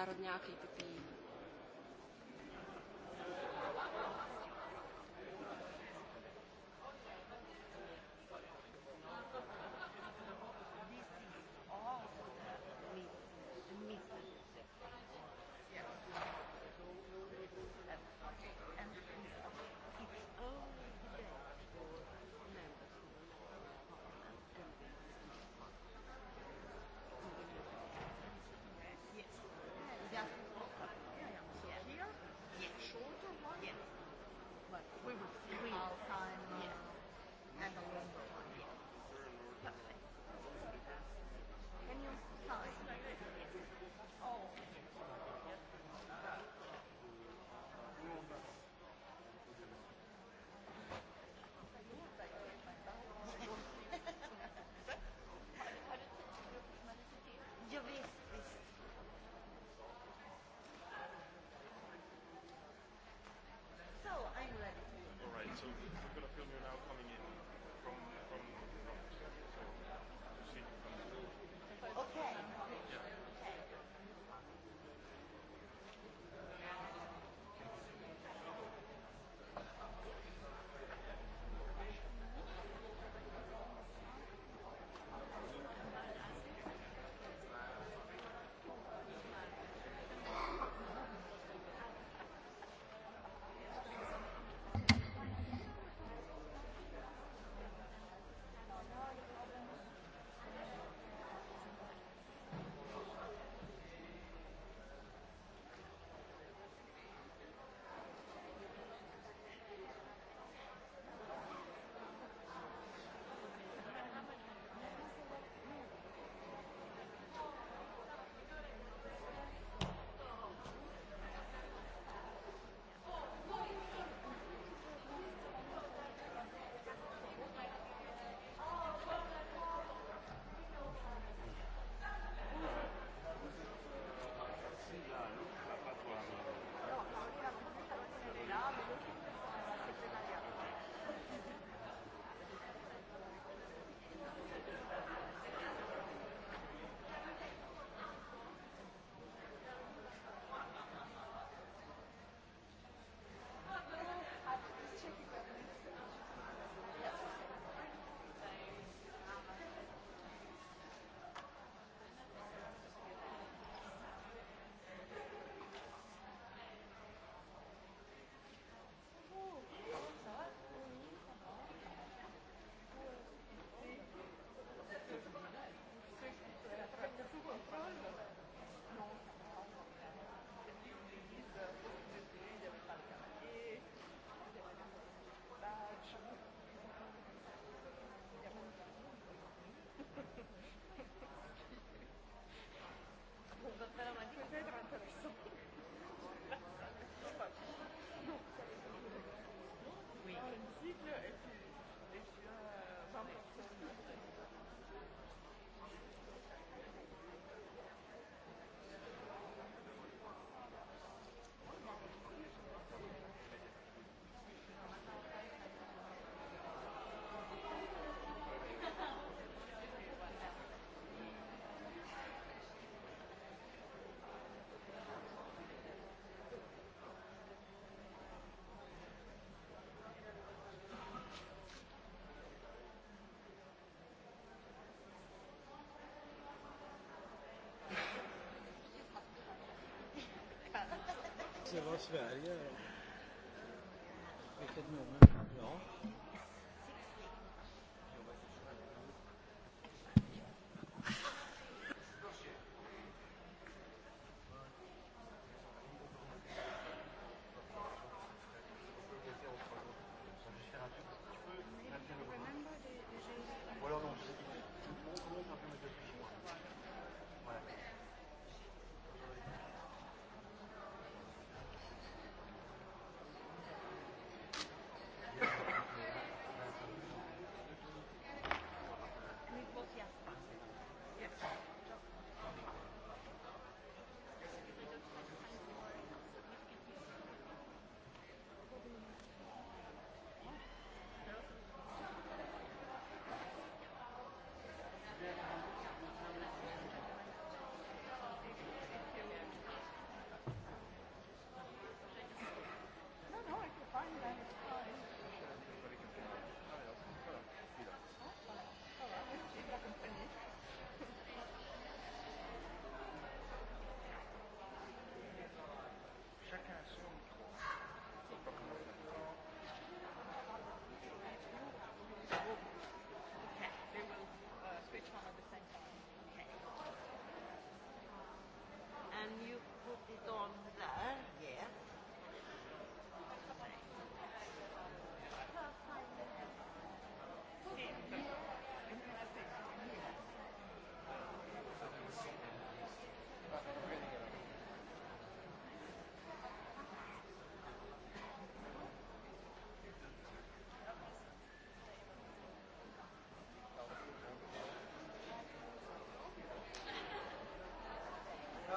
národňáky, typy Gracias. pero, pero se vad Sverige Vilket nummer? Ja.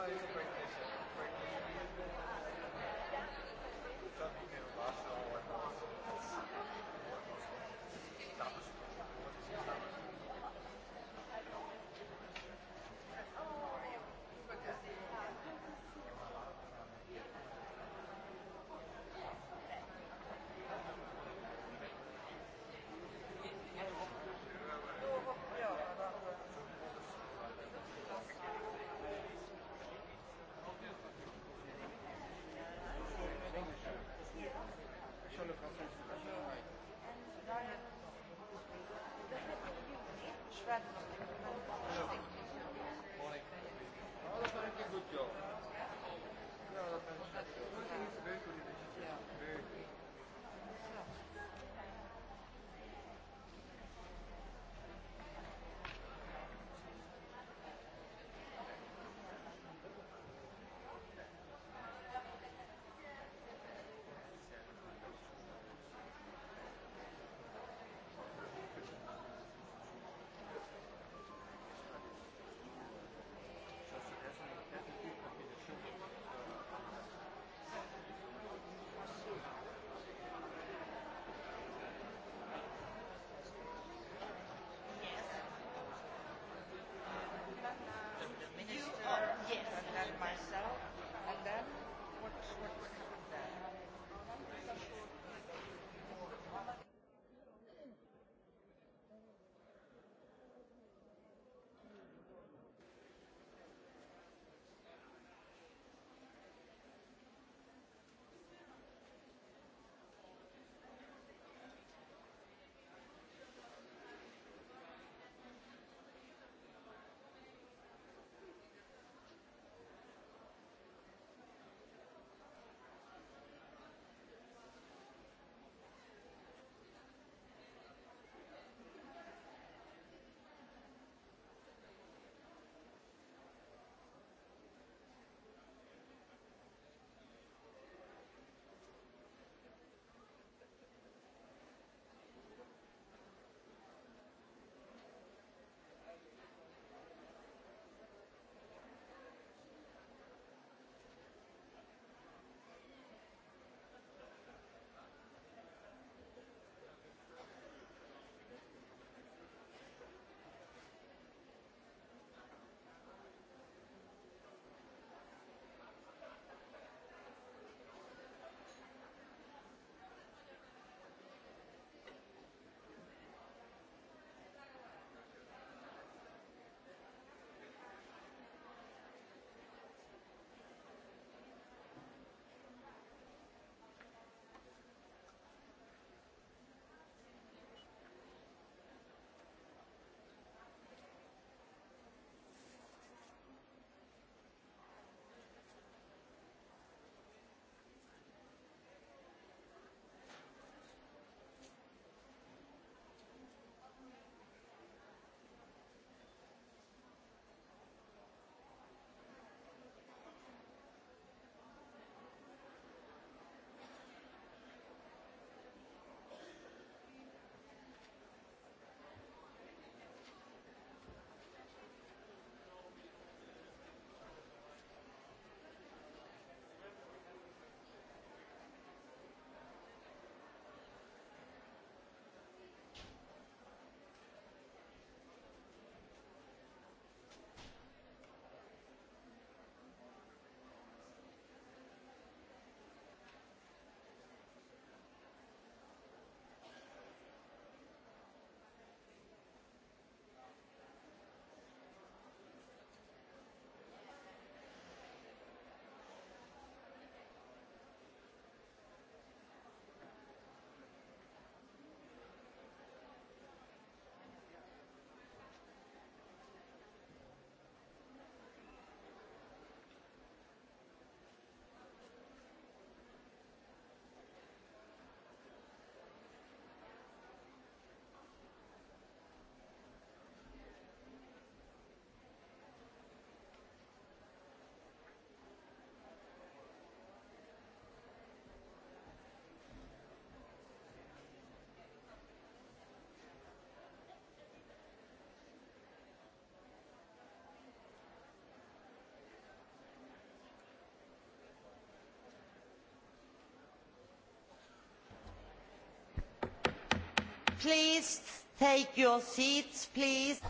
uh, it's a great Thank you.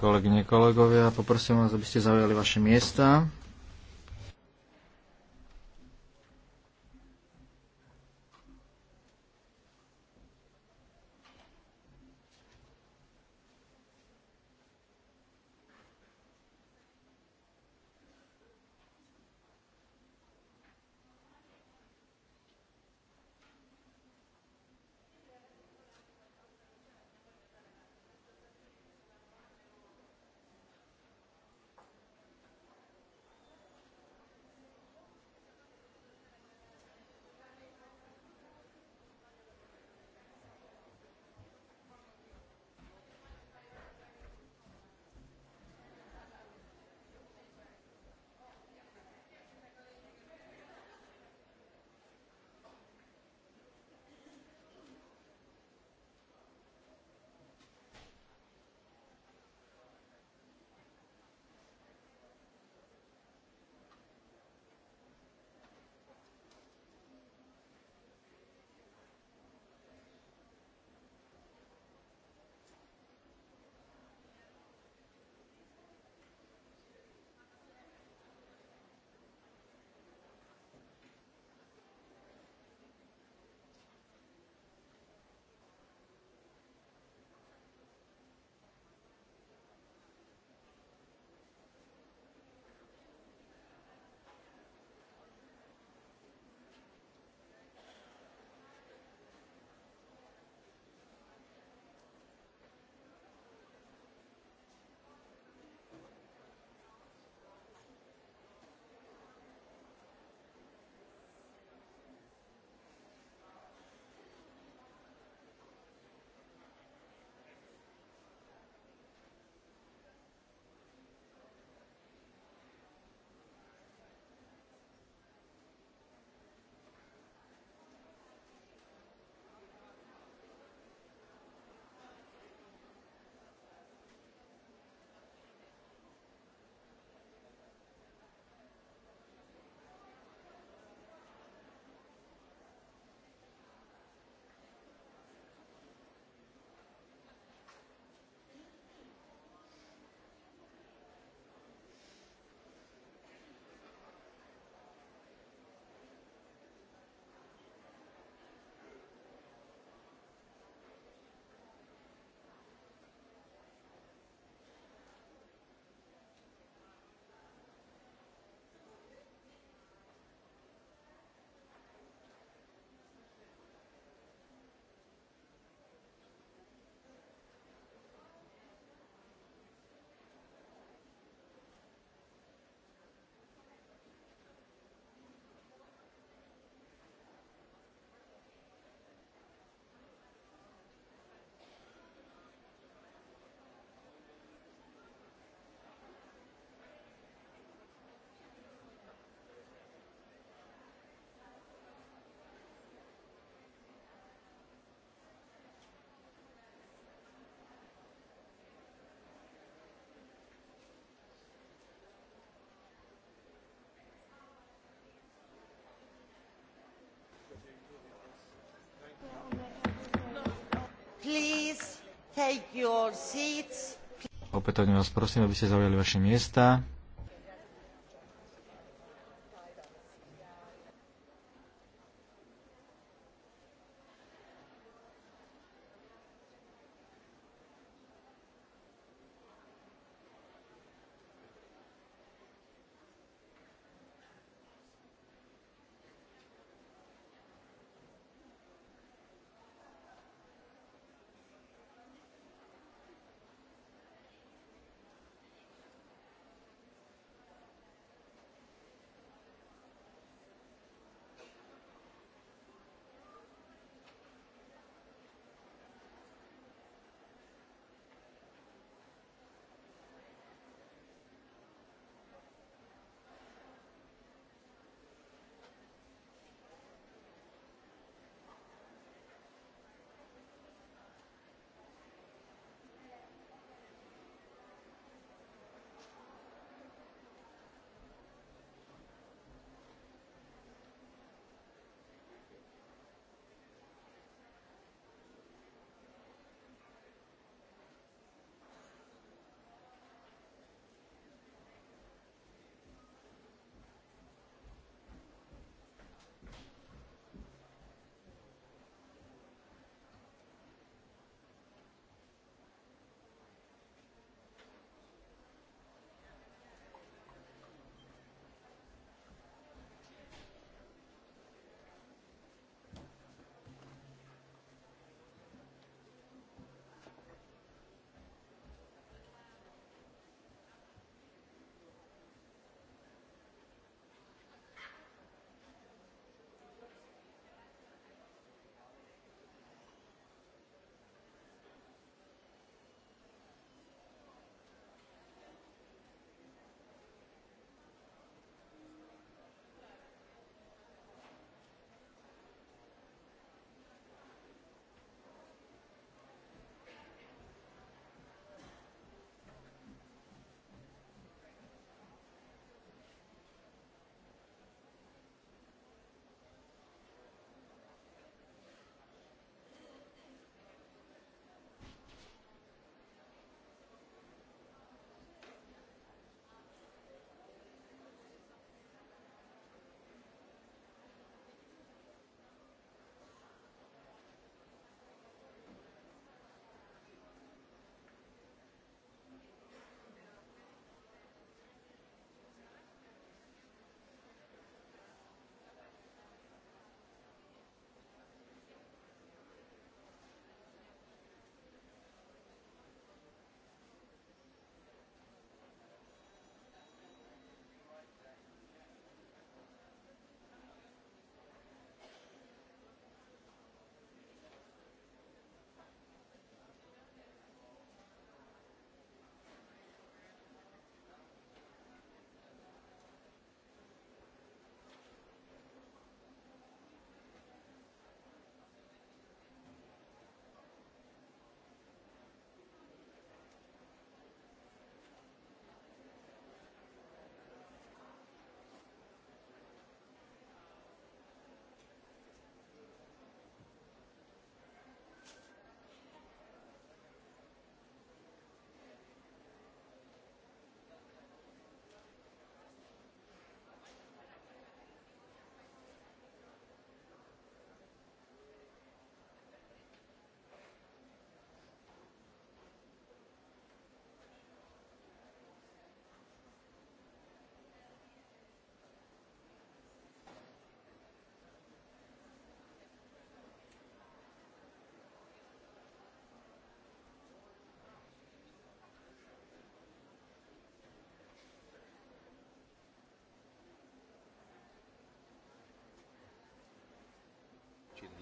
Kolegyne, kolegovia, poprosím vás, aby ste zaujali vaše miesta. Opätovne vás prosím, aby ste zaujali vaše miesta.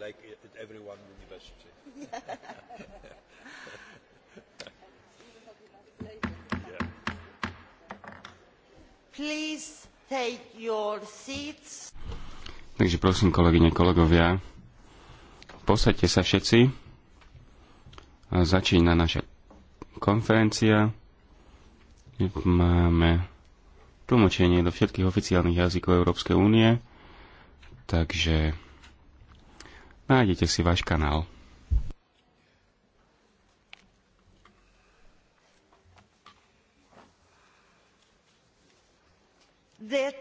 like e, at every one university. yeah. Please take your seats. Takže prosím, kolegyne, kolegovia, posaďte sa všetci. A Začína naša konferencia. Máme tlmočenie do všetkých oficiálnych jazykov Európskej únie, takže nájdete si váš kanál. Er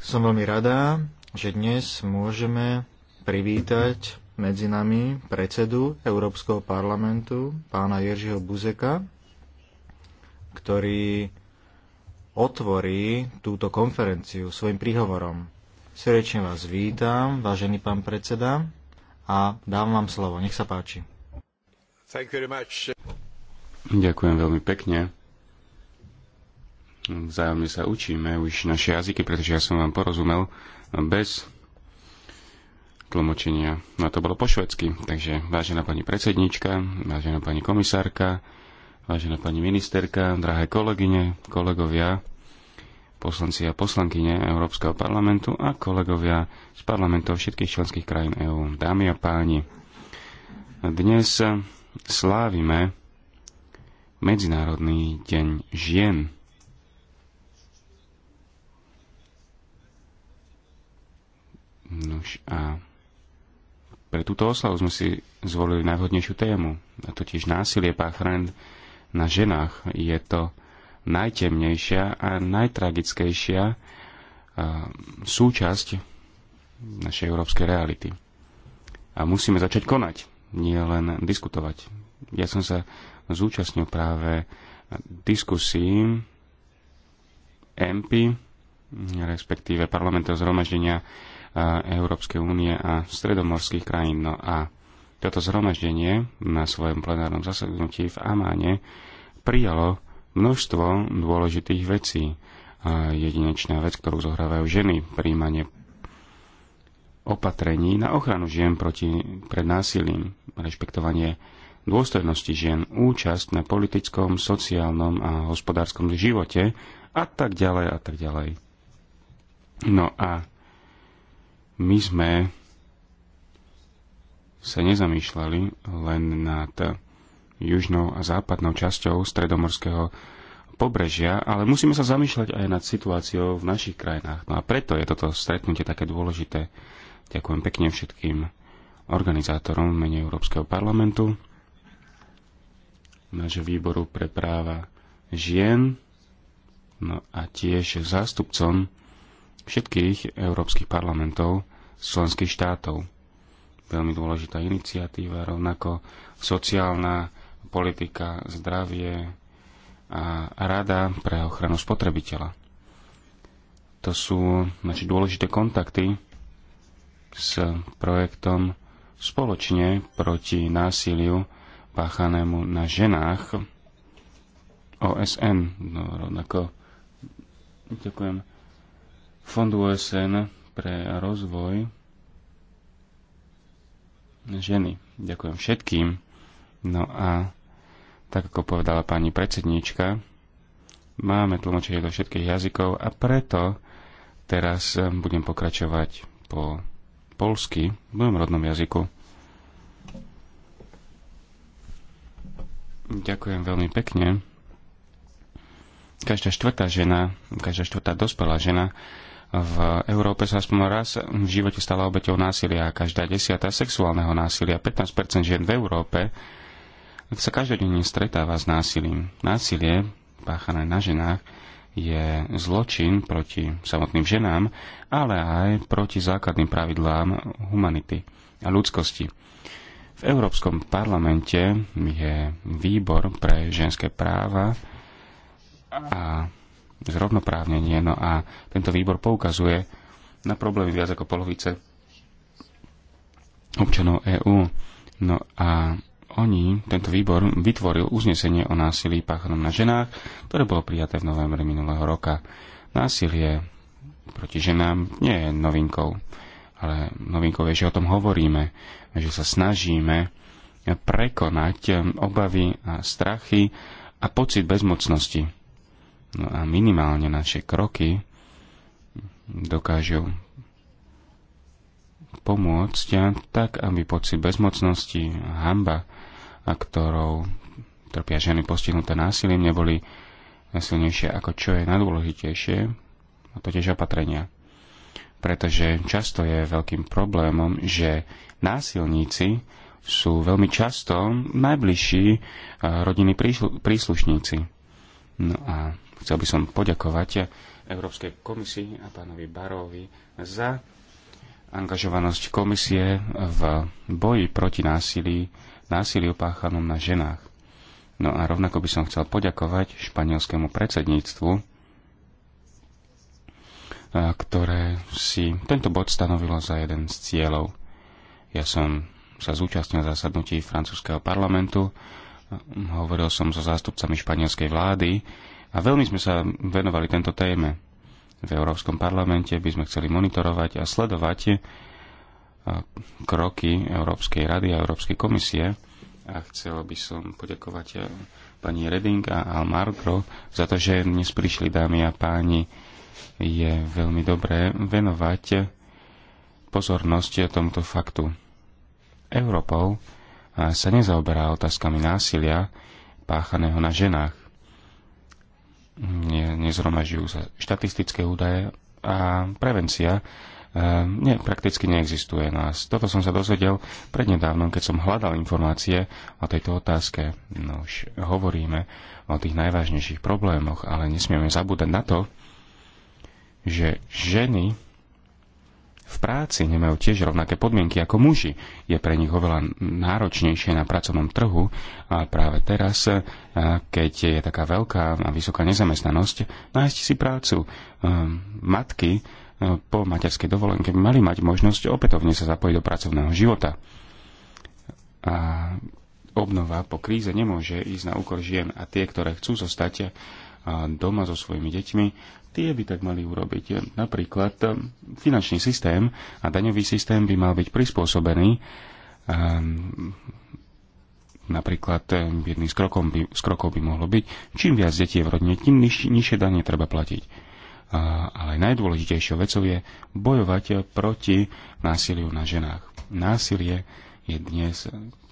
Som veľmi rada, že dnes môžeme privítať medzi nami predsedu Európskeho parlamentu, pána Jeržiho Buzeka, ktorý otvorí túto konferenciu svojim príhovorom. Srdečne vás vítam, vážený pán predseda, a dám vám slovo. Nech sa páči. Ďakujem veľmi pekne. Vzájomne sa učíme už naše jazyky, pretože ja som vám porozumel bez tlmočenia. No to bolo po švedsky. Takže vážená pani predsednička, vážená pani komisárka, vážená pani ministerka, drahé kolegyne, kolegovia, poslanci a poslankyne Európskeho parlamentu a kolegovia z parlamentov všetkých členských krajín EÚ. Dámy a páni, dnes slávime Medzinárodný deň žien. Nož a pre túto oslavu sme si zvolili najvhodnejšiu tému, a totiž násilie páchrend na ženách. Je to najtemnejšia a najtragickejšia súčasť našej európskej reality. A musíme začať konať, nie len diskutovať. Ja som sa zúčastnil práve diskusí MP, respektíve parlamentov zhromaždenia Európskej únie a stredomorských krajín. No a toto zhromaždenie na svojom plenárnom zasadnutí v Amáne prijalo množstvo dôležitých vecí. A jedinečná vec, ktorú zohrávajú ženy, príjmanie opatrení na ochranu žien proti, pred násilím, rešpektovanie dôstojnosti žien, účasť na politickom, sociálnom a hospodárskom živote a tak ďalej a tak ďalej. No a my sme sa nezamýšľali len nad južnou a západnou časťou stredomorského pobrežia, ale musíme sa zamýšľať aj nad situáciou v našich krajinách. No a preto je toto stretnutie také dôležité. Ďakujem pekne všetkým organizátorom v mene Európskeho parlamentu, nášho výboru pre práva žien, no a tiež zástupcom všetkých európskych parlamentov členských štátov. Veľmi dôležitá iniciatíva, rovnako sociálna politika, zdravie a rada pre ochranu spotrebiteľa. To sú naše dôležité kontakty s projektom spoločne proti násiliu páchanému na ženách OSN. No, rovnako ďakujem Fondu OSN pre rozvoj ženy. Ďakujem všetkým. No a tak ako povedala pani predsedníčka, máme tlmočenie do všetkých jazykov a preto teraz eh, budem pokračovať po polsky, v mojom rodnom jazyku. Ďakujem veľmi pekne. Každá štvrtá žena, každá štvrtá dospelá žena v Európe sa aspoň raz v živote stala obeťou násilia a každá desiatá sexuálneho násilia. 15% žien v Európe sa každodenne stretáva s násilím. Násilie páchané na ženách je zločin proti samotným ženám, ale aj proti základným pravidlám humanity a ľudskosti. V Európskom parlamente je výbor pre ženské práva a zrovnoprávnenie. No a tento výbor poukazuje na problémy viac ako polovice občanov EÚ. No a oni, tento výbor, vytvoril uznesenie o násilí páchanom na ženách, ktoré bolo prijaté v novembri minulého roka. Násilie proti ženám nie je novinkou, ale novinkou je, že o tom hovoríme, že sa snažíme prekonať obavy a strachy a pocit bezmocnosti. No a minimálne naše kroky dokážu pomôcť tak, aby pocit bezmocnosti a hamba a ktorou trpia ženy postihnuté násilím, neboli silnejšie ako čo je najdôležitejšie, a to tiež opatrenia. Pretože často je veľkým problémom, že násilníci sú veľmi často najbližší e, rodiny príslušníci. No a chcel by som poďakovať Európskej komisii a pánovi Barovi za angažovanosť komisie v boji proti násilí násiliu páchanom na ženách. No a rovnako by som chcel poďakovať španielskému predsedníctvu, ktoré si tento bod stanovilo za jeden z cieľov. Ja som sa zúčastnil zasadnutí francúzského parlamentu, hovoril som so zástupcami španielskej vlády a veľmi sme sa venovali tento téme. V Európskom parlamente by sme chceli monitorovať a sledovať kroky Európskej rady a Európskej komisie a chcel by som poďakovať eh, pani Reding a Al Margro za to, že dnes prišli dámy a páni. Je veľmi dobré venovať pozornosť tomuto faktu. Európou eh, sa nezaoberá otázkami násilia páchaného na ženách. Nezhromažujú sa štatistické údaje a prevencia Ehm, ne, prakticky neexistuje nás. Toto som sa dozvedel prednedávnom, keď som hľadal informácie o tejto otázke. No už hovoríme o tých najvážnejších problémoch, ale nesmieme zabúdať na to, že ženy v práci nemajú tiež rovnaké podmienky ako muži. Je pre nich oveľa náročnejšie na pracovnom trhu a práve teraz, eh, keď je taká veľká a vysoká nezamestnanosť, nájsť si prácu. Ehm, matky po materskej dovolenke mali mať možnosť opätovne sa zapojiť do pracovného života. A obnova po kríze nemôže ísť na úkor žien a tie, ktoré chcú zostať doma so svojimi deťmi, tie by tak mali urobiť. Napríklad um, finančný systém a daňový systém by mal byť prispôsobený um, Napríklad um, jedným z krokov by, z krokov by mohlo byť, čím viac detí je v rodine, tým niž, nižšie danie treba platiť ale najdôležitejšou vecou je bojovať proti násiliu na ženách. Násilie je dnes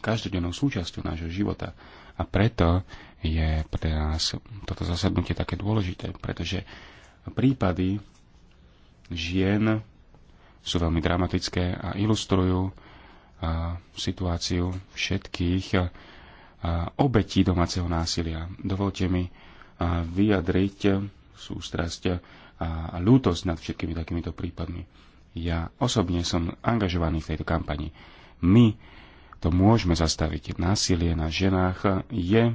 každodennou súčasťou nášho života a preto je pre nás toto zasadnutie také dôležité, pretože prípady žien sú veľmi dramatické a ilustrujú situáciu všetkých obetí domáceho násilia. Dovolte mi vyjadriť sústrasť a lútosť nad všetkými takýmito prípadmi. Ja osobne som angažovaný v tejto kampani. My to môžeme zastaviť. Násilie na ženách je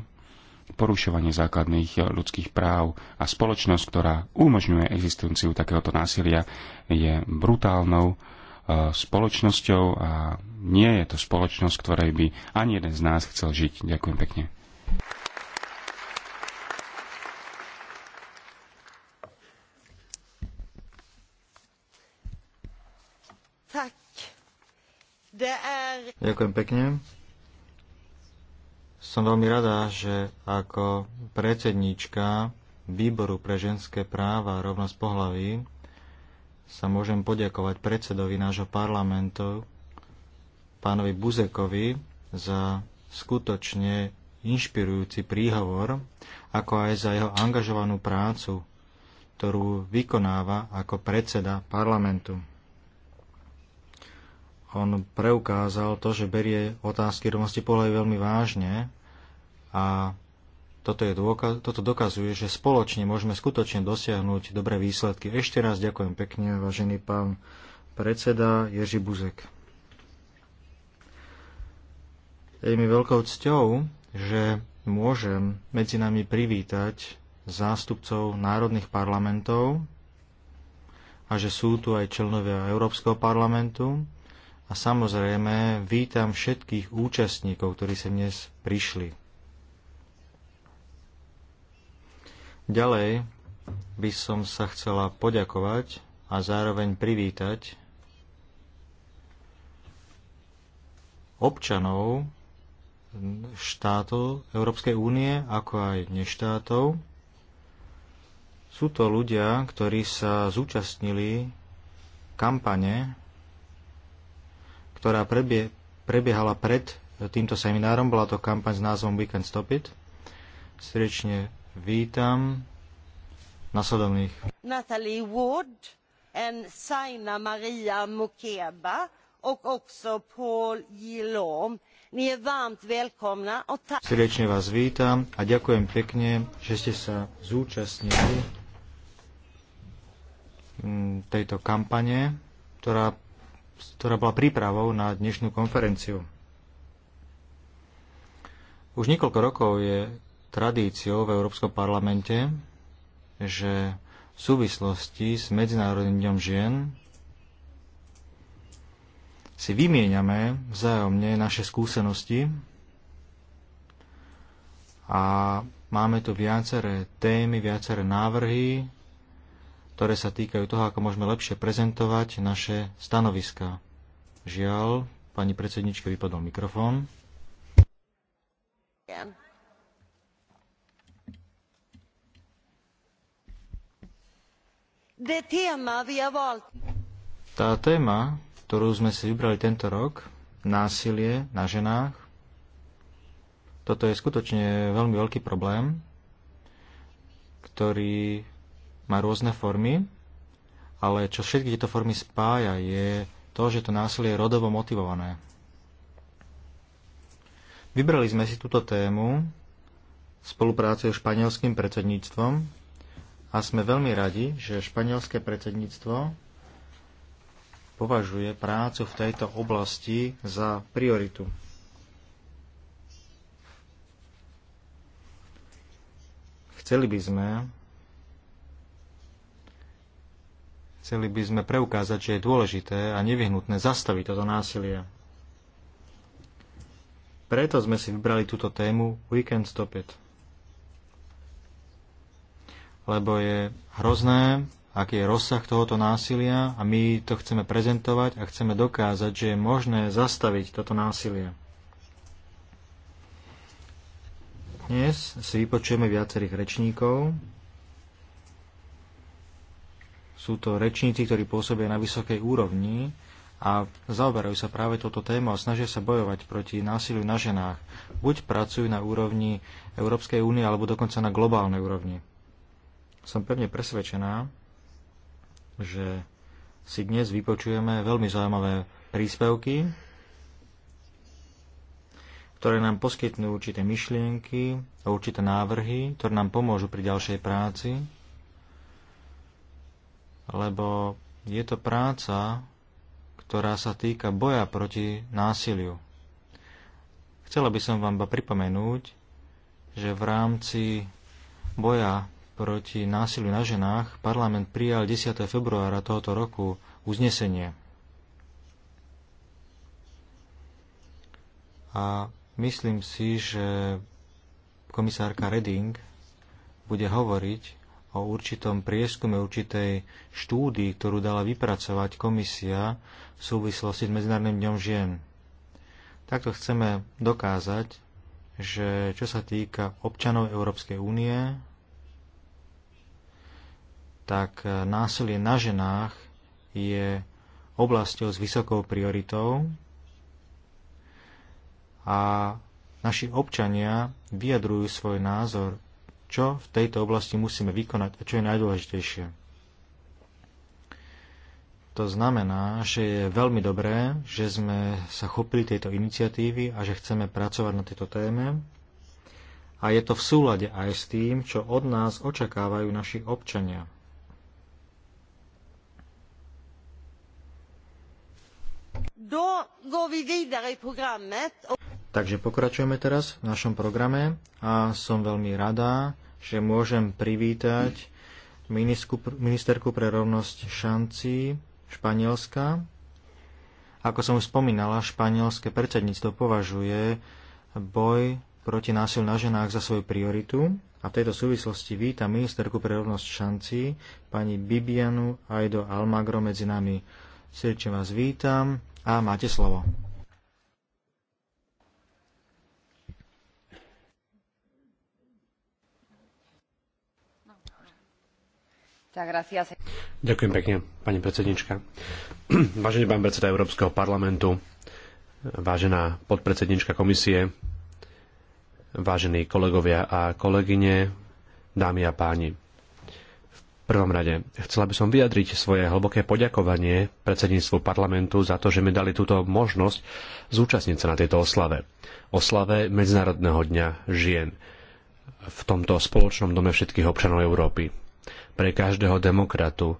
porušovanie základných ľudských práv a spoločnosť, ktorá umožňuje existenciu takéhoto násilia, je brutálnou e, spoločnosťou a nie je to spoločnosť, ktorej by ani jeden z nás chcel žiť. Ďakujem pekne. Er- Ďakujem pekne. Som veľmi rada, že ako predsedníčka Výboru pre ženské práva a rovnosť pohlaví sa môžem poďakovať predsedovi nášho parlamentu, pánovi Buzekovi, za skutočne inšpirujúci príhovor, ako aj za jeho angažovanú prácu, ktorú vykonáva ako predseda parlamentu on preukázal to, že berie otázky rovnosti pohľadu veľmi vážne a toto, je dôkaz, toto dokazuje, že spoločne môžeme skutočne dosiahnuť dobré výsledky. Ešte raz ďakujem pekne, vážený pán predseda Ježi Buzek. Je mi veľkou cťou, že môžem medzi nami privítať zástupcov národných parlamentov a že sú tu aj členovia Európskeho parlamentu a samozrejme vítam všetkých účastníkov, ktorí sa dnes prišli. Ďalej by som sa chcela poďakovať a zároveň privítať občanov štátov Európskej únie, ako aj neštátov. Sú to ľudia, ktorí sa zúčastnili kampane ktorá prebie, prebiehala pred e, týmto seminárom. Bola to kampaň s názvom We Can Stop It. Srečne vítam nasledovných. Natalie Wood, and Saina Maria Mukeba och också Paul Gillom. Ni är er varmt välkomna och tack. Srdečne vás vítam a ďakujem pekne, že ste sa zúčastnili mm, tejto kampane, ktorá ktorá bola prípravou na dnešnú konferenciu. Už niekoľko rokov je tradíciou v Európskom parlamente, že v súvislosti s Medzinárodným dňom žien si vymieňame vzájomne naše skúsenosti a máme tu viaceré témy, viaceré návrhy, ktoré sa týkajú toho, ako môžeme lepšie prezentovať naše stanoviska. Žiaľ, pani predsedničke vypadol mikrofón. Tá téma, ktorú sme si vybrali tento rok, násilie na ženách, toto je skutočne veľmi veľký problém, ktorý má rôzne formy, ale čo všetky tieto formy spája je to, že to násilie je rodovo motivované. Vybrali sme si túto tému v spolupráci s španielským predsedníctvom a sme veľmi radi, že španielské predsedníctvo považuje prácu v tejto oblasti za prioritu. Chceli by sme Chceli by sme preukázať, že je dôležité a nevyhnutné zastaviť toto násilie. Preto sme si vybrali túto tému We can stop it. Lebo je hrozné, aký je rozsah tohoto násilia a my to chceme prezentovať a chceme dokázať, že je možné zastaviť toto násilie. Dnes si vypočujeme viacerých rečníkov, sú to rečníci, ktorí pôsobia na vysokej úrovni a zaoberajú sa práve toto tému a snažia sa bojovať proti násiliu na ženách. Buď pracujú na úrovni Európskej únie, alebo dokonca na globálnej úrovni. Som pevne presvedčená, že si dnes vypočujeme veľmi zaujímavé príspevky, ktoré nám poskytnú určité myšlienky a určité návrhy, ktoré nám pomôžu pri ďalšej práci lebo je to práca, ktorá sa týka boja proti násiliu. Chcela by som vám pripomenúť, že v rámci boja proti násiliu na ženách parlament prijal 10. februára tohoto roku uznesenie. A myslím si, že komisárka Reding bude hovoriť o určitom prieskume, určitej štúdii, ktorú dala vypracovať komisia v súvislosti s Medzinárodným dňom žien. Takto chceme dokázať, že čo sa týka občanov Európskej únie, tak násilie na ženách je oblasťou s vysokou prioritou a naši občania vyjadrujú svoj názor čo v tejto oblasti musíme vykonať a čo je najdôležitejšie. To znamená, že je veľmi dobré, že sme sa chopili tejto iniciatívy a že chceme pracovať na tejto téme. A je to v súlade aj s tým, čo od nás očakávajú naši občania. Takže pokračujeme teraz v našom programe a som veľmi rada, že môžem privítať ministerku pre rovnosť šancí Španielska. Ako som už spomínala, španielské predsedníctvo považuje boj proti násil na ženách za svoju prioritu a v tejto súvislosti vítam ministerku pre rovnosť šancí pani Bibianu Aido Almagro medzi nami. Srdečne vás vítam a máte slovo. Ďakujem pekne, pani predsednička. Vážený pán predseda Európskeho parlamentu, vážená podpredsednička komisie, vážení kolegovia a kolegyne, dámy a páni. V prvom rade chcela by som vyjadriť svoje hlboké poďakovanie predsedníctvu parlamentu za to, že mi dali túto možnosť zúčastniť sa na tejto oslave. Oslave Medzinárodného dňa žien v tomto spoločnom dome všetkých občanov Európy pre každého demokratu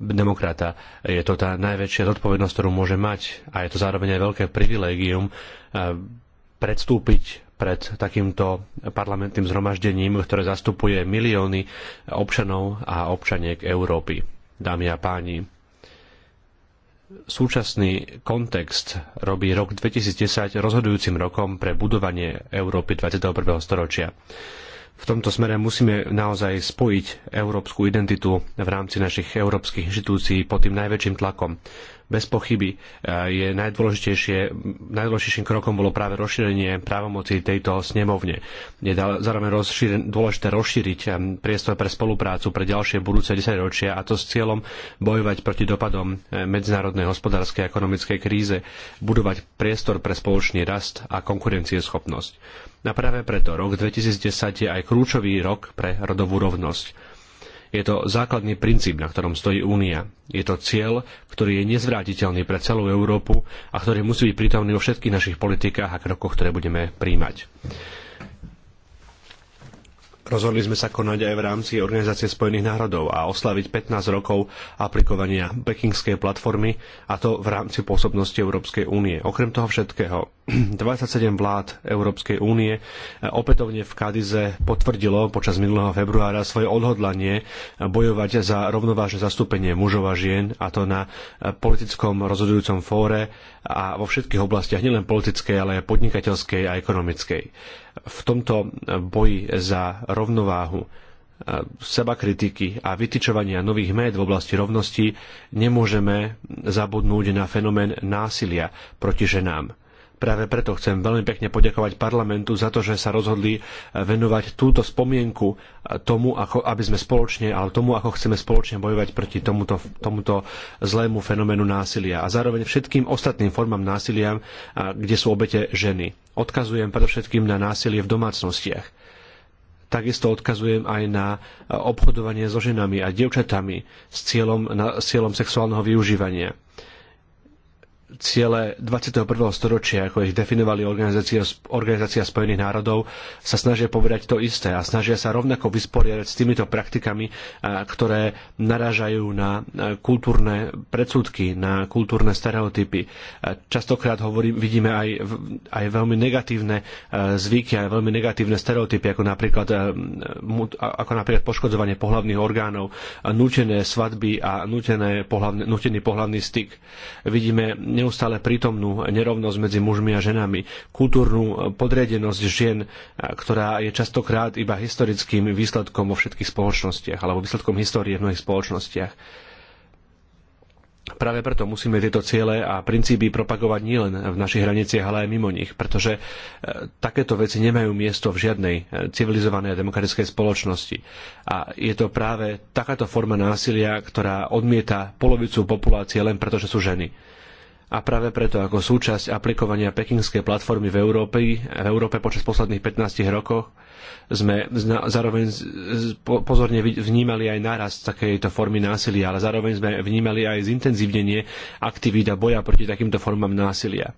demokrata. Je to tá najväčšia zodpovednosť, ktorú môže mať a je to zároveň aj veľké privilégium eh, predstúpiť pred takýmto parlamentným zhromaždením, ktoré zastupuje milióny občanov a občaniek Európy. Dámy a páni, súčasný kontext robí rok 2010 rozhodujúcim rokom pre budovanie Európy 21. storočia v tomto smere musíme naozaj spojiť európsku identitu v rámci našich európskych inštitúcií pod tým najväčším tlakom. Bez pochyby e, je najdôležitejšie, najdôležitejším krokom bolo práve rozšírenie právomoci tejto snemovne. Je zároveň rozšíren, dôležité rozšíriť e, priestor pre spoluprácu pre ďalšie budúce desaťročia a to s cieľom bojovať proti dopadom e, medzinárodnej hospodárskej a ekonomickej kríze, budovať priestor pre spoločný rast a konkurencieschopnosť. A práve preto rok 2010 je aj kľúčový rok pre rodovú rovnosť. Je to základný princíp, na ktorom stojí Únia. Je to cieľ, ktorý je nezvrátiteľný pre celú Európu a ktorý musí byť prítomný vo všetkých našich politikách a krokoch, ktoré budeme príjmať. Rozhodli sme sa konať aj v rámci Organizácie spojených národov a oslaviť 15 rokov aplikovania pekingskej platformy a to v rámci pôsobnosti Európskej únie. Okrem toho všetkého, 27 vlád Európskej únie eh, opätovne v Kadize potvrdilo počas minulého februára svoje odhodlanie eh, bojovať za rovnovážne zastúpenie mužov a žien a to na eh, politickom rozhodujúcom fóre a vo všetkých oblastiach, nielen politickej, ale aj podnikateľskej a ekonomickej. V tomto boji za rovnováhu eh, seba kritiky a vytyčovania nových méd v oblasti rovnosti nemôžeme zabudnúť na fenomén násilia proti ženám Práve preto chcem veľmi pekne poďakovať parlamentu za to, že sa rozhodli eh, venovať túto spomienku eh, tomu, ako, aby sme spoločne, ale tomu, ako chceme spoločne bojovať proti tomuto, tomuto zlému fenoménu násilia a zároveň všetkým ostatným formám násilia, eh, kde sú obete ženy. Odkazujem predovšetkým na násilie v domácnostiach. Takisto odkazujem aj na obchodovanie so ženami a dievčatami s cieľom, na, s cieľom sexuálneho využívania ciele 21. storočia, ako ich definovali organizácia, organizácia Spojených národov, sa snažia povedať to isté a snažia sa rovnako vysporiadať s týmito praktikami, ktoré narážajú na kultúrne predsudky, na kultúrne stereotypy. Častokrát hovorím, vidíme aj, aj veľmi negatívne zvyky, aj veľmi negatívne stereotypy, ako napríklad, ako napríklad poškodzovanie pohlavných orgánov, nútené svadby a nútený pohlavný styk. Vidíme neustále prítomnú nerovnosť medzi mužmi a ženami, kultúrnu podriadenosť žien, ktorá je častokrát iba historickým výsledkom vo všetkých spoločnostiach alebo výsledkom histórie v mnohých spoločnostiach. Práve preto musíme tieto ciele a princípy propagovať nielen v našich hraniciach, ale aj mimo nich, pretože e, takéto veci nemajú miesto v žiadnej e, civilizovanej a demokratickej spoločnosti. A je to práve takáto forma násilia, ktorá odmieta polovicu populácie len preto, že sú ženy a práve preto ako súčasť aplikovania pekingskej platformy v Európe, v Európe počas posledných 15 rokov sme zároveň pozorne vnímali aj nárast takejto formy násilia, ale zároveň sme vnímali aj zintenzívnenie aktivít a boja proti takýmto formám násilia.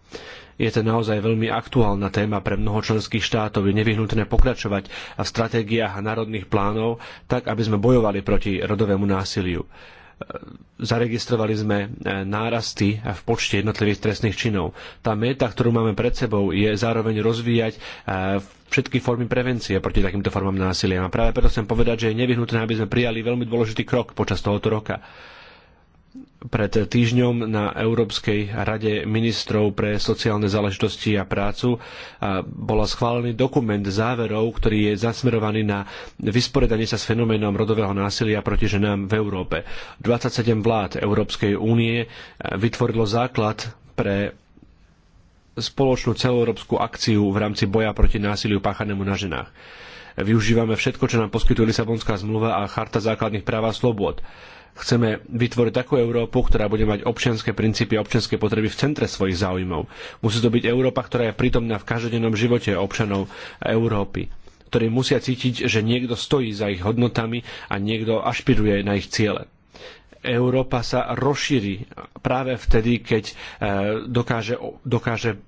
Je to naozaj veľmi aktuálna téma pre mnoho členských štátov. Je nevyhnutné pokračovať v stratégiách a národných plánov tak, aby sme bojovali proti rodovému násiliu zaregistrovali sme e, nárasty v počte jednotlivých trestných činov. Tá meta, ktorú máme pred sebou, je zároveň rozvíjať e, všetky formy prevencie proti takýmto formám násilia. A práve preto chcem povedať, že je nevyhnutné, aby sme prijali veľmi dôležitý krok počas tohoto roka pred týždňom na Európskej rade ministrov pre sociálne záležitosti a prácu bola schválený dokument záverov, ktorý je zasmerovaný na vysporiadanie sa s fenoménom rodového násilia proti ženám v Európe. 27 vlád Európskej únie vytvorilo základ pre spoločnú celoeurópsku akciu v rámci boja proti násiliu páchanému na ženách využívame všetko, čo nám poskytuje Lisabonská zmluva a Charta základných práv a slobôd. Chceme vytvoriť takú Európu, ktorá bude mať občianske princípy a občianske potreby v centre svojich záujmov. Musí to byť Európa, ktorá je prítomná v každodennom živote občanov Európy ktorí musia cítiť, že niekto stojí za ich hodnotami a niekto ašpiruje na ich ciele. Európa sa rozšíri práve vtedy, keď eh, dokáže, dokáže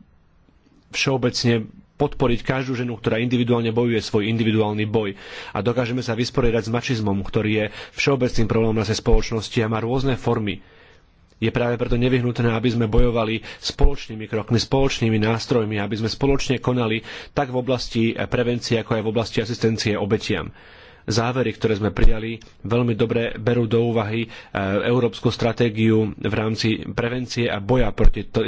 všeobecne podporiť každú ženu, ktorá individuálne bojuje svoj individuálny boj a dokážeme sa vysporiadať s mačizmom, ktorý je všeobecným problémom našej spoločnosti a má rôzne formy. Je práve preto nevyhnutné, aby sme bojovali spoločnými krokmi, spoločnými nástrojmi, aby sme spoločne konali tak v oblasti prevencie, ako aj v oblasti asistencie obetiam závery, ktoré sme prijali, veľmi dobre berú do úvahy e, európsku stratégiu v rámci prevencie a boja proti to,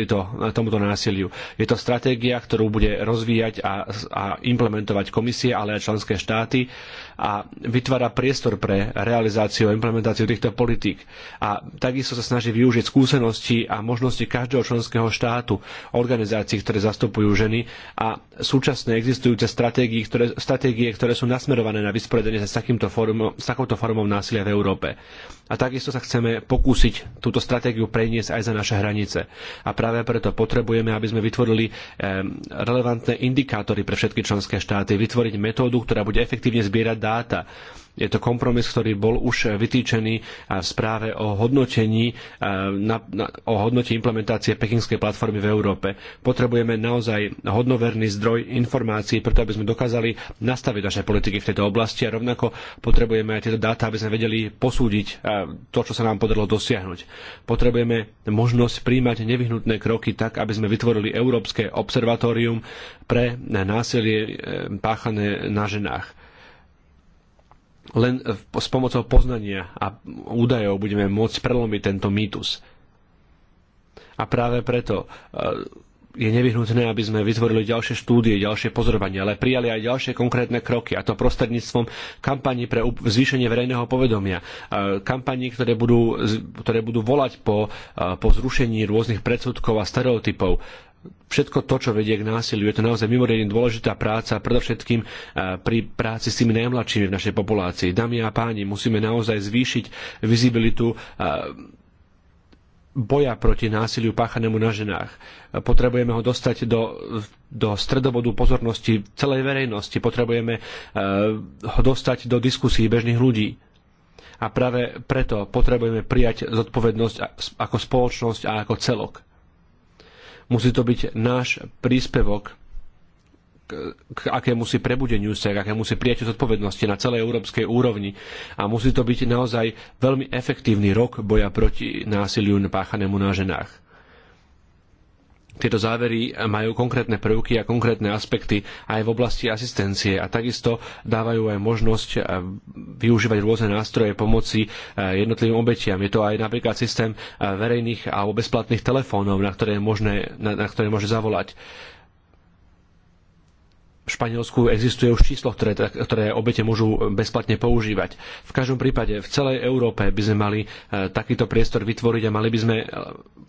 tomuto násiliu. Je to stratégia, ktorú bude rozvíjať a, a implementovať komisie, ale aj členské štáty a vytvára priestor pre realizáciu a implementáciu týchto politík. A takisto sa snaží využiť skúsenosti a možnosti každého členského štátu, organizácií, ktoré zastupujú ženy a súčasné existujúce stratégie, ktoré, stratégie, ktoré sú nasmerované na vysporiadanie sa s, takýmto formou, s takouto formou násilia v Európe a takisto sa chceme pokúsiť túto stratégiu preniesť aj za naše hranice. A práve preto potrebujeme, aby sme vytvorili relevantné indikátory pre všetky členské štáty, vytvoriť metódu, ktorá bude efektívne zbierať dáta je to kompromis, ktorý bol už vytýčený v správe o hodnotení, e, na, na, o hodnotí implementácie pekinskej platformy v Európe. Potrebujeme naozaj hodnoverný zdroj informácií, preto aby sme dokázali nastaviť naše politiky v tejto oblasti a rovnako potrebujeme aj tieto dáta, aby sme vedeli posúdiť e, to, čo sa nám podarilo dosiahnuť. Potrebujeme možnosť príjmať nevyhnutné kroky tak, aby sme vytvorili Európske observatórium pre násilie e, páchané na ženách len eh, s pomocou poznania a údajov budeme môcť prelomiť tento mýtus. A práve preto eh, je nevyhnutné, aby sme vytvorili ďalšie štúdie, ďalšie pozorovania, ale prijali aj ďalšie konkrétne kroky, a to prostredníctvom kampaní pre zvýšenie verejného povedomia. Eh, kampaní, ktoré budú, ktoré budú volať po, po zrušení rôznych predsudkov a stereotypov, všetko to, čo vedie k násiliu. Je to naozaj mimoriadne dôležitá práca, predovšetkým e, pri práci s tými najmladšími v našej populácii. Dámy a páni, musíme naozaj zvýšiť vizibilitu e, boja proti násiliu páchanému na ženách. Potrebujeme ho dostať do, do stredobodu pozornosti celej verejnosti. Potrebujeme e, ho dostať do diskusí bežných ľudí. A práve preto potrebujeme prijať zodpovednosť ako spoločnosť a ako celok. Musí to byť náš príspevok k akému si prebudeniu sa, k akému si prijaťu zodpovednosti na celej európskej úrovni. A musí to byť naozaj veľmi efektívny rok boja proti násiliu páchanému na ženách. Tieto závery majú konkrétne prvky a konkrétne aspekty aj v oblasti asistencie a takisto dávajú aj možnosť eh, využívať rôzne nástroje pomoci eh, jednotlivým obetiam. Je to aj napríklad systém eh, verejných alebo bezplatných telefónov, na ktoré, možné, na, na ktoré môže zavolať. Španielsku existuje už číslo, ktoré, ktoré obete môžu bezplatne používať. V každom prípade v celej Európe by sme mali e, takýto priestor vytvoriť a mali by sme e,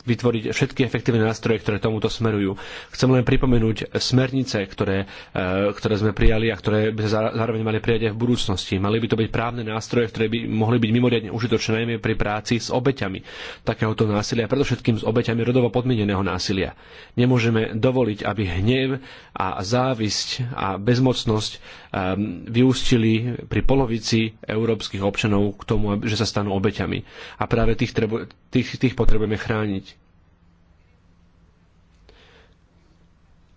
vytvoriť všetky efektívne nástroje, ktoré tomuto smerujú. Chcem len pripomenúť smernice, ktoré, e, ktoré sme prijali a ktoré by sme zároveň mali prijať aj v budúcnosti. Mali by to byť právne nástroje, ktoré by mohli byť mimoriadne užitočné najmä pri práci s obeťami takéhoto násilia, predovšetkým s obeťami rodovo podmieneného násilia. Nemôžeme dovoliť, aby hnev a závisť a bezmocnosť um, vyústili pri polovici európskych občanov k tomu, že sa stanú obeťami. A práve tých, trebu- tých, tých potrebujeme chrániť.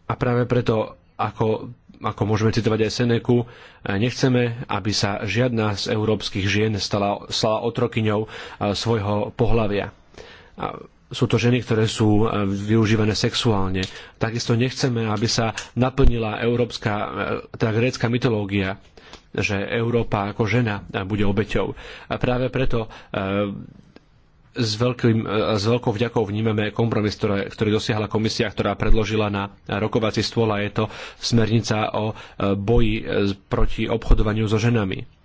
A práve preto, ako, ako môžeme citovať aj Seneku, eh, nechceme, aby sa žiadna z európskych žien stala, stala otrokyňou eh, svojho pohlavia sú to ženy, ktoré sú e, využívané sexuálne. Takisto nechceme, aby sa naplnila európska, e, teda grécka mytológia, že Európa ako žena e, bude obeťou. A práve preto s, veľkým, s veľkou vďakou vnímame kompromis, ktoré, ktorý dosiahla komisia, ktorá predložila na rokovací stôl a je to smernica o boji proti obchodovaniu so ženami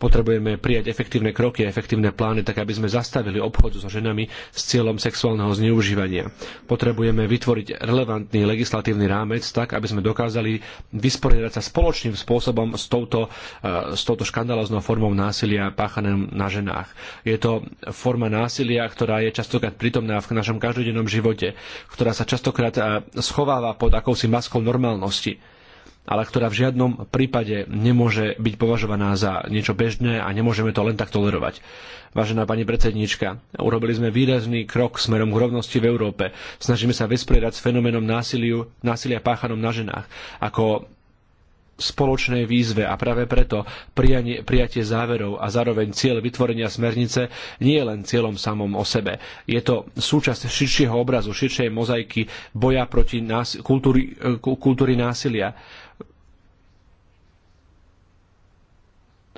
Potrebujeme prijať efektívne kroky, a efektívne plány, tak aby sme zastavili obchod so ženami s cieľom sexuálneho zneužívania. Potrebujeme vytvoriť relevantný legislatívny rámec, tak aby sme dokázali vysporiadať sa spoločným spôsobom s touto, e, s touto škandaloznou formou násilia páchaným na ženách. Je to forma násilia, ktorá je častokrát prítomná v našom každodennom živote, ktorá sa častokrát e, schováva pod akousi maskou normálnosti ale ktorá v žiadnom prípade nemôže byť považovaná za niečo bežné a nemôžeme to len tak tolerovať. Vážená pani predsednička, urobili sme výrazný krok smerom k rovnosti v Európe. Snažíme sa vysporiadať s fenoménom násiliu, násilia páchanom na ženách ako spoločnej výzve a práve preto prijanie, prijatie záverov a zároveň cieľ vytvorenia smernice nie je len cieľom samom o sebe. Je to súčasť širšieho obrazu, širšej mozaiky boja proti násil- kultúry, e, kultúry násilia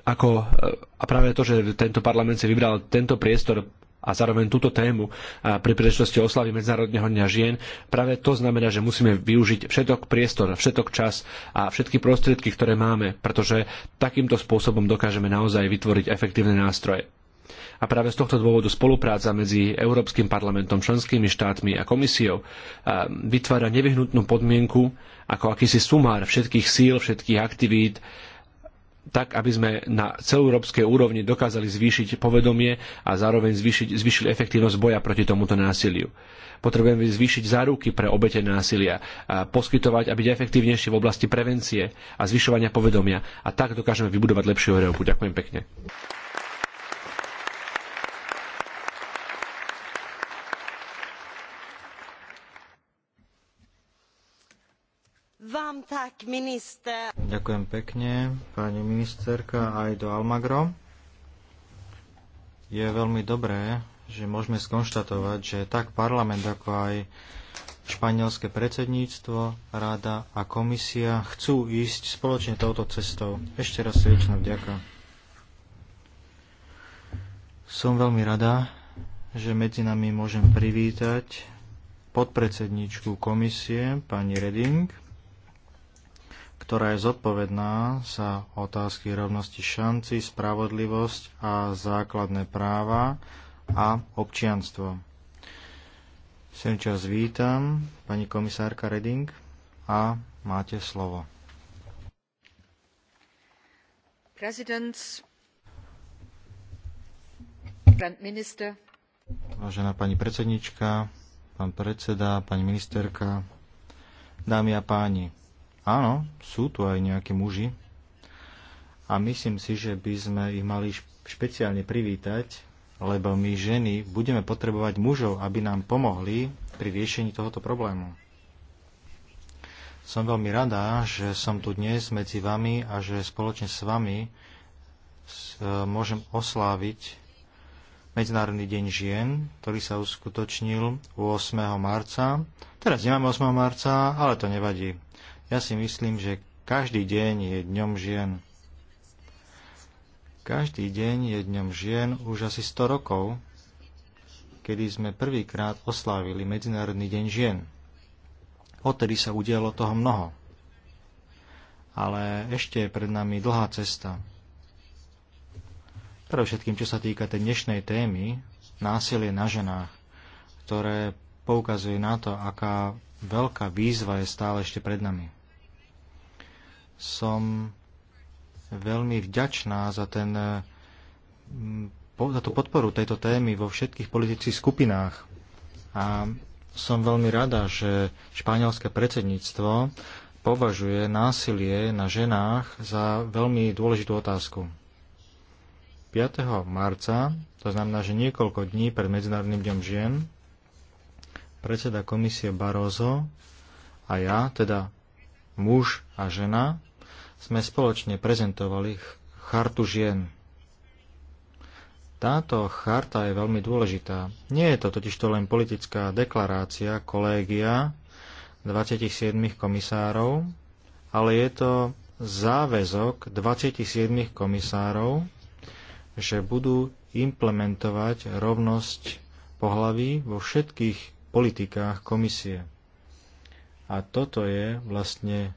ako, e, a práve to, že tento parlament si vybral tento priestor a zároveň túto tému a e, pri príležitosti oslavy Medzinárodného dňa žien. Práve to znamená, že musíme využiť všetok priestor, všetok čas a všetky prostriedky, ktoré máme, pretože takýmto spôsobom dokážeme naozaj vytvoriť efektívne nástroje. A práve z tohto dôvodu spolupráca medzi Európskym parlamentom, členskými štátmi a komisiou e, vytvára nevyhnutnú podmienku ako akýsi sumár všetkých síl, všetkých aktivít, tak, aby sme na celoeurópskej úrovni dokázali zvýšiť povedomie a zároveň zvýšiť, zvýšili efektívnosť boja proti tomuto násiliu. Potrebujeme zvýšiť záruky pre obete násilia, a poskytovať a byť efektívnejšie v oblasti prevencie a zvyšovania povedomia a tak dokážeme vybudovať lepšiu Európu. Ďakujem pekne. Ďakujem pekne, pani ministerka do Almagro. Je veľmi dobré, že môžeme skonštatovať, že tak parlament, ako aj španielské predsedníctvo, rada a komisia chcú ísť spoločne touto cestou. Ešte raz srdečná vďaka. Som veľmi rada, že medzi nami môžem privítať podpredsedničku komisie, pani Reding, ktorá je zodpovedná za otázky rovnosti šanci, spravodlivosť a základné práva a občianstvo. Sem čas vítam, pani komisárka Reding, a máte slovo. Vážená pani predsednička, pán predseda, pani ministerka, dámy a páni. Áno, sú tu aj nejakí muži a myslím si, že by sme ich mali špeciálne privítať, lebo my ženy budeme potrebovať mužov, aby nám pomohli pri riešení tohoto problému. Som veľmi rada, že som tu dnes medzi vami a že spoločne s vami e, môžem osláviť Medzinárodný deň žien, ktorý sa uskutočnil 8. marca. Teraz nemáme 8. marca, ale to nevadí. Ja si myslím, že každý deň je dňom žien. Každý deň je dňom žien už asi 100 rokov, kedy sme prvýkrát oslávili Medzinárodný deň žien. Odtedy sa udialo toho mnoho. Ale ešte je pred nami dlhá cesta. Pre všetkým, čo sa týka tej dnešnej témy, násilie na ženách, ktoré poukazuje na to, aká veľká výzva je stále ešte pred nami. Som veľmi vďačná za, ten, mm, za tú podporu tejto témy vo všetkých politických skupinách. A som veľmi rada, že španielské predsedníctvo považuje násilie na ženách za veľmi dôležitú otázku. 5. marca, to znamená, že niekoľko dní pred Medzinárodným dňom žien, predseda komisie Barozo a ja, teda muž a žena, sme spoločne prezentovali chartu žien. Táto charta je veľmi dôležitá. Nie je to totiž to len politická deklarácia kolégia 27 komisárov, ale je to záväzok 27 komisárov, že budú implementovať rovnosť pohlaví vo všetkých politikách komisie. A toto je vlastne,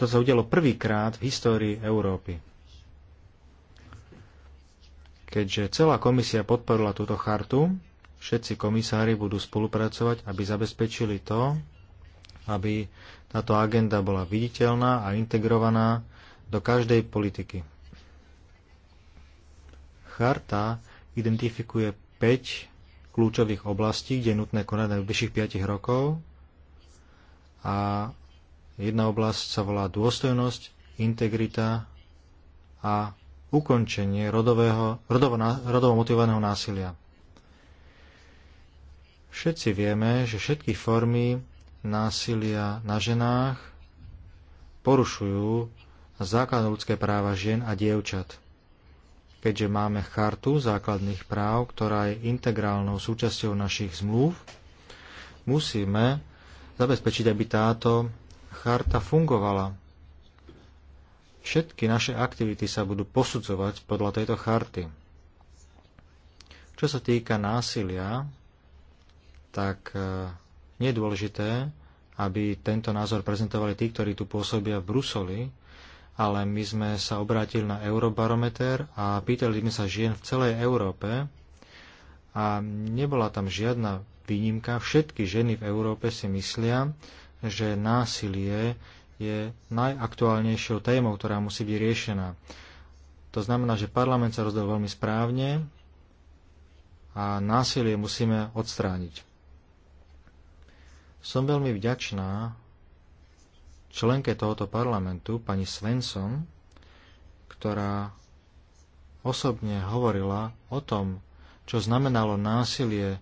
to sa udialo prvýkrát v histórii Európy. Keďže celá komisia podporila túto chartu, všetci komisári budú spolupracovať, aby zabezpečili to, aby táto agenda bola viditeľná a integrovaná do každej politiky. Charta identifikuje 5 kľúčových oblastí, kde je nutné konať na najbližších 5 rokov. A jedna oblasť sa volá dôstojnosť, integrita a ukončenie rodového, rodovo, rodovo motivovaného násilia. Všetci vieme, že všetky formy násilia na ženách porušujú základné ľudské práva žien a dievčat keďže máme chartu základných práv, ktorá je integrálnou súčasťou našich zmluv, musíme zabezpečiť, aby táto charta fungovala. Všetky naše aktivity sa budú posudzovať podľa tejto charty. Čo sa týka násilia, tak e, nie je dôležité, aby tento názor prezentovali tí, ktorí tu pôsobia v Bruseli, ale my sme sa obrátili na Eurobarometer a pýtali sme sa žien v celej Európe a nebola tam žiadna výnimka. Všetky ženy v Európe si myslia, že násilie je najaktuálnejšou témou, ktorá musí byť riešená. To znamená, že parlament sa rozhodol veľmi správne a násilie musíme odstrániť. Som veľmi vďačná členke tohoto parlamentu, pani Svensson, ktorá osobne hovorila o tom, čo znamenalo násilie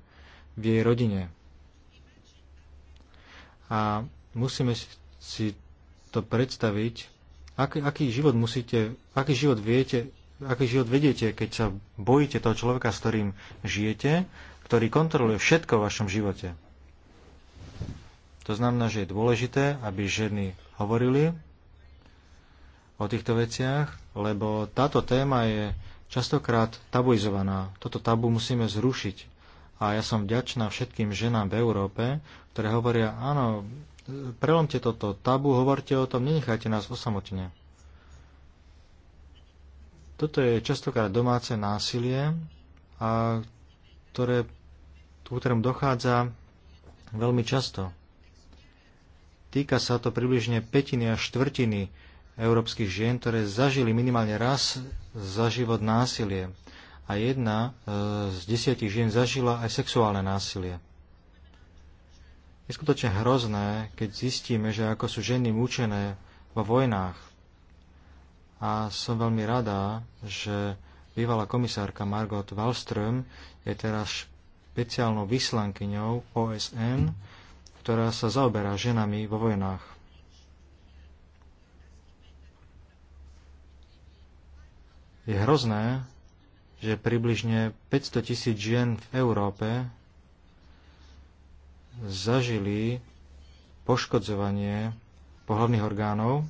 v jej rodine. A musíme si to predstaviť, aký, aký život musíte, aký život viete, aký život vediete, keď sa bojíte toho človeka, s ktorým žijete, ktorý kontroluje všetko v vašom živote. To znamená, že je dôležité, aby ženy hovorili o týchto veciach, lebo táto téma je častokrát tabuizovaná. Toto tabu musíme zrušiť. A ja som vďačná všetkým ženám v Európe, ktoré hovoria, áno, prelomte toto tabu, hovorte o tom, nenechajte nás osamotne. Toto je častokrát domáce násilie, a ktoré, ktorému dochádza veľmi často. Týka sa to približne petiny a štvrtiny európskych žien, ktoré zažili minimálne raz za život násilie. A jedna e, z desiatich žien zažila aj sexuálne násilie. Je skutočne hrozné, keď zistíme, že ako sú ženy mučené vo vojnách. A som veľmi rada, že bývalá komisárka Margot Wallström je teraz špeciálnou vyslankyňou OSN ktorá sa zaoberá ženami vo vojnách. Je hrozné, že približne 500 tisíc žien v Európe zažili poškodzovanie pohľavných orgánov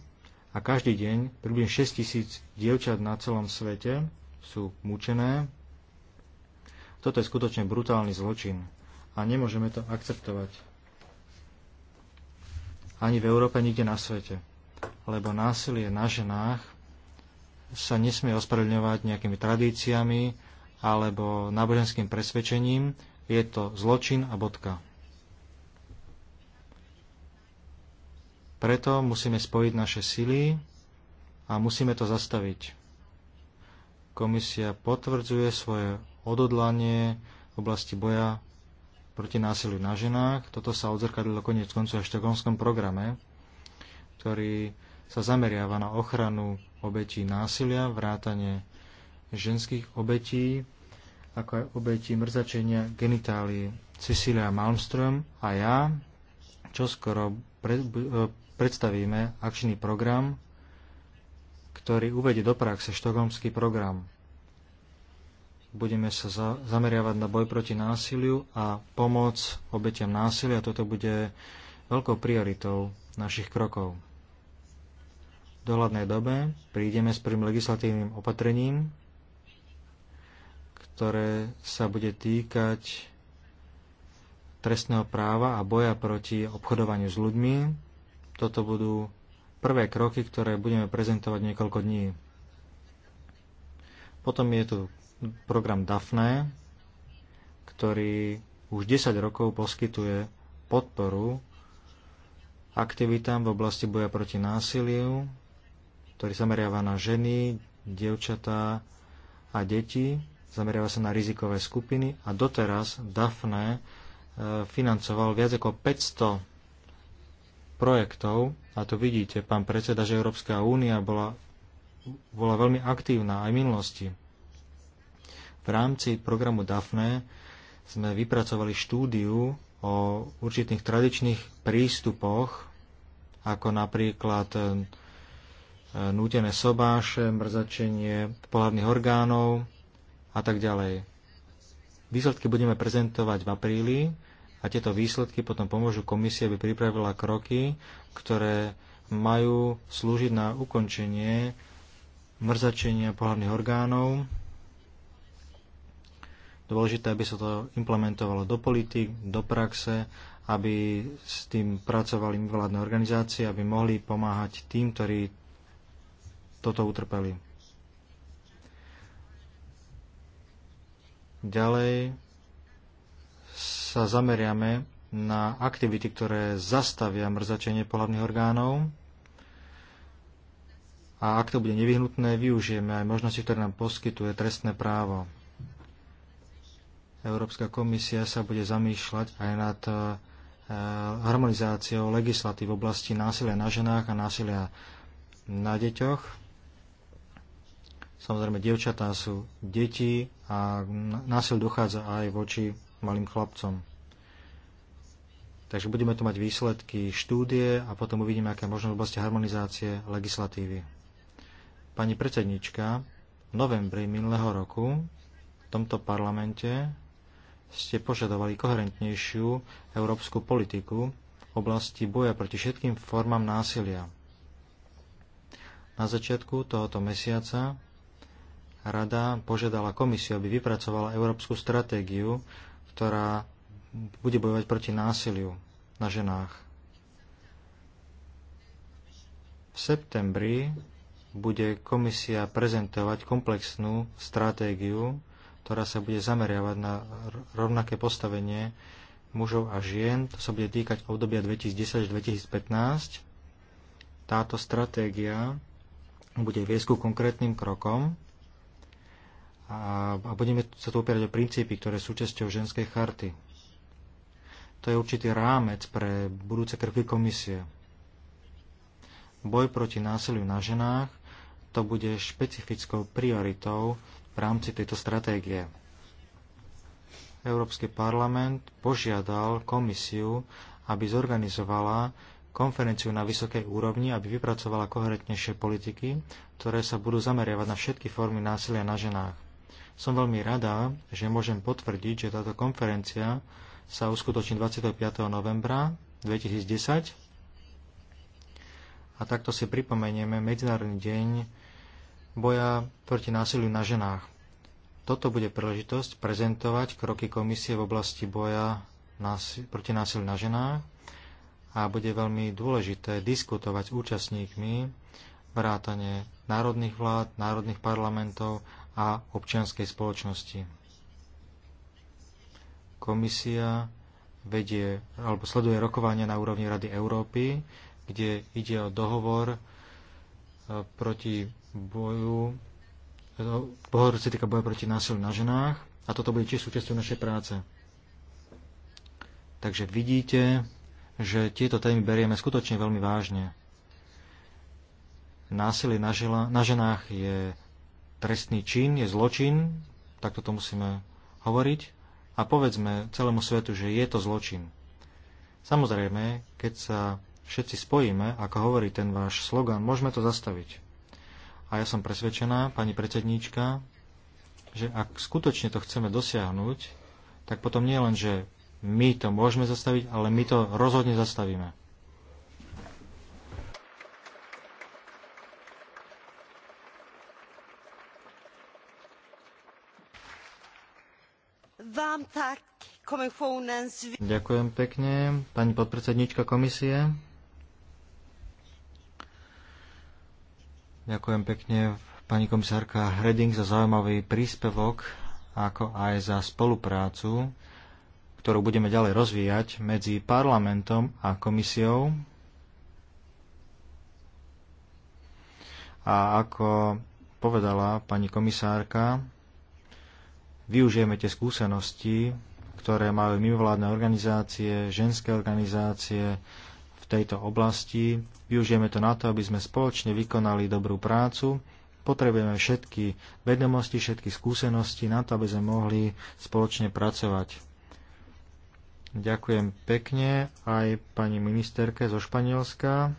a každý deň približne 6 tisíc dievčat na celom svete sú mučené. Toto je skutočne brutálny zločin a nemôžeme to akceptovať ani v Európe, nikde na svete. Lebo násilie na ženách sa nesmie ospravedlňovať nejakými tradíciami alebo náboženským presvedčením. Je to zločin a bodka. Preto musíme spojiť naše sily a musíme to zastaviť. Komisia potvrdzuje svoje odhodlanie v oblasti boja proti násiliu na ženách. Toto sa odzrkadlilo konec koncu aj v štokholmskom programe, ktorý sa zameriava na ochranu obetí násilia, vrátanie ženských obetí, ako aj obetí mrzačenia genitálií. Cecilia Malmström a ja čo pred, e, predstavíme akčný program, ktorý uvedie do praxe štokholmský program budeme sa za, zameriavať na boj proti násiliu a pomoc obetiam násilia. Toto bude veľkou prioritou našich krokov. V dohľadnej dobe prídeme s prvým legislatívnym opatrením, ktoré sa bude týkať trestného práva a boja proti obchodovaniu s ľuďmi. Toto budú prvé kroky, ktoré budeme prezentovať niekoľko dní. Potom je tu program DAFNE, ktorý už 10 rokov poskytuje podporu aktivitám v oblasti boja proti násiliu, ktorý zameriava na ženy, dievčatá a deti, zameriava sa na rizikové skupiny a doteraz DAFNE e, financoval viac ako 500 projektov a to vidíte, pán predseda, že Európska únia bola, bola veľmi aktívna aj v minulosti. V rámci programu DAFNE sme vypracovali štúdiu o určitých tradičných prístupoch, ako napríklad eh, nútené sobáše, mrzačenie pohľadných orgánov a tak ďalej. Výsledky budeme prezentovať v apríli a tieto výsledky potom pomôžu komisie, aby pripravila kroky, ktoré majú slúžiť na ukončenie mrzačenia pohľadných orgánov Dôležité, aby sa to implementovalo do politik, do praxe, aby s tým pracovali vládne organizácie, aby mohli pomáhať tým, ktorí toto utrpeli. Ďalej sa zameriame na aktivity, ktoré zastavia mrzačenie pohľadných orgánov. A ak to bude nevyhnutné, využijeme aj možnosti, ktoré nám poskytuje trestné právo. Európska komisia sa bude zamýšľať aj nad e, harmonizáciou legislatív v oblasti násilia na ženách a násilia na deťoch. Samozrejme, dievčatá sú deti a násil dochádza aj voči malým chlapcom. Takže budeme tu mať výsledky štúdie a potom uvidíme, aké možno v oblasti harmonizácie legislatívy. Pani predsednička, v novembri minulého roku v tomto parlamente ste požadovali koherentnejšiu európsku politiku v oblasti boja proti všetkým formám násilia. Na začiatku tohoto mesiaca Rada požiadala komisiu, aby vypracovala európsku stratégiu, ktorá bude bojovať proti násiliu na ženách. V septembri bude komisia prezentovať komplexnú stratégiu ktorá sa bude zameriavať na rovnaké postavenie mužov a žien. To sa bude týkať obdobia 2010-2015. Táto stratégia bude viesť ku konkrétnym krokom a, a budeme sa tu opierať o princípy, ktoré sú súčasťou ženskej charty. To je určitý rámec pre budúce krky komisie. Boj proti násiliu na ženách to bude špecifickou prioritou v rámci tejto stratégie. Európsky parlament požiadal komisiu, aby zorganizovala konferenciu na vysokej úrovni, aby vypracovala koherentnejšie politiky, ktoré sa budú zameriavať na všetky formy násilia na ženách. Som veľmi rada, že môžem potvrdiť, že táto konferencia sa uskutoční 25. novembra 2010 a takto si pripomenieme Medzinárodný deň boja proti násiliu na ženách. Toto bude príležitosť prezentovať kroky komisie v oblasti boja proti násiliu na ženách a bude veľmi dôležité diskutovať s účastníkmi vrátane národných vlád, národných parlamentov a občianskej spoločnosti. Komisia vedie alebo sleduje rokovania na úrovni Rady Európy, kde ide o dohovor e, proti boju, pohovoru no, sa týka boja proti násiliu na ženách a toto bude tiež súčasťou našej práce. Takže vidíte, že tieto témy berieme skutočne veľmi vážne. Násilie na, žela, na ženách je trestný čin, je zločin, takto to musíme hovoriť a povedzme celému svetu, že je to zločin. Samozrejme, keď sa všetci spojíme, ako hovorí ten váš slogan, môžeme to zastaviť. A ja som presvedčená, pani predsedníčka, že ak skutočne to chceme dosiahnuť, tak potom nie len, že my to môžeme zastaviť, ale my to rozhodne zastavíme. Ďakujem pekne, pani podpredsednička komisie. Ďakujem pekne pani komisárka Hreding za zaujímavý príspevok, ako aj za spoluprácu, ktorú budeme ďalej rozvíjať medzi parlamentom a komisiou. A ako povedala pani komisárka, využijeme tie skúsenosti, ktoré majú mimovládne organizácie, ženské organizácie, tejto oblasti. Využijeme to na to, aby sme spoločne vykonali dobrú prácu. Potrebujeme všetky vedomosti, všetky skúsenosti na to, aby sme mohli spoločne pracovať. Ďakujem pekne aj pani ministerke zo Španielska,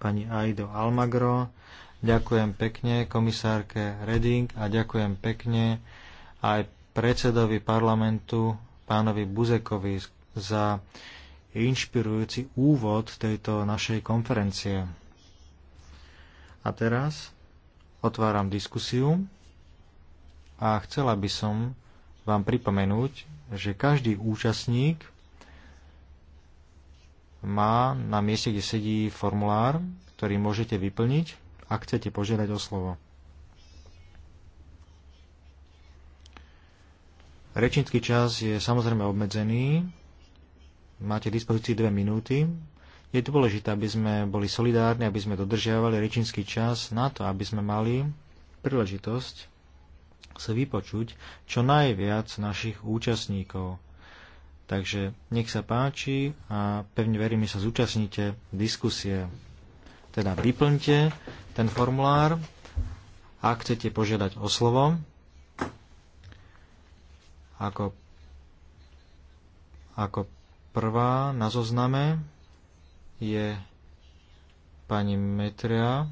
pani Aido Almagro, ďakujem pekne komisárke Reding a ďakujem pekne aj predsedovi parlamentu pánovi Buzekovi za inšpirujúci úvod tejto našej konferencie. A teraz otváram diskusiu a chcela by som vám pripomenúť, že každý účastník má na mieste, kde sedí formulár, ktorý môžete vyplniť, ak chcete požiadať o slovo. Rečnický čas je samozrejme obmedzený, máte k dispozícii dve minúty. Je dôležité, aby sme boli solidárni, aby sme dodržiavali rečnícky čas na to, aby sme mali príležitosť sa vypočuť čo najviac našich účastníkov. Takže nech sa páči a pevne verím, že sa zúčastnite diskusie. Teda vyplňte ten formulár, ak chcete požiadať o slovo, ako, ako Prvá na zozname je pani Metria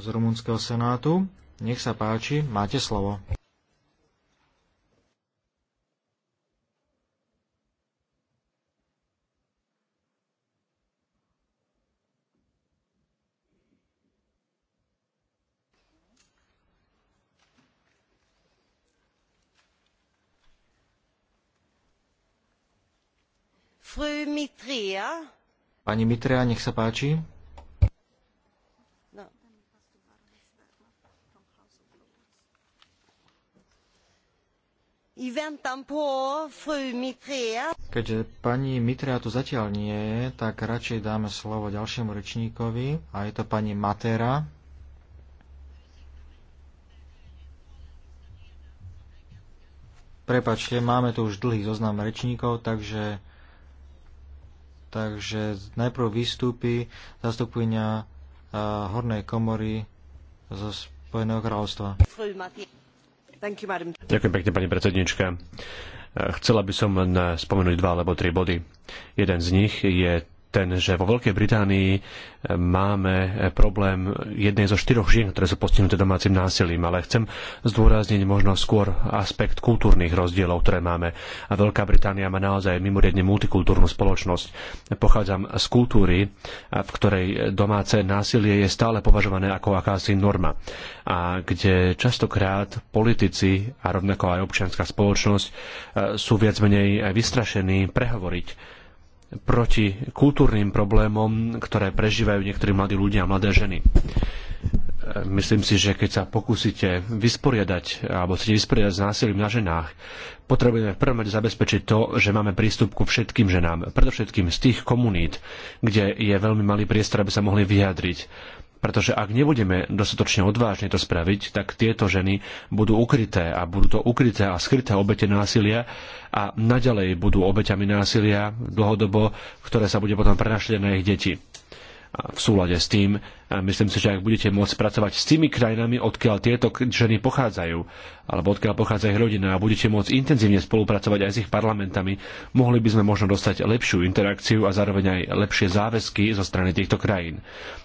z Rumunského senátu. Nech sa páči, máte slovo. Mitria. Pani Mitria, nech sa páči. No. Keďže pani Mitria tu zatiaľ nie je, tak radšej dáme slovo ďalšiemu rečníkovi a je to pani Matera. Prepačte, máme tu už dlhý zoznam rečníkov, takže Takže najprv vystúpi zastupujňa Hornej komory zo Spojeného kráľovstva. Ďakujem pekne, pani predsednička. Chcela by som spomenúť dva alebo tri body. Jeden z nich je ten, že vo Veľkej Británii e, máme e, problém jednej zo štyroch žien, ktoré sú postihnuté domácim násilím, ale chcem zdôrazniť možno skôr aspekt kultúrnych rozdielov, ktoré máme. A Veľká Británia má naozaj mimoriadne multikultúrnu spoločnosť. Pochádzam z kultúry, e, v ktorej domáce násilie je stále považované ako akási norma a kde častokrát politici a rovnako aj občianská spoločnosť sú viac menej vystrašení prehovoriť proti kultúrnym problémom, ktoré prežívajú niektorí mladí ľudia a mladé ženy. Myslím si, že keď sa pokúsite vysporiadať alebo chcete vysporiadať s násilím na ženách, potrebujeme v prvom rade zabezpečiť to, že máme prístup ku všetkým ženám, predovšetkým z tých komunít, kde je veľmi malý priestor, aby sa mohli vyjadriť pretože ak nebudeme dostatočne odvážne to spraviť, tak tieto ženy budú ukryté a budú to ukryté a skryté obete násilia a naďalej budú obeťami násilia dlhodobo, ktoré sa bude potom prenašať na ich deti v súlade s tým, myslím si, že ak budete môcť pracovať s tými krajinami, odkiaľ tieto ženy pochádzajú, alebo odkiaľ pochádza ich rodina a budete môcť intenzívne spolupracovať aj s ich parlamentami, mohli by sme možno dostať lepšiu interakciu a zároveň aj lepšie záväzky zo strany týchto krajín.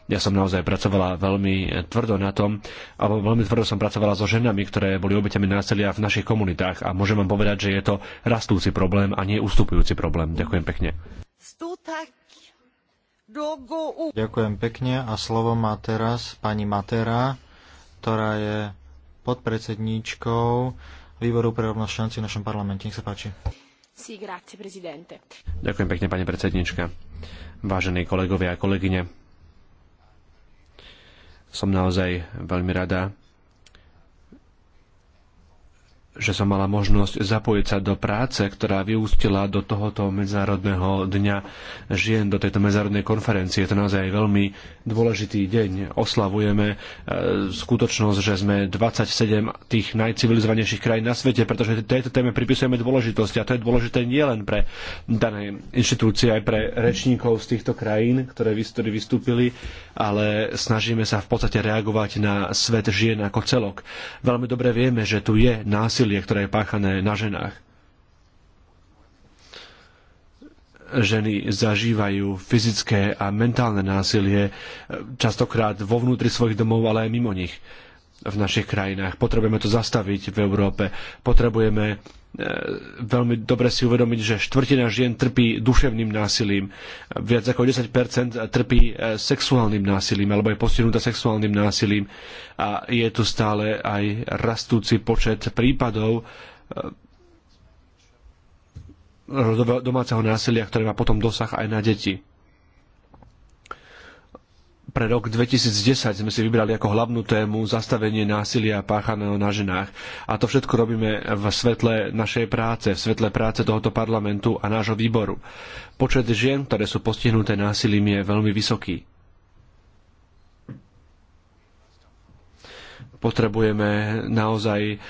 Ja som naozaj pracovala veľmi tvrdo na tom, alebo veľmi tvrdo som pracovala so ženami, ktoré boli obeťami násilia v našich komunitách a môžem vám povedať, že je to rastúci problém a nie ustupujúci problém. Ďakujem pekne. Stútak. Ďakujem pekne a slovo má teraz pani Matera, ktorá je podpredsedníčkou výboru pre rovnosť šanci v našom parlamente. Nech sa páči. Ďakujem pekne, pani predsednička. Vážení kolegovia a kolegyne, som naozaj veľmi rada, že som mala možnosť zapojiť sa do práce, ktorá vyústila do tohoto Medzinárodného dňa žien, do tejto medzinárodnej konferencie. Je to naozaj veľmi dôležitý deň. Oslavujeme e, skutočnosť, že sme 27 tých najcivilizovanejších krajín na svete, pretože tejto téme pripisujeme dôležitosť. A to je dôležité nielen pre dané inštitúcie, aj pre rečníkov z týchto krajín, ktoré vystúpili, ale snažíme sa v podstate reagovať na svet žien ako celok. Veľmi dobre vieme, že tu je násilný násilie, ktoré je páchané na ženách. ženy zažívajú fyzické a mentálne násilie, eh, častokrát vo vnútri svojich domov, ale aj mimo nich v našich krajinách. Potrebujeme to zastaviť v Európe. Potrebujeme e, veľmi dobre si uvedomiť, že štvrtina žien trpí duševným násilím, viac ako 10% trpí e, sexuálnym násilím alebo je postihnutá sexuálnym násilím a je tu stále aj rastúci počet prípadov e, domáceho násilia, ktoré má potom dosah aj na deti. Pre rok 2010 sme si vybrali ako hlavnú tému zastavenie násilia páchaného na ženách. A to všetko robíme v svetle našej práce, v svetle práce tohoto parlamentu a nášho výboru. Počet žien, ktoré sú postihnuté násilím, je veľmi vysoký. Potrebujeme naozaj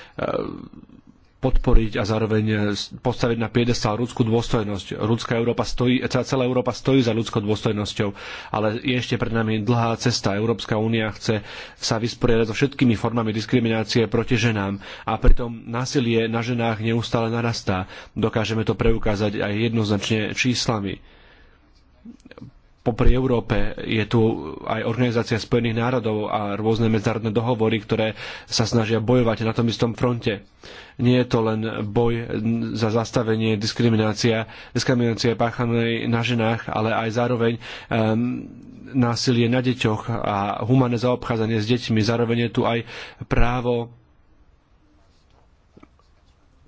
podporiť a zároveň e, postaviť na piedestal ľudskú dôstojnosť. Ľudská Európa stojí, e, celá Európa stojí za ľudskou dôstojnosťou, ale je ešte pred nami dlhá cesta. Európska únia chce sa vysporiadať so všetkými formami diskriminácie proti ženám a pritom násilie na ženách neustále narastá. Dokážeme to preukázať aj jednoznačne číslami popri Európe je tu aj Organizácia spojených národov a rôzne medzárodné dohovory, ktoré sa snažia bojovať na tom istom fronte. Nie je to len boj za zastavenie diskriminácia, diskriminácie páchanej na ženách, ale aj zároveň um, násilie na deťoch a humané zaobchádzanie s deťmi. Zároveň je tu aj právo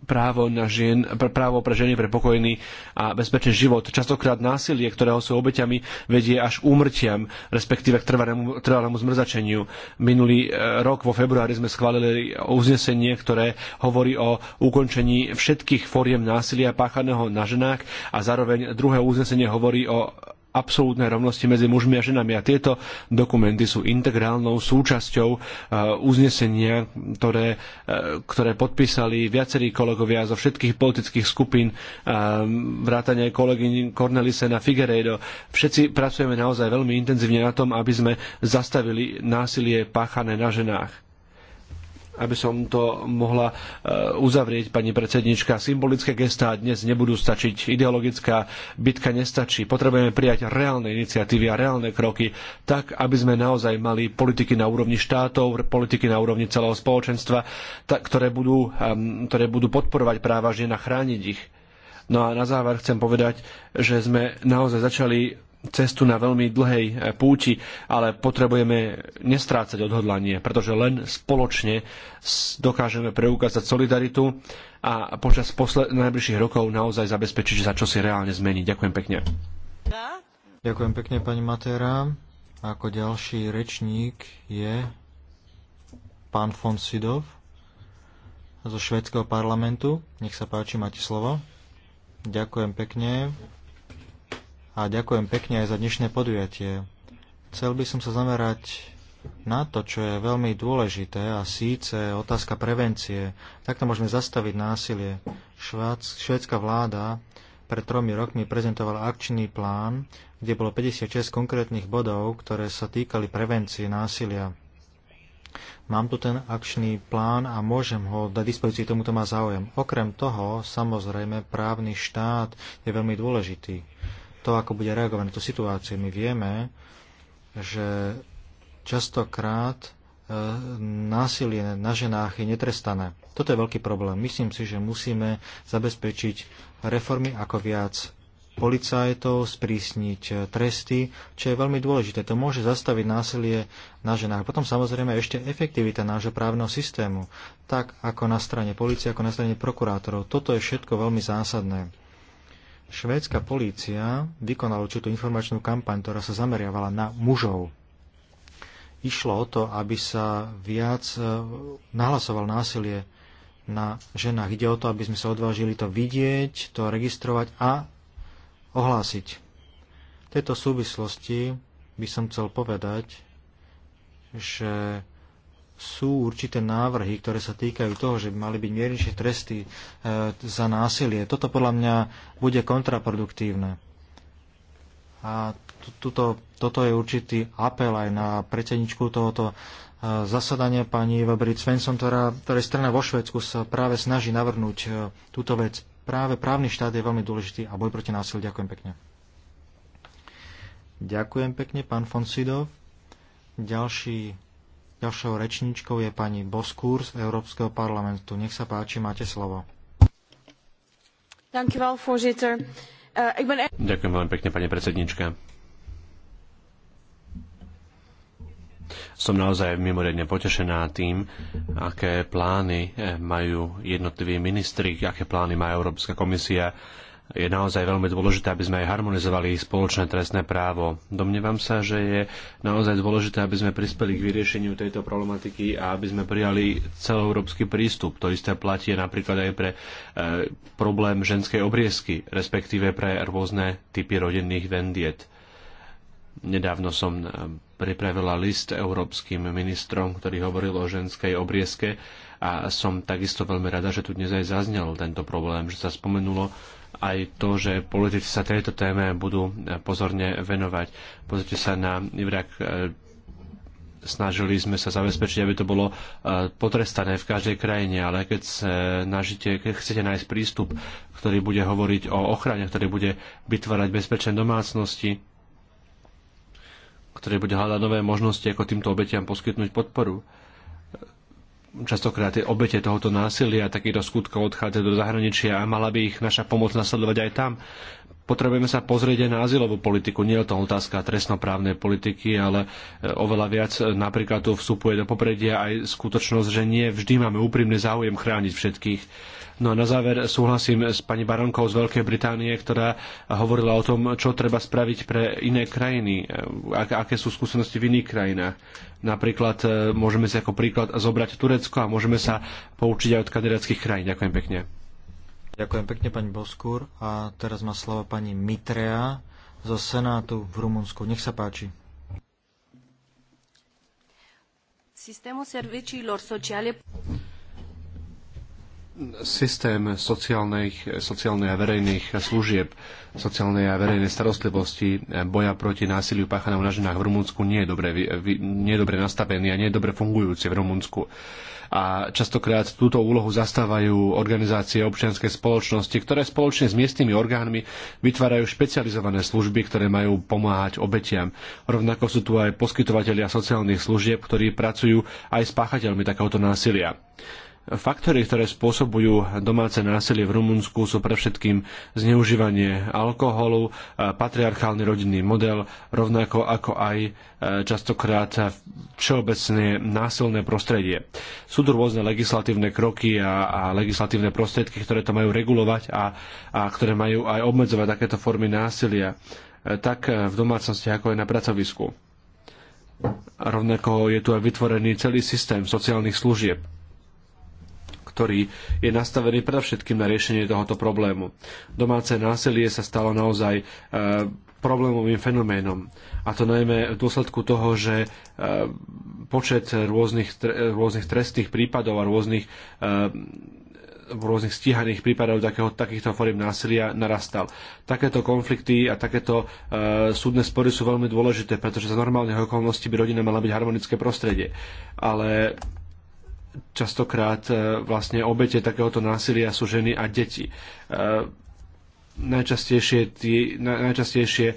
právo, na žien, právo pre ženy pre pokojný a bezpečný život. Častokrát násilie, ktorého sú obeťami, vedie až úmrtiam, respektíve k trvalému, trvalému zmrzačeniu. Minulý e, rok vo februári sme schválili uznesenie, ktoré hovorí o ukončení všetkých fóriem násilia páchaného na ženách a zároveň druhé uznesenie hovorí o absolútnej rovnosti medzi mužmi a ženami. A tieto dokumenty sú integrálnou súčasťou eh, uznesenia, ktoré, eh, ktoré podpísali viacerí kolegovia zo všetkých politických skupín, eh, vrátane kolegyň Cornelise na Figueredo. Všetci pracujeme naozaj veľmi intenzívne na tom, aby sme zastavili násilie páchané na ženách aby som to mohla e, uzavrieť, pani predsednička. Symbolické gestá dnes nebudú stačiť. Ideologická bitka nestačí. Potrebujeme prijať reálne iniciatívy a reálne kroky, tak, aby sme naozaj mali politiky na úrovni štátov, politiky na úrovni celého spoločenstva, ktoré, budú, ktoré budú podporovať práva žien a chrániť ich. No a na záver chcem povedať, že sme naozaj začali cestu na veľmi dlhej eh, púti, ale potrebujeme nestrácať odhodlanie, pretože len spoločne dokážeme preukázať solidaritu a počas posled- najbližších rokov naozaj zabezpečiť, že sa čosi reálne zmení. Ďakujem pekne. Ďakujem pekne, pani Matera. Ako ďalší rečník je pán von Sidov zo švedského parlamentu. Nech sa páči, máte slovo. Ďakujem pekne a ďakujem pekne aj za dnešné podujatie. Chcel by som sa zamerať na to, čo je veľmi dôležité a síce otázka prevencie. Takto môžeme zastaviť násilie. Švedská vláda pred tromi rokmi prezentovala akčný plán, kde bolo 56 konkrétnych bodov, ktoré sa týkali prevencie násilia. Mám tu ten akčný plán a môžem ho dať dispozícii tomuto má záujem. Okrem toho, samozrejme, právny štát je veľmi dôležitý to, ako bude reagovať na tú situáciu. My vieme, že častokrát e, násilie na ženách je netrestané. Toto je veľký problém. Myslím si, že musíme zabezpečiť reformy ako viac policajtov, sprísniť e, tresty, čo je veľmi dôležité. To môže zastaviť násilie na ženách. Potom samozrejme ešte efektivita nášho právneho systému, tak ako na strane policie, ako na strane prokurátorov. Toto je všetko veľmi zásadné švédska polícia vykonala určitú informačnú kampaň, ktorá sa zameriavala na mužov. Išlo o to, aby sa viac e, nahlasoval násilie na ženách. Ide o to, aby sme sa odvážili to vidieť, to registrovať a ohlásiť. V tejto súvislosti by som chcel povedať, že sú určité návrhy, ktoré sa týkajú toho, že by mali byť miernejšie tresty e, za násilie. Toto podľa mňa bude kontraproduktívne. A tuto, toto je určitý apel aj na predsedničku tohoto e, zasadania pani Vebrit Svensson, ktorá, je strana vo Švedsku sa práve snaží navrhnúť e, túto vec. Práve právny štát je veľmi dôležitý a boj proti násiliu. Ďakujem pekne. Ďakujem pekne, pán Fonsidov. Ďalší Ďalšou rečníčkou je pani Boskúr z Európskeho parlamentu. Nech sa páči, máte slovo. Eh, Ďakujem veľmi pekne, pani predsednička. Som naozaj mimoriadne potešená tým, aké plány eh, majú jednotliví ministri, aké plány má Európska komisia je naozaj veľmi dôležité, aby sme aj harmonizovali spoločné trestné právo. Domnievam sa, že je naozaj dôležité, aby sme prispeli k vyriešeniu tejto problematiky a aby sme prijali celoeurópsky prístup. To isté platí napríklad aj pre e, problém ženskej obriezky, respektíve pre rôzne typy rodinných vendiet. Nedávno som e, pripravila list európskym ministrom, ktorý hovoril o ženskej obriezke a som takisto veľmi rada, že tu dnes aj zaznel tento problém, že sa spomenulo aj to, že politici sa tejto téme budú e, pozorne venovať. Pozrite sa na Irak e, snažili sme sa zabezpečiť, aby to bolo e, potrestané v každej krajine, ale keď, nažite, keď chcete nájsť prístup, ktorý bude hovoriť o ochrane, ktorý bude vytvárať bezpečné domácnosti, ktorý bude hľadať nové možnosti, ako týmto obetiam poskytnúť podporu, častokrát tie obete tohoto násilia a takýchto skutkov odchádza do zahraničia a mala by ich naša pomoc nasledovať aj tam. Potrebujeme sa pozrieť aj na azylovú politiku. Nie je to otázka trestnoprávnej politiky, ale e, oveľa viac napríklad tu vstupuje do popredia aj skutočnosť, že nie vždy máme úprimný záujem chrániť všetkých No a na záver súhlasím s pani Baronkou z Veľkej Británie, ktorá hovorila o tom, čo treba spraviť pre iné krajiny, eh, aké sú skúsenosti v iných krajinách. Napríklad eh, môžeme si ako príklad zobrať Turecko a môžeme sa poučiť aj od kandidátskych krajín. Ďakujem pekne. Ďakujem pekne pani Boskúr. A teraz má slovo pani Mitrea zo Senátu v Rumunsku. Nech sa páči. Systému serviciilor sociale systém sociálnych, sociálnych a verejných služieb, sociálnej a verejnej starostlivosti, eh, boja proti násiliu páchanému na ženách v Rumunsku nie je dobre, eh, nie je dobre nastavený a nie je dobre fungujúci v Rumunsku. A častokrát túto úlohu zastávajú organizácie občianskej spoločnosti, ktoré spoločne s miestnymi orgánmi vytvárajú špecializované služby, ktoré majú pomáhať obetiam. Rovnako sú tu aj poskytovateľia sociálnych služieb, ktorí pracujú aj s páchateľmi takéhoto násilia. Faktory, ktoré spôsobujú domáce násilie v Rumunsku sú pre všetkým zneužívanie alkoholu, e, patriarchálny rodinný model, rovnako ako aj e, častokrát všeobecne násilné prostredie. Sú tu rôzne legislatívne kroky a, a legislatívne prostriedky, ktoré to majú regulovať a, a ktoré majú aj obmedzovať takéto formy násilia, e, tak v domácnosti ako aj na pracovisku. Rovnako je tu aj vytvorený celý systém sociálnych služieb ktorý je nastavený predovšetkým na riešenie tohoto problému. Domáce násilie sa stalo naozaj eh, problémovým fenoménom. A to najmä v dôsledku toho, že eh, počet rôznych, rôznych trestných prípadov a rôznych eh, rôznych stíhaných prípadov takého, takýchto foriem násilia narastal. Takéto konflikty a takéto e, súdne spory sú veľmi dôležité, pretože za normálnych okolností by rodina mala byť harmonické prostredie. Ale častokrát e, vlastne obete takéhoto násilia sú ženy a deti. E, najčastejšie, tí, najčastejšie e,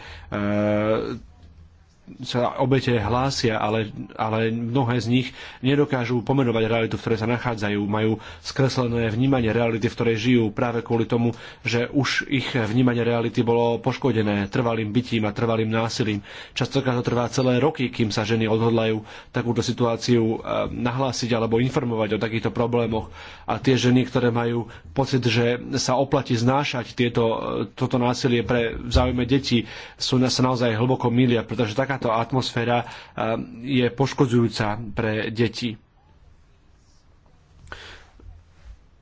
sa obete hlásia, ale, ale mnohé z nich nedokážu pomenovať realitu, v ktorej sa nachádzajú, majú skreslené vnímanie reality, v ktorej žijú práve kvôli tomu, že už ich vnímanie reality bolo poškodené trvalým bytím a trvalým násilím. Častokrát to trvá celé roky, kým sa ženy odhodlajú takúto situáciu eh, nahlásiť alebo informovať o takýchto problémoch. A tie ženy, ktoré majú pocit, že sa oplatí znášať tieto, eh, toto násilie pre záujme detí, sú sa naozaj hlboko milia, pretože taká takáto atmosféra eh, je poškodzujúca pre deti.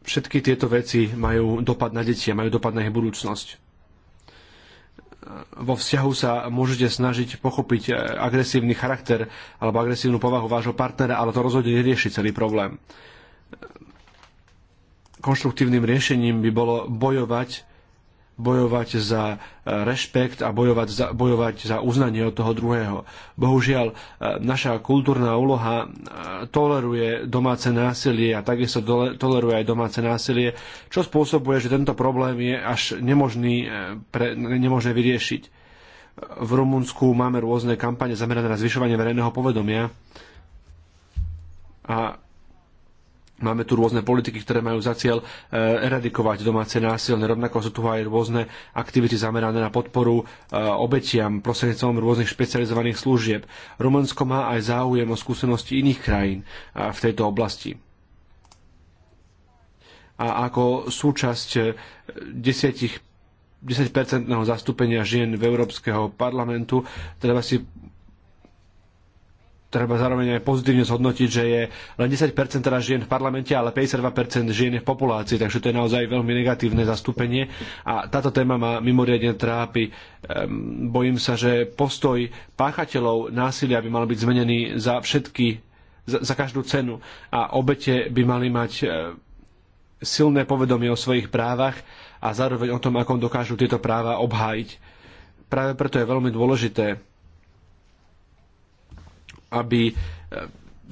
Všetky tieto veci majú dopad na deti a majú dopad na ich budúcnosť vo vzťahu sa môžete snažiť pochopiť eh, agresívny charakter alebo agresívnu povahu vášho partnera, ale to rozhodne nerieši celý problém. Konštruktívnym riešením by bolo bojovať bojovať za e, rešpekt a bojovať za, bojovať za uznanie od toho druhého. Bohužiaľ, e, naša kultúrna úloha e, toleruje domáce násilie a takisto toleruje aj domáce násilie, čo spôsobuje, že tento problém je až nemožný pre, nemožné vyriešiť. V Rumunsku máme rôzne kampane zamerané na zvyšovanie verejného povedomia a Máme tu rôzne politiky, ktoré majú za cieľ eh, eradikovať domáce násilne. Rovnako sú tu aj rôzne aktivity zamerané na podporu eh, obetiam prostredníctvom rôznych špecializovaných služieb. Rumunsko má aj záujem o skúsenosti iných krajín eh, v tejto oblasti a ako súčasť 10 10-percentného zastúpenia žien v Európskeho parlamentu. Treba si treba zároveň aj pozitívne zhodnotiť, že je len 10% teda žien v parlamente, ale 52% žien v populácii, takže to je naozaj veľmi negatívne zastúpenie a táto téma ma mimoriadne trápi. Ehm, bojím sa, že postoj páchateľov násilia by mal byť zmenený za všetky, za, za každú cenu a obete by mali mať ehm, silné povedomie o svojich právach a zároveň o tom, ako dokážu tieto práva obhájiť. Práve preto je veľmi dôležité, aby e,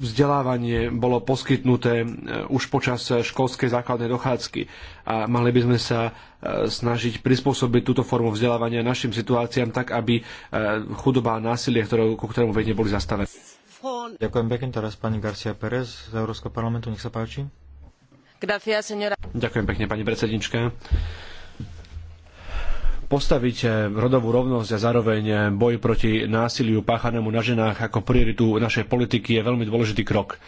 vzdelávanie bolo poskytnuté e, už počas školskej základnej dochádzky a mali by sme sa e, snažiť prispôsobiť túto formu vzdelávania našim situáciám tak, aby chudoba a násilie, ktoré, ku ktorému vedne, boli zastavené. Ďakujem pekne teraz pani Garcia Pérez z Európskeho parlamentu, nech sa páči. Gracias, Ďakujem pekne, pani predsednička postaviť eh, rodovú rovnosť a zároveň eh, boj proti násiliu páchanému na ženách ako prioritu našej politiky je veľmi dôležitý krok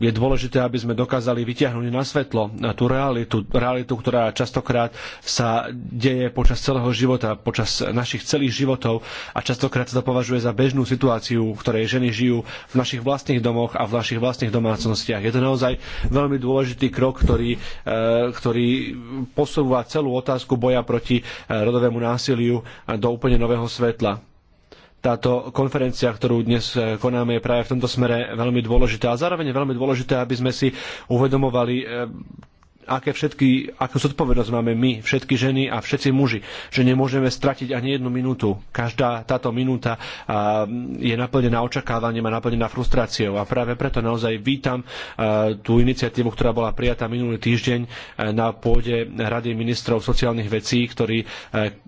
je dôležité, aby sme dokázali vytiahnuť na svetlo tú realitu, realitu, ktorá častokrát sa deje počas celého života, počas našich celých životov a častokrát sa to považuje za bežnú situáciu, v ktorej ženy žijú v našich vlastných domoch a v našich vlastných domácnostiach. Je to naozaj veľmi dôležitý krok, ktorý, e, ktorý posúva celú otázku boja proti e, rodovému násiliu do úplne nového svetla táto konferencia, ktorú dnes eh, konáme, je práve v tomto smere veľmi dôležitá. A zároveň je veľmi dôležité, aby sme si uvedomovali, eh, aké všetky, akú zodpovednosť máme my, všetky ženy a všetci muži, že nemôžeme stratiť ani jednu minútu. Každá táto minúta je naplnená očakávaním a naplnená frustráciou. A práve preto naozaj vítam tú iniciatívu, ktorá bola prijatá minulý týždeň e, na pôde Rady ministrov sociálnych vecí, ktorí e,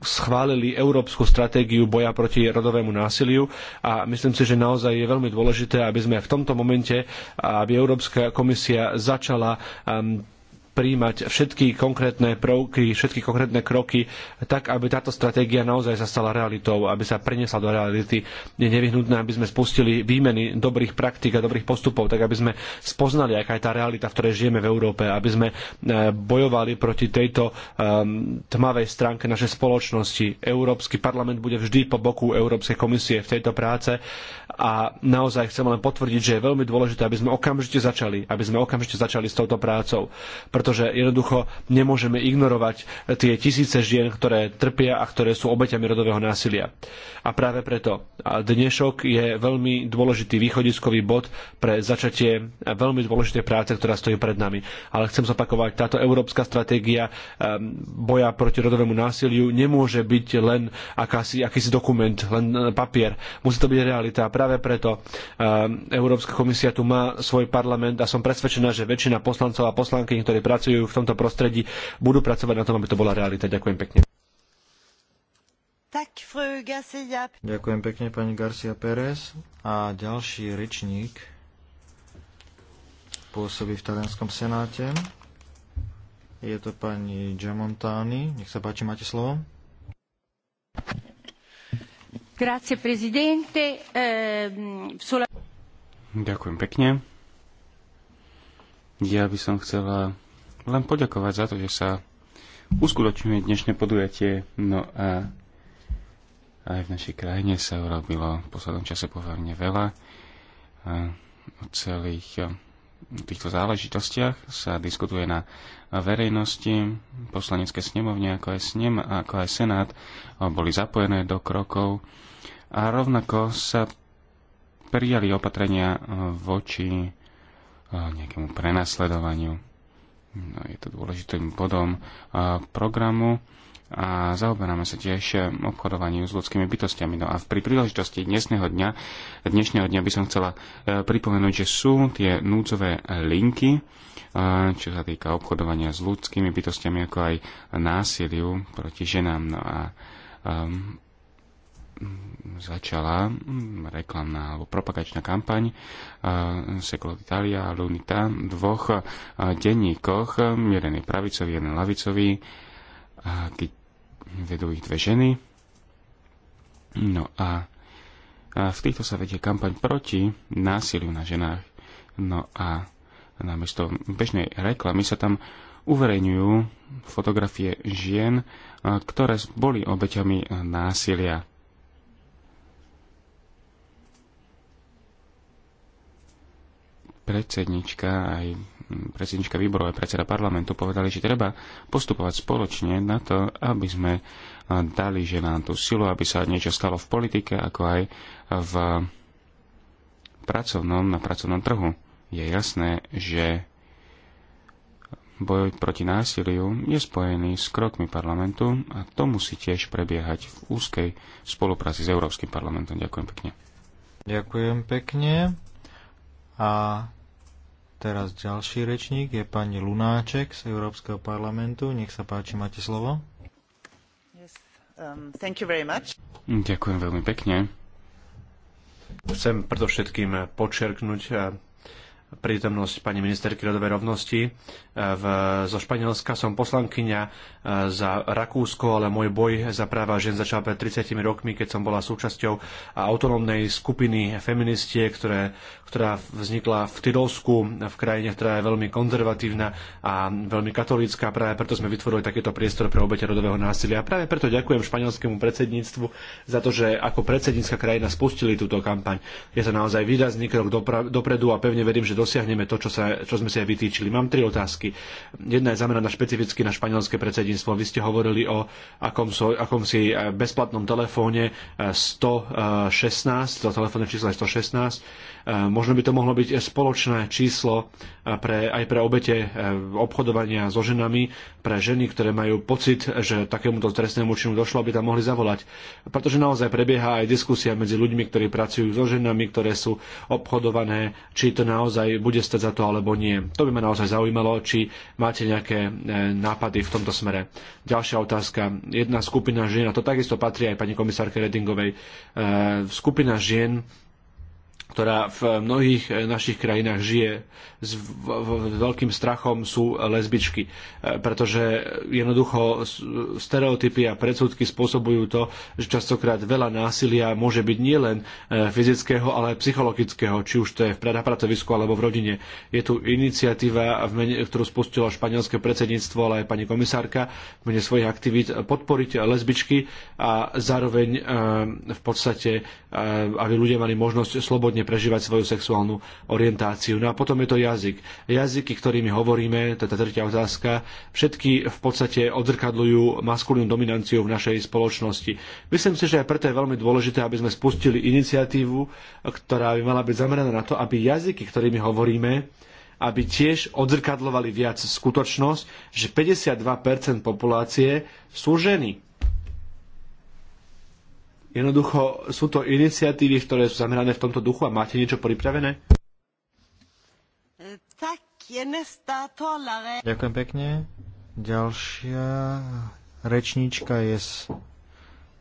schválili európsku stratégiu boja proti rodovému násiliu a myslím si, že naozaj je veľmi dôležité, aby sme v tomto momente, aby Európska komisia začala e, príjmať všetky konkrétne prvky, všetky konkrétne kroky, tak aby táto stratégia naozaj sa stala realitou, aby sa preniesla do reality. Je nevyhnutné, aby sme spustili výmeny dobrých praktík a dobrých postupov, tak aby sme spoznali, aká je tá realita, v ktorej žijeme v Európe, aby sme e, bojovali proti tejto e, tmavej stránke našej spoločnosti. Európsky parlament bude vždy po boku Európskej komisie v tejto práce a naozaj chcem len potvrdiť, že je veľmi dôležité, aby sme okamžite začali, aby sme okamžite začali s touto prácou. Preto pretože jednoducho nemôžeme ignorovať tie tisíce žien, ktoré trpia a ktoré sú obeťami rodového násilia. A práve preto dnešok je veľmi dôležitý východiskový bod pre začatie veľmi dôležitej práce, ktorá stojí pred nami. Ale chcem zopakovať, táto európska stratégia ehm, boja proti rodovému násiliu nemôže byť len akási, akýsi dokument, len e, papier. Musí to byť realita. A práve preto ehm, Európska komisia tu má svoj parlament a som presvedčená, že väčšina poslancov a poslanky, ktorí pracujú pracujú v tomto prostredí, budú pracovať na tom, aby to bola realita. Ďakujem pekne. Ďakujem pekne pani Garcia Pérez. A ďalší rečník pôsobí v Talianskom senáte. Je to pani Giamontani. Nech sa páči, máte slovo. Grazie, prezidente. Ehm, Ďakujem pekne. Ja by som chcela len poďakovať za to, že sa uskutočňuje dnešné podujatie. No a aj v našej krajine sa urobilo v poslednom čase poverne veľa. O celých týchto záležitostiach sa diskutuje na verejnosti, poslanecké snemovne, ako aj, snem, ako aj senát boli zapojené do krokov a rovnako sa prijali opatrenia voči nejakému prenasledovaniu. No, je to dôležitým bodom programu a zaoberáme sa tiež obchodovaním s ľudskými bytostiami. No a pri príležitosti dnešného dňa, dnešného dňa by som chcela e, pripomenúť, že sú tie núdzové linky, e, čo sa týka obchodovania s ľudskými bytostiami, ako aj násiliu proti ženám. No a um, začala mm, reklamná alebo propagačná kampaň eh, Seklo Italia a Lunita v dvoch eh, denníkoch, jeden eh, je pravicový, jeden lavicový, keď vedú ich dve ženy. No a v týchto sa vedie kampaň proti násiliu na ženách. No a namiesto bežnej reklamy sa tam uverejňujú fotografie žien, ktoré boli obeťami násilia. predsednička, aj mm, predsednička výboru, aj predseda parlamentu povedali, že treba postupovať spoločne na to, aby sme dali ženám tú silu, aby sa niečo stalo v politike, ako aj v pracovnom, na pracovnom trhu. Je jasné, že boj proti násiliu je spojený s krokmi parlamentu a to musí tiež prebiehať v úzkej spolupráci s Európskym parlamentom. Ďakujem pekne. Ďakujem pekne. A Teraz ďalší rečník je pani Lunáček z Európskeho parlamentu. Nech sa páči, máte slovo. Yes. Um, thank you very much. Ďakujem veľmi pekne. Chcem predovšetkým počerknúť prítomnosť pani ministerky rodovej rovnosti e, v, zo Španielska. Som poslankyňa e, za Rakúsko, ale môj boj za práva žien začal pred 30 rokmi, keď som bola súčasťou autonómnej skupiny feministie, ktoré, ktorá vznikla v Tyrolsku, v krajine, ktorá je veľmi konzervatívna a veľmi katolícka. Práve preto sme vytvorili takýto priestor pre obete rodového násilia. A práve preto ďakujem španielskému predsedníctvu za to, že ako predsednícka krajina spustili túto kampaň. Je to naozaj výrazný krok dopredu a pevne verím, že dosiahneme to, čo, sa, čo sme si aj vytýčili. Mám tri otázky. Jedna je zameraná špecificky na španielské predsedníctvo. Vy ste hovorili o akom so, si eh, bezplatnom telefóne 116, eh, eh, to telefónne číslo je 116. Možno by to mohlo byť spoločné číslo pre, aj pre obete obchodovania so ženami, pre ženy, ktoré majú pocit, že takémuto trestnému činu došlo, aby tam mohli zavolať. Pretože naozaj prebieha aj diskusia medzi ľuďmi, ktorí pracujú so ženami, ktoré sú obchodované, či to naozaj bude stať za to alebo nie. To by ma naozaj zaujímalo, či máte nejaké e, nápady v tomto smere. Ďalšia otázka. Jedna skupina žien, a to takisto patrí aj pani komisárke Redingovej, e, skupina žien, ktorá v mnohých eh, našich krajinách žije s veľkým strachom, sú lesbičky. Eh, pretože jednoducho stereotypy a predsudky spôsobujú to, že častokrát veľa násilia môže byť nielen eh, fyzického, ale aj psychologického, či už to je v pracovisku alebo v rodine. Je tu iniciatíva, ktorú spustilo španielské predsedníctvo, ale aj pani komisárka v mene svojich aktivít podporiť lesbičky a zároveň v podstate, aby ľudia mali možnosť slobodne prežívať svoju sexuálnu orientáciu. No a potom je to jazyk. Jazyky, ktorými hovoríme, to je tá tretia otázka, všetky v podstate odzrkadľujú maskulínnu dominanciu v našej spoločnosti. Myslím si, že aj preto je veľmi dôležité, aby sme spustili iniciatívu, ktorá by mala byť zameraná na to, aby jazyky, ktorými hovoríme, aby tiež odzrkadlovali viac skutočnosť, že 52% populácie sú ženy. Jednoducho sú to iniciatívy, ktoré sú zamerané v tomto duchu a máte niečo pripravené? Ďakujem pekne. Ďalšia rečníčka je z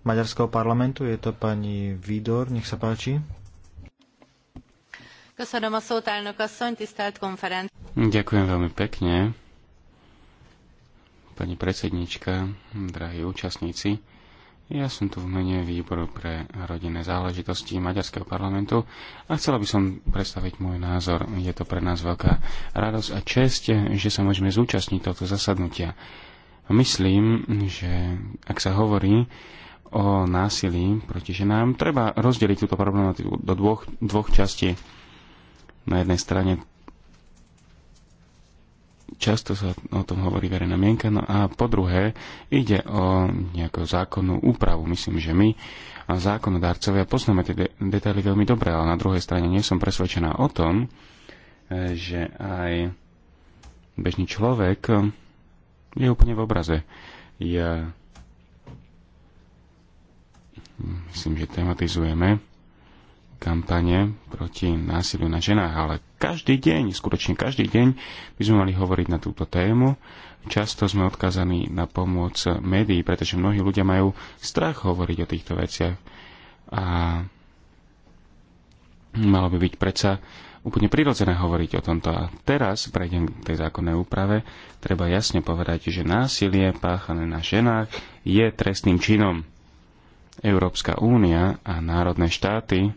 Maďarského parlamentu. Je to pani Vidor. Nech sa páči. Ďakujem veľmi pekne. Pani predsednička, drahí účastníci. Ja som tu v mene výboru pre rodinné záležitosti Maďarského parlamentu a chcela by som predstaviť môj názor. Je to pre nás veľká radosť a čest, že sa môžeme zúčastniť tohto zasadnutia. Myslím, že ak sa hovorí o násilí proti ženám, treba rozdeliť túto problematiku do dvoch, dvoch častí. Na jednej strane často sa o tom hovorí verejná mienka. No a po druhé, ide o nejakú zákonnú úpravu. Myslím, že my, a zákonodárcovia poznáme tie de- detaily veľmi dobre, ale na druhej strane nie som presvedčená o tom, e, že aj bežný človek je úplne v obraze. Ja myslím, že tematizujeme kampane proti násiliu na ženách, ale každý deň, skutočne každý deň by sme mali hovoriť na túto tému. Často sme odkazaní na pomoc médií, pretože mnohí ľudia majú strach hovoriť o týchto veciach. A malo by byť predsa úplne prirodzené hovoriť o tomto. A teraz prejdem k tej zákonnej úprave. Treba jasne povedať, že násilie páchané na ženách je trestným činom. Európska únia a národné štáty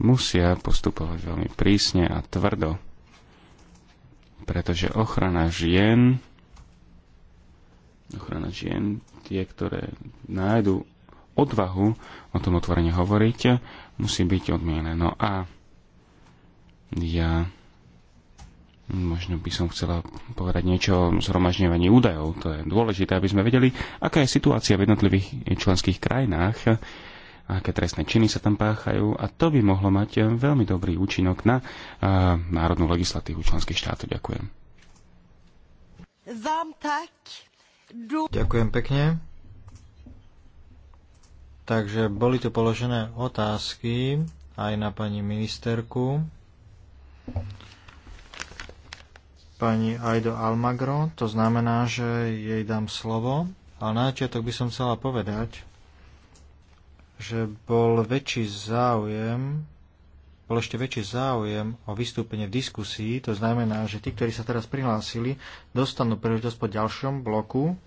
musia postupovať veľmi prísne a tvrdo, pretože ochrana žien, ochrana žien, tie, ktoré nájdu odvahu o tom otvorene hovoriť, musí byť odmienené. No a ja možno by som chcela povedať niečo o zhromažňovaní údajov. To je dôležité, aby sme vedeli, aká je situácia v jednotlivých členských krajinách aké trestné činy sa tam páchajú a to by mohlo mať eh, veľmi dobrý účinok na eh, národnú legislatívu členských štátov. Ďakujem. Ďakujem pekne. Takže boli tu položené otázky aj na pani ministerku. Pani Aido Almagro, to znamená, že jej dám slovo. A na začiatok by som chcela povedať, že bol väčší záujem bol ešte väčší záujem o vystúpenie v diskusii, to znamená, že tí, ktorí sa teraz prihlásili, dostanú príležitosť po ďalšom bloku.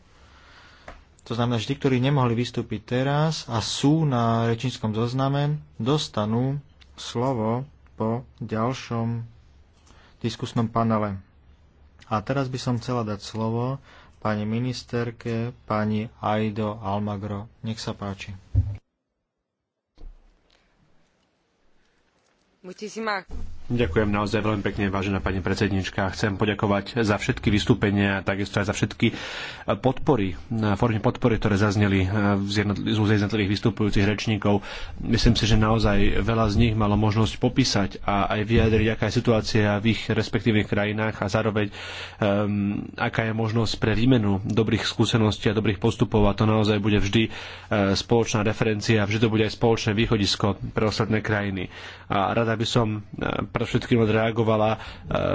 To znamená, že tí, ktorí nemohli vystúpiť teraz a sú na rečníckom zozname, dostanú slovo po ďalšom diskusnom panele. A teraz by som chcela dať slovo pani ministerke, pani Aido Almagro. Nech sa páči. muchísimas gracias. Ďakujem naozaj veľmi pekne, vážená pani predsednička. Chcem poďakovať za všetky vystúpenia a takisto aj za všetky podpory, formy podpory, ktoré zazneli eh, z jednotlivých vystupujúcich rečníkov. Myslím si, že naozaj veľa z nich malo možnosť popísať a aj vyjadriť, aká je situácia v ich respektívnych krajinách a zároveň um, aká je možnosť pre výmenu dobrých skúseností a dobrých postupov a to naozaj bude vždy eh, spoločná referencia, vždy to bude aj spoločné východisko pre ostatné krajiny. A rada by som eh, všetkým reagovala e,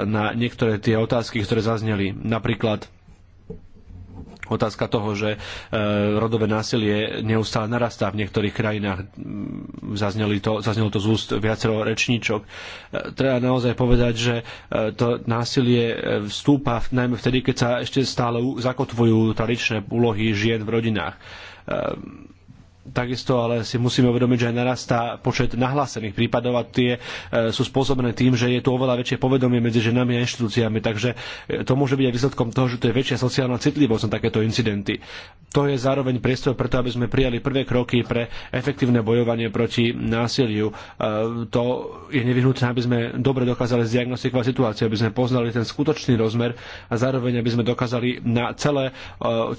na niektoré tie otázky, ktoré zazneli. Napríklad otázka toho, že e, rodové násilie neustále narastá v niektorých krajinách. Mm, to, zaznelo to z úst viacero rečníčok. E, treba naozaj povedať, že to násilie vstúpa najmä vtedy, keď sa ešte stále zakotvujú tradičné úlohy žien v rodinách Takisto ale si musíme uvedomiť, že aj narastá počet nahlásených prípadov a tie e, sú spôsobené tým, že je tu oveľa väčšie povedomie medzi ženami a inštitúciami. Takže e, to môže byť aj výsledkom toho, že tu je väčšia sociálna citlivosť na takéto incidenty. To je zároveň priestor preto, aby sme prijali prvé kroky pre efektívne bojovanie proti násiliu. E, to je nevyhnutné, aby sme dobre dokázali zdiagnostikovať situáciu, aby sme poznali ten skutočný rozmer a zároveň, aby sme dokázali na celé,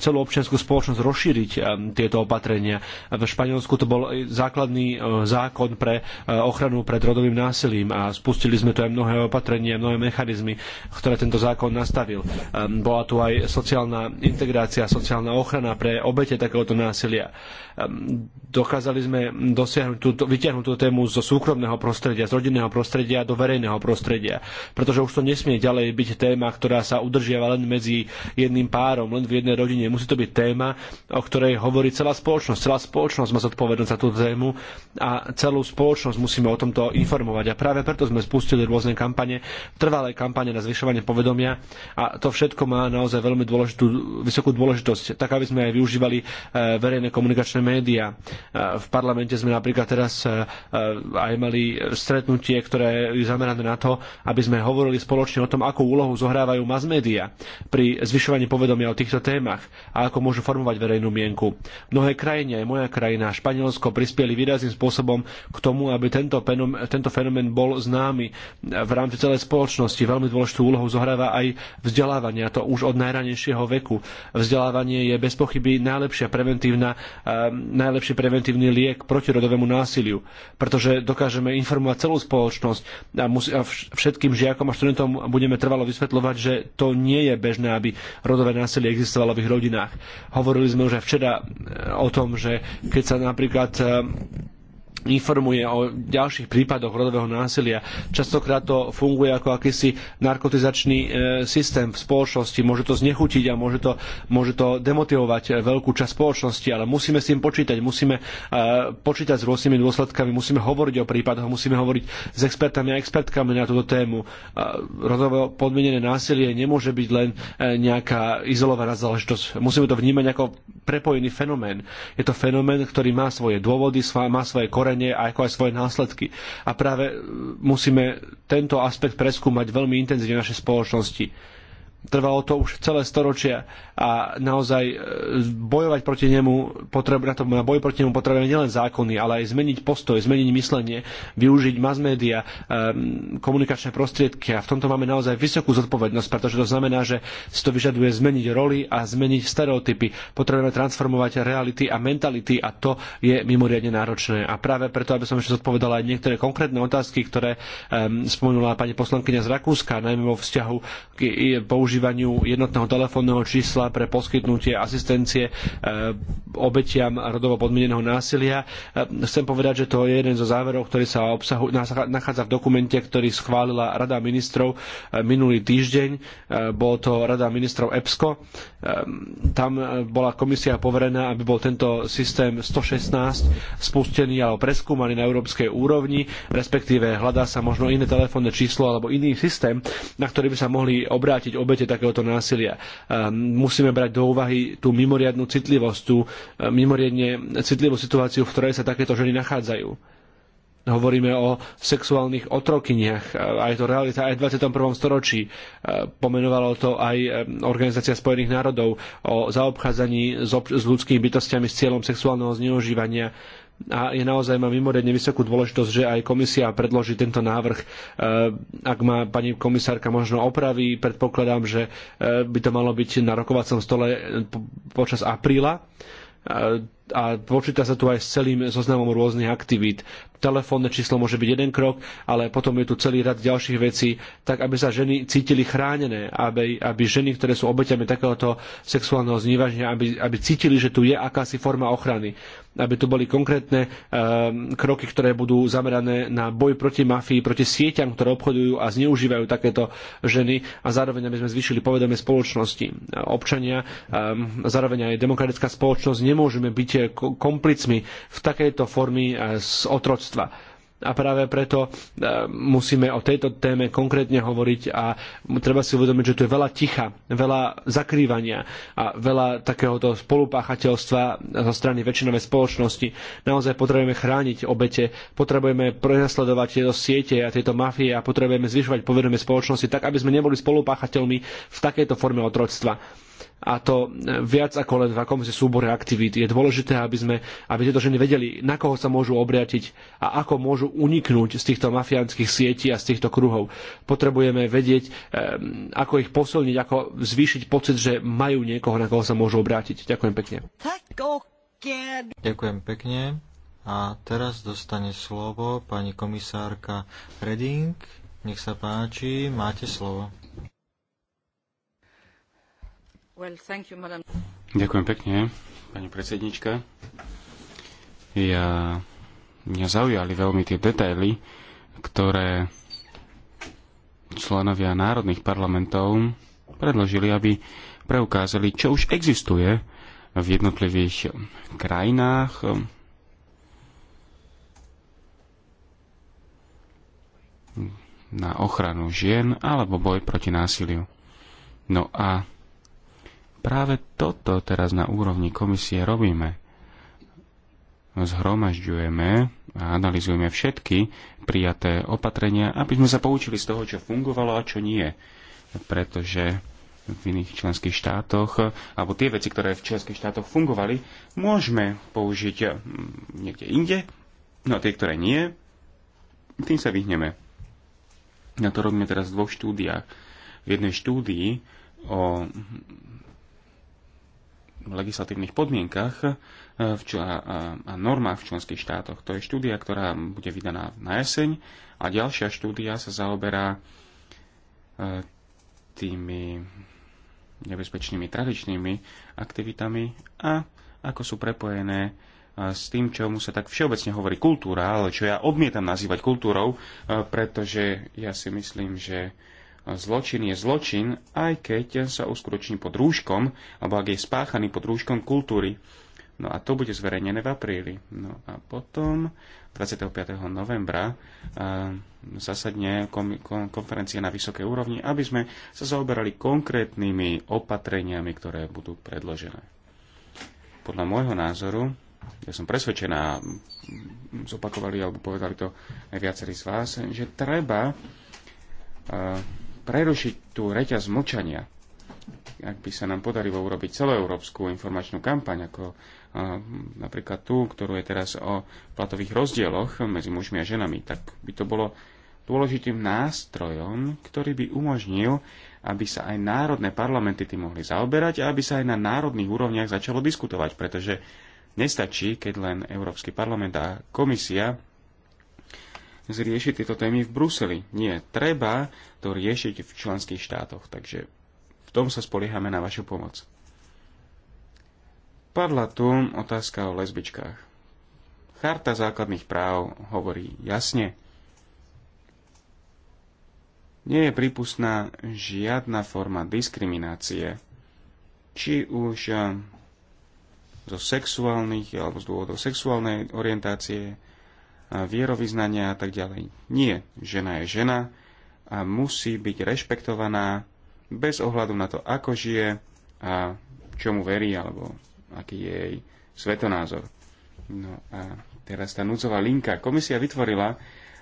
celú občianskú spoločnosť rozšíriť tieto opatrenia v Španielsku to bol základný e, zákon pre e, ochranu pred rodovým násilím a spustili sme tu aj mnohé opatrenia, mnohé mechanizmy, ktoré tento zákon nastavil. Ehm, bola tu aj sociálna integrácia, sociálna ochrana pre obete takéhoto násilia. Ehm, dokázali sme dosiahnuť túto, vytiahnuť túto tému zo súkromného prostredia, z rodinného prostredia do verejného prostredia, pretože už to nesmie ďalej byť téma, ktorá sa udržiava len medzi jedným párom, len v jednej rodine. Musí to byť téma, o ktorej hovorí celá spoločnosť, celá spoločnosť spoločnosť má zodpovednosť za tú tému a celú spoločnosť musíme o tomto informovať. A práve preto sme spustili rôzne kampane, trvalé kampane na zvyšovanie povedomia a to všetko má naozaj veľmi dôležitú, vysokú dôležitosť, tak aby sme aj využívali e, verejné komunikačné médiá. E, v parlamente sme napríklad teraz e, aj mali stretnutie, ktoré je zamerané na to, aby sme hovorili spoločne o tom, akú úlohu zohrávajú mass média pri zvyšovaní povedomia o týchto témach a ako môžu formovať verejnú mienku. Mnohé krajiny, aj moja krajina, Španielsko, prispieli výrazným spôsobom k tomu, aby tento, penom, tento fenomén bol známy v rámci celej spoločnosti. Veľmi dôležitú úlohu zohráva aj vzdelávanie, a to už od najranejšieho veku. Vzdelávanie je bez pochyby najlepšia preventívna, ehm, najlepší preventívny liek proti rodovému násiliu, pretože dokážeme informovať celú spoločnosť a, mus, a všetkým žiakom a študentom budeme trvalo vysvetľovať, že to nie je bežné, aby rodové násilie existovalo v ich rodinách. Hovorili sme už aj včera eh, o tom, že keď sa napríklad informuje o ďalších prípadoch rodového násilia. Častokrát to funguje ako akýsi narkotizačný e, systém v spoločnosti. Môže to znechutiť a môže to, môže to demotivovať e, veľkú časť spoločnosti, ale musíme s tým počítať. Musíme e, počítať s rôznymi dôsledkami, musíme hovoriť o prípadoch, musíme hovoriť s expertami a expertkami na túto tému. Rodovo podmienené násilie nemôže byť len nejaká izolovaná záležitosť. Musíme to vnímať ako prepojený fenomén. Je to fenomén, ktorý má svoje dôvody, má svoje korene ochorenie a ako aj svoje následky. A práve e, musíme tento aspekt preskúmať veľmi intenzívne v našej spoločnosti Trvalo to už celé storočia a naozaj e, bojovať proti nemu, potrebu, na, to, na boj proti nemu potrebujeme nielen zákony, ale aj zmeniť postoj, zmeniť myslenie, využiť mass media, e, komunikačné prostriedky a v tomto máme naozaj vysokú zodpovednosť, pretože to znamená, že si to vyžaduje zmeniť roli a zmeniť stereotypy. Potrebujeme transformovať reality a mentality a to je mimoriadne náročné. A práve preto, aby som ešte zodpovedala aj niektoré konkrétne otázky, ktoré spomenula pani poslankyňa z Rakúska, najmä vo vzťahu k používaniu používaniu jednotného telefónneho čísla pre poskytnutie asistencie eh, obetiam rodovo podmieneného násilia. Eh, chcem povedať, že to je jeden zo záverov, ktorý sa obsahu, nachádza v dokumente, ktorý schválila Rada ministrov eh, minulý týždeň. Bolo to Rada ministrov EPSCO. Tam bola komisia poverená, aby bol tento systém 116 spustený alebo preskúmaný na európskej úrovni, respektíve hľadá sa možno iné telefónne číslo alebo iný systém, na ktorý by sa mohli obrátiť obete obete takéhoto násilia. Musíme brať do úvahy tú mimoriadnú citlivosť, tú e, mimoriadne citlivú situáciu, v ktorej sa takéto ženy nachádzajú. Hovoríme o sexuálnych otrokyniach e, a je to realita aj v 21. storočí. E, pomenovalo to aj Organizácia spojených národov o zaobchádzaní s ľudskými bytostiami s cieľom sexuálneho zneužívania a je naozaj má mimoriadne vysokú dôležitosť, že aj komisia predloží tento návrh. E, ak má pani komisárka možno opraví, predpokladám, že e, by to malo byť na rokovacom stole e, počas apríla a počíta sa tu aj s celým zoznamom rôznych aktivít. Telefónne číslo môže byť jeden krok, ale potom je tu celý rad ďalších vecí, tak aby sa ženy cítili chránené, aby, aby ženy, ktoré sú obeťami takéhoto sexuálneho znívaženia, aby, aby cítili, že tu je akási forma ochrany aby tu boli konkrétne eh, kroky, ktoré budú zamerané na boj proti mafii, proti sieťam, ktoré obchodujú a zneužívajú takéto ženy a zároveň aby sme zvýšili povedomie spoločnosti. Občania, eh, zároveň aj demokratická spoločnosť nemôžeme byť komplicmi v takejto formy eh, z otroctva a práve preto e, musíme o tejto téme konkrétne hovoriť a treba si uvedomiť, že tu je veľa ticha, veľa zakrývania a veľa takéhoto spolupáchateľstva zo strany väčšinovej spoločnosti. Naozaj potrebujeme chrániť obete, potrebujeme prenasledovať tieto siete a tieto mafie a potrebujeme zvyšovať povedomie spoločnosti tak, aby sme neboli spolupáchateľmi v takejto forme otroctva a to e, viac ako len v akomsi súbore aktivít. Je dôležité, aby, sme, aby tieto ženy vedeli, na koho sa môžu obriatiť a ako môžu uniknúť z týchto mafiánskych sietí a z týchto kruhov. Potrebujeme vedieť, e, ako ich posilniť, ako zvýšiť pocit, že majú niekoho, na koho sa môžu obrátiť. Ďakujem pekne. Ďakujem pekne. A teraz dostane slovo pani komisárka Reding. Nech sa páči, máte slovo. Ďakujem pekne, pani predsednička. Ja, mňa zaujali veľmi tie detaily, ktoré členovia národných parlamentov predložili, aby preukázali, čo už existuje v jednotlivých krajinách. na ochranu žien alebo boj proti násiliu. No a Práve toto teraz na úrovni komisie robíme. Zhromažďujeme a analizujeme všetky prijaté opatrenia, aby sme sa poučili z toho, čo fungovalo a čo nie. Pretože v iných členských štátoch, alebo tie veci, ktoré v členských štátoch fungovali, môžeme použiť hm, niekde inde, no a tie, ktoré nie, tým sa vyhneme. Na to robíme teraz v dvoch štúdiách. V jednej štúdii o legislatívnych podmienkach eh, v a, a normách v členských štátoch. To je štúdia, ktorá bude vydaná na jeseň a ďalšia štúdia sa zaoberá eh, tými nebezpečnými tradičnými aktivitami a ako sú prepojené eh, s tým, čomu sa tak všeobecne hovorí kultúra, ale čo ja odmietam nazývať kultúrou, pretože ja si myslím, že zločin je zločin, aj keď sa uskutoční pod rúškom, alebo ak je spáchaný pod rúškom kultúry. No a to bude zverejnené v apríli. No a potom 25. novembra zasadne konferencia na vysokej úrovni, aby sme sa zaoberali konkrétnymi opatreniami, ktoré budú predložené. Podľa môjho názoru, ja som presvedčená, zopakovali alebo povedali to aj viacerí z vás, že treba prerušiť tú reťaz mlčania. Ak by sa nám podarilo urobiť celoeurópsku informačnú kampaň, ako napríklad tú, ktorú je teraz o platových rozdieloch medzi mužmi a ženami, tak by to bolo dôležitým nástrojom, ktorý by umožnil, aby sa aj národné parlamenty tým mohli zaoberať a aby sa aj na národných úrovniach začalo diskutovať, pretože nestačí, keď len Európsky parlament a komisia zriešiť tieto témy v Bruseli. Nie, treba to riešiť v členských štátoch. Takže v tom sa spoliehame na vašu pomoc. Padla tu otázka o lesbičkách. Charta základných práv hovorí jasne. Nie je prípustná žiadna forma diskriminácie, či už zo sexuálnych alebo z dôvodov sexuálnej orientácie, vierovýznania a tak ďalej. Nie, žena je žena a musí byť rešpektovaná bez ohľadu na to, ako žije a čomu verí alebo aký je jej svetonázor. No a teraz tá núdzová linka. Komisia vytvorila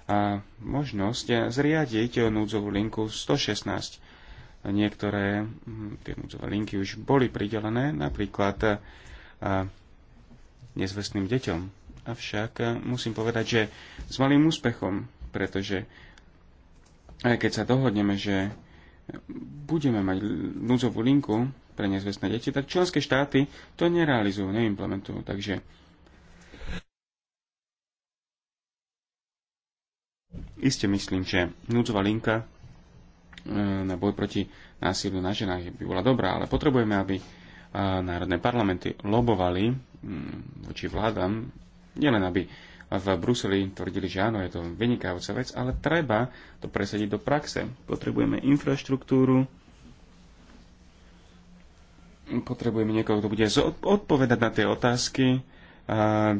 a možnosť zriadiť núdzovú linku 116. Niektoré hm, tie núdzové linky už boli pridelené napríklad a, nezvestným deťom. Avšak e, musím povedať, že s malým úspechom, pretože aj keď sa dohodneme, že budeme mať núdzovú linku pre nezvestné deti, tak členské štáty to nerealizujú, neimplementujú. Takže iste myslím, že núdzová linka e, na boj proti násiliu na ženách by bola dobrá, ale potrebujeme, aby e, národné parlamenty lobovali mm, voči vládam nielen aby v Bruseli tvrdili, že áno, je to vynikajúca vec, ale treba to presadiť do praxe. Potrebujeme infraštruktúru, potrebujeme niekoho, kto bude odpovedať na tie otázky,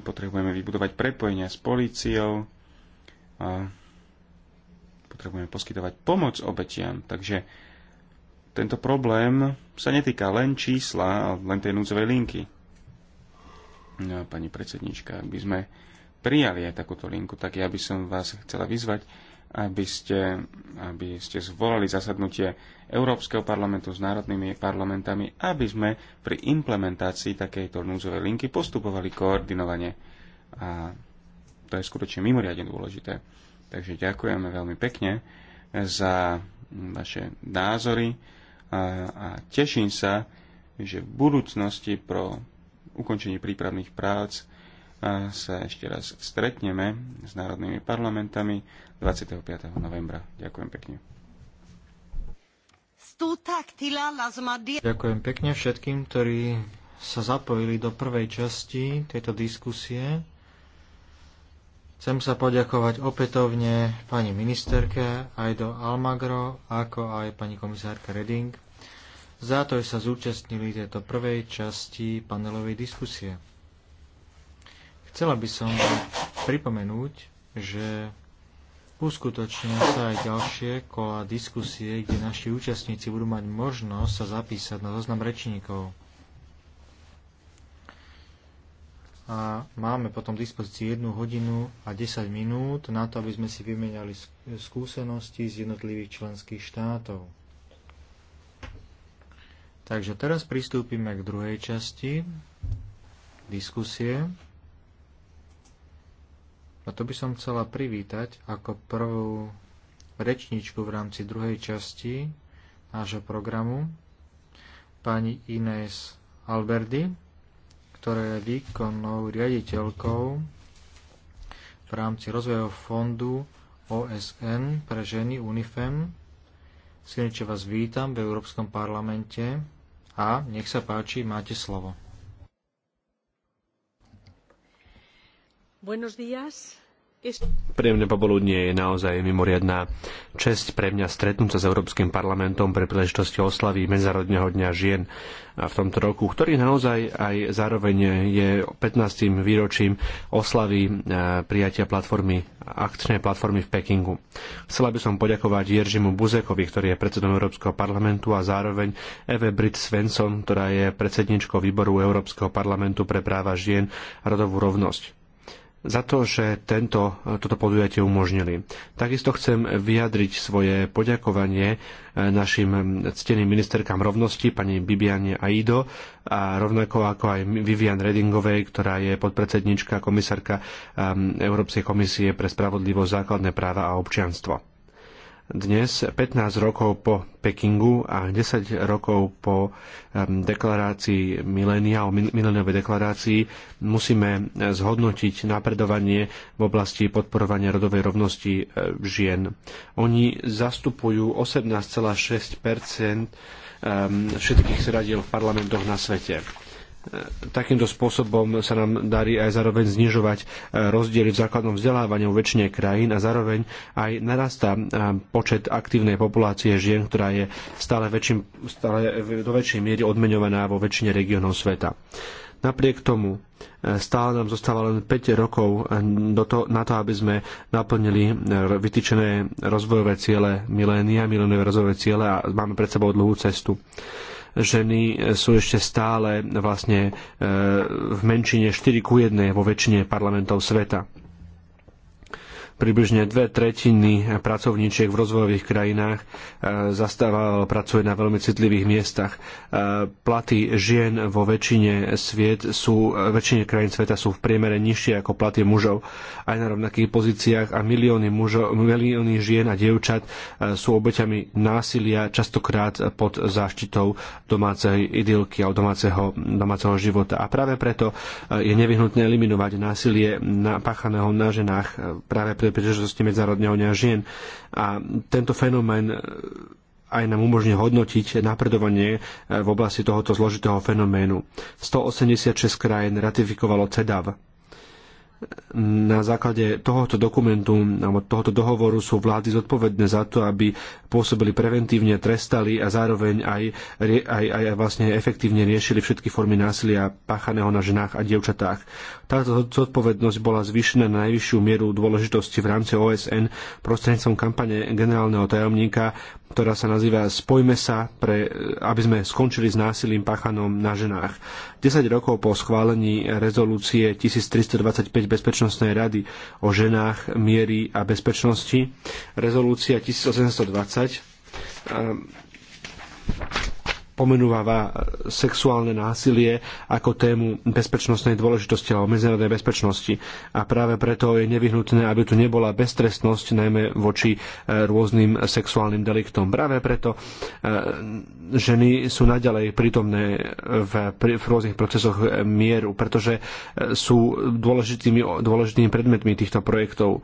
potrebujeme vybudovať prepojenia s políciou, potrebujeme poskytovať pomoc obetiam. Takže tento problém sa netýka len čísla, len tej núdzovej linky No, pani predsednička, ak by sme prijali aj takúto linku, tak ja by som vás chcela vyzvať, aby ste, aby ste zvolali zasadnutie Európskeho parlamentu s národnými parlamentami, aby sme pri implementácii takejto núzovej linky postupovali koordinovane. A to je skutočne mimoriadne dôležité. Takže ďakujeme veľmi pekne za vaše názory a, a teším sa, že v budúcnosti pro ukončení prípravných prác a sa ešte raz stretneme s národnými parlamentami 25. novembra. Ďakujem pekne. Ďakujem pekne všetkým, ktorí sa zapojili do prvej časti tejto diskusie. Chcem sa poďakovať opätovne pani ministerke aj do Almagro, ako aj pani komisárka Reding za to, že sa zúčastnili tejto prvej časti panelovej diskusie. Chcela by som pripomenúť, že uskutočnia sa aj ďalšie kola diskusie, kde naši účastníci budú mať možnosť sa zapísať na zoznam rečníkov. a máme potom v dispozícii 1 hodinu a 10 minút na to, aby sme si vymenali skúsenosti z jednotlivých členských štátov. Takže teraz pristúpime k druhej časti diskusie. A to by som chcela privítať ako prvú rečníčku v rámci druhej časti nášho programu pani Inés Alberdy, ktorá je výkonnou riaditeľkou v rámci rozvojového fondu OSN pre ženy UNIFEM. Silniče vás vítam v Európskom parlamente a nech sa páči, máte slovo. Buenos días. Príjemné popoludnie je naozaj mimoriadná česť pre mňa stretnúť sa s Európskym parlamentom pre príležitosti oslavy Medzárodného dňa žien v tomto roku, ktorý naozaj aj zároveň je 15. výročím oslavy e, prijatia platformy, akčnej platformy v Pekingu. Chcela by som poďakovať Jeržimu Buzekovi, ktorý je predsedom Európskeho parlamentu a zároveň Eve Brit Svensson, ktorá je predsedničkou výboru Európskeho parlamentu pre práva žien a rodovú rovnosť za to, že tento, toto podujatie umožnili. Takisto chcem vyjadriť svoje poďakovanie e, našim cteným ministerkám rovnosti, pani Bibiane Aido, a rovnako ako aj Vivian Redingovej, ktorá je podpredsednička komisárka e, Európskej komisie pre spravodlivosť, základné práva a občianstvo. Dnes, 15 rokov po Pekingu a 10 rokov po deklarácii milénia, o miléniovej deklarácii, musíme e, zhodnotiť napredovanie v oblasti podporovania rodovej rovnosti e, žien. Oni zastupujú 18,6 všetkých sradiel v parlamentoch na svete E, takýmto spôsobom sa nám darí aj zároveň znižovať e, rozdiely v základnom vzdelávaní u väčšine krajín a zároveň aj narastá e, počet aktívnej populácie žien, ktorá je stále, väčším, stále do väčšej miery odmeňovaná vo väčšine regiónov sveta. Napriek tomu stále nám zostáva len 5 rokov do to, na to, aby sme naplnili vytýčené rozvojové ciele milénia, milénové rozvojové ciele a máme pred sebou dlhú cestu ženy e, sú ešte stále e, vlastne e, v menšine 4 ku 1 vo väčšine parlamentov sveta. Približne dve tretiny pracovníčiek v rozvojových krajinách e, zastáva, pracuje na veľmi citlivých miestach. E, platy žien vo väčšine, sviet sú, väčšine krajín sveta sú v priemere nižšie ako platy mužov aj na rovnakých pozíciách a milióny, mužov, milióny žien a dievčat e, sú obeťami násilia častokrát pod záštitou domácej idylky alebo domáceho, domáceho života. A práve preto je nevyhnutné eliminovať násilie páchaného na ženách práve pre príležitosti Medzárodného dňa žien. A tento fenomén e, aj nám umožní hodnotiť napredovanie e, v oblasti tohoto zložitého fenoménu. 186 krajín ratifikovalo CEDAV na základe tohoto dokumentu alebo tohoto dohovoru sú vlády zodpovedné za to, aby pôsobili preventívne, trestali a zároveň aj, aj, aj vlastne efektívne riešili všetky formy násilia páchaného na ženách a dievčatách. Táto zodpovednosť bola zvýšená na najvyššiu mieru dôležitosti v rámci OSN prostredníctvom kampane generálneho tajomníka ktorá sa nazýva Spojme sa, pre, aby sme skončili s násilím páchanom na ženách. 10 rokov po schválení rezolúcie 1325 Bezpečnostnej rady o ženách, miery a bezpečnosti, rezolúcia 1820 pomenúva sexuálne násilie ako tému bezpečnostnej dôležitosti alebo medzinárodnej bezpečnosti. A práve preto je nevyhnutné, aby tu nebola beztrestnosť, najmä voči e, rôznym sexuálnym deliktom. Práve preto e, ženy sú naďalej prítomné v, v rôznych procesoch e, mieru, pretože sú dôležitými, dôležitými predmetmi týchto projektov.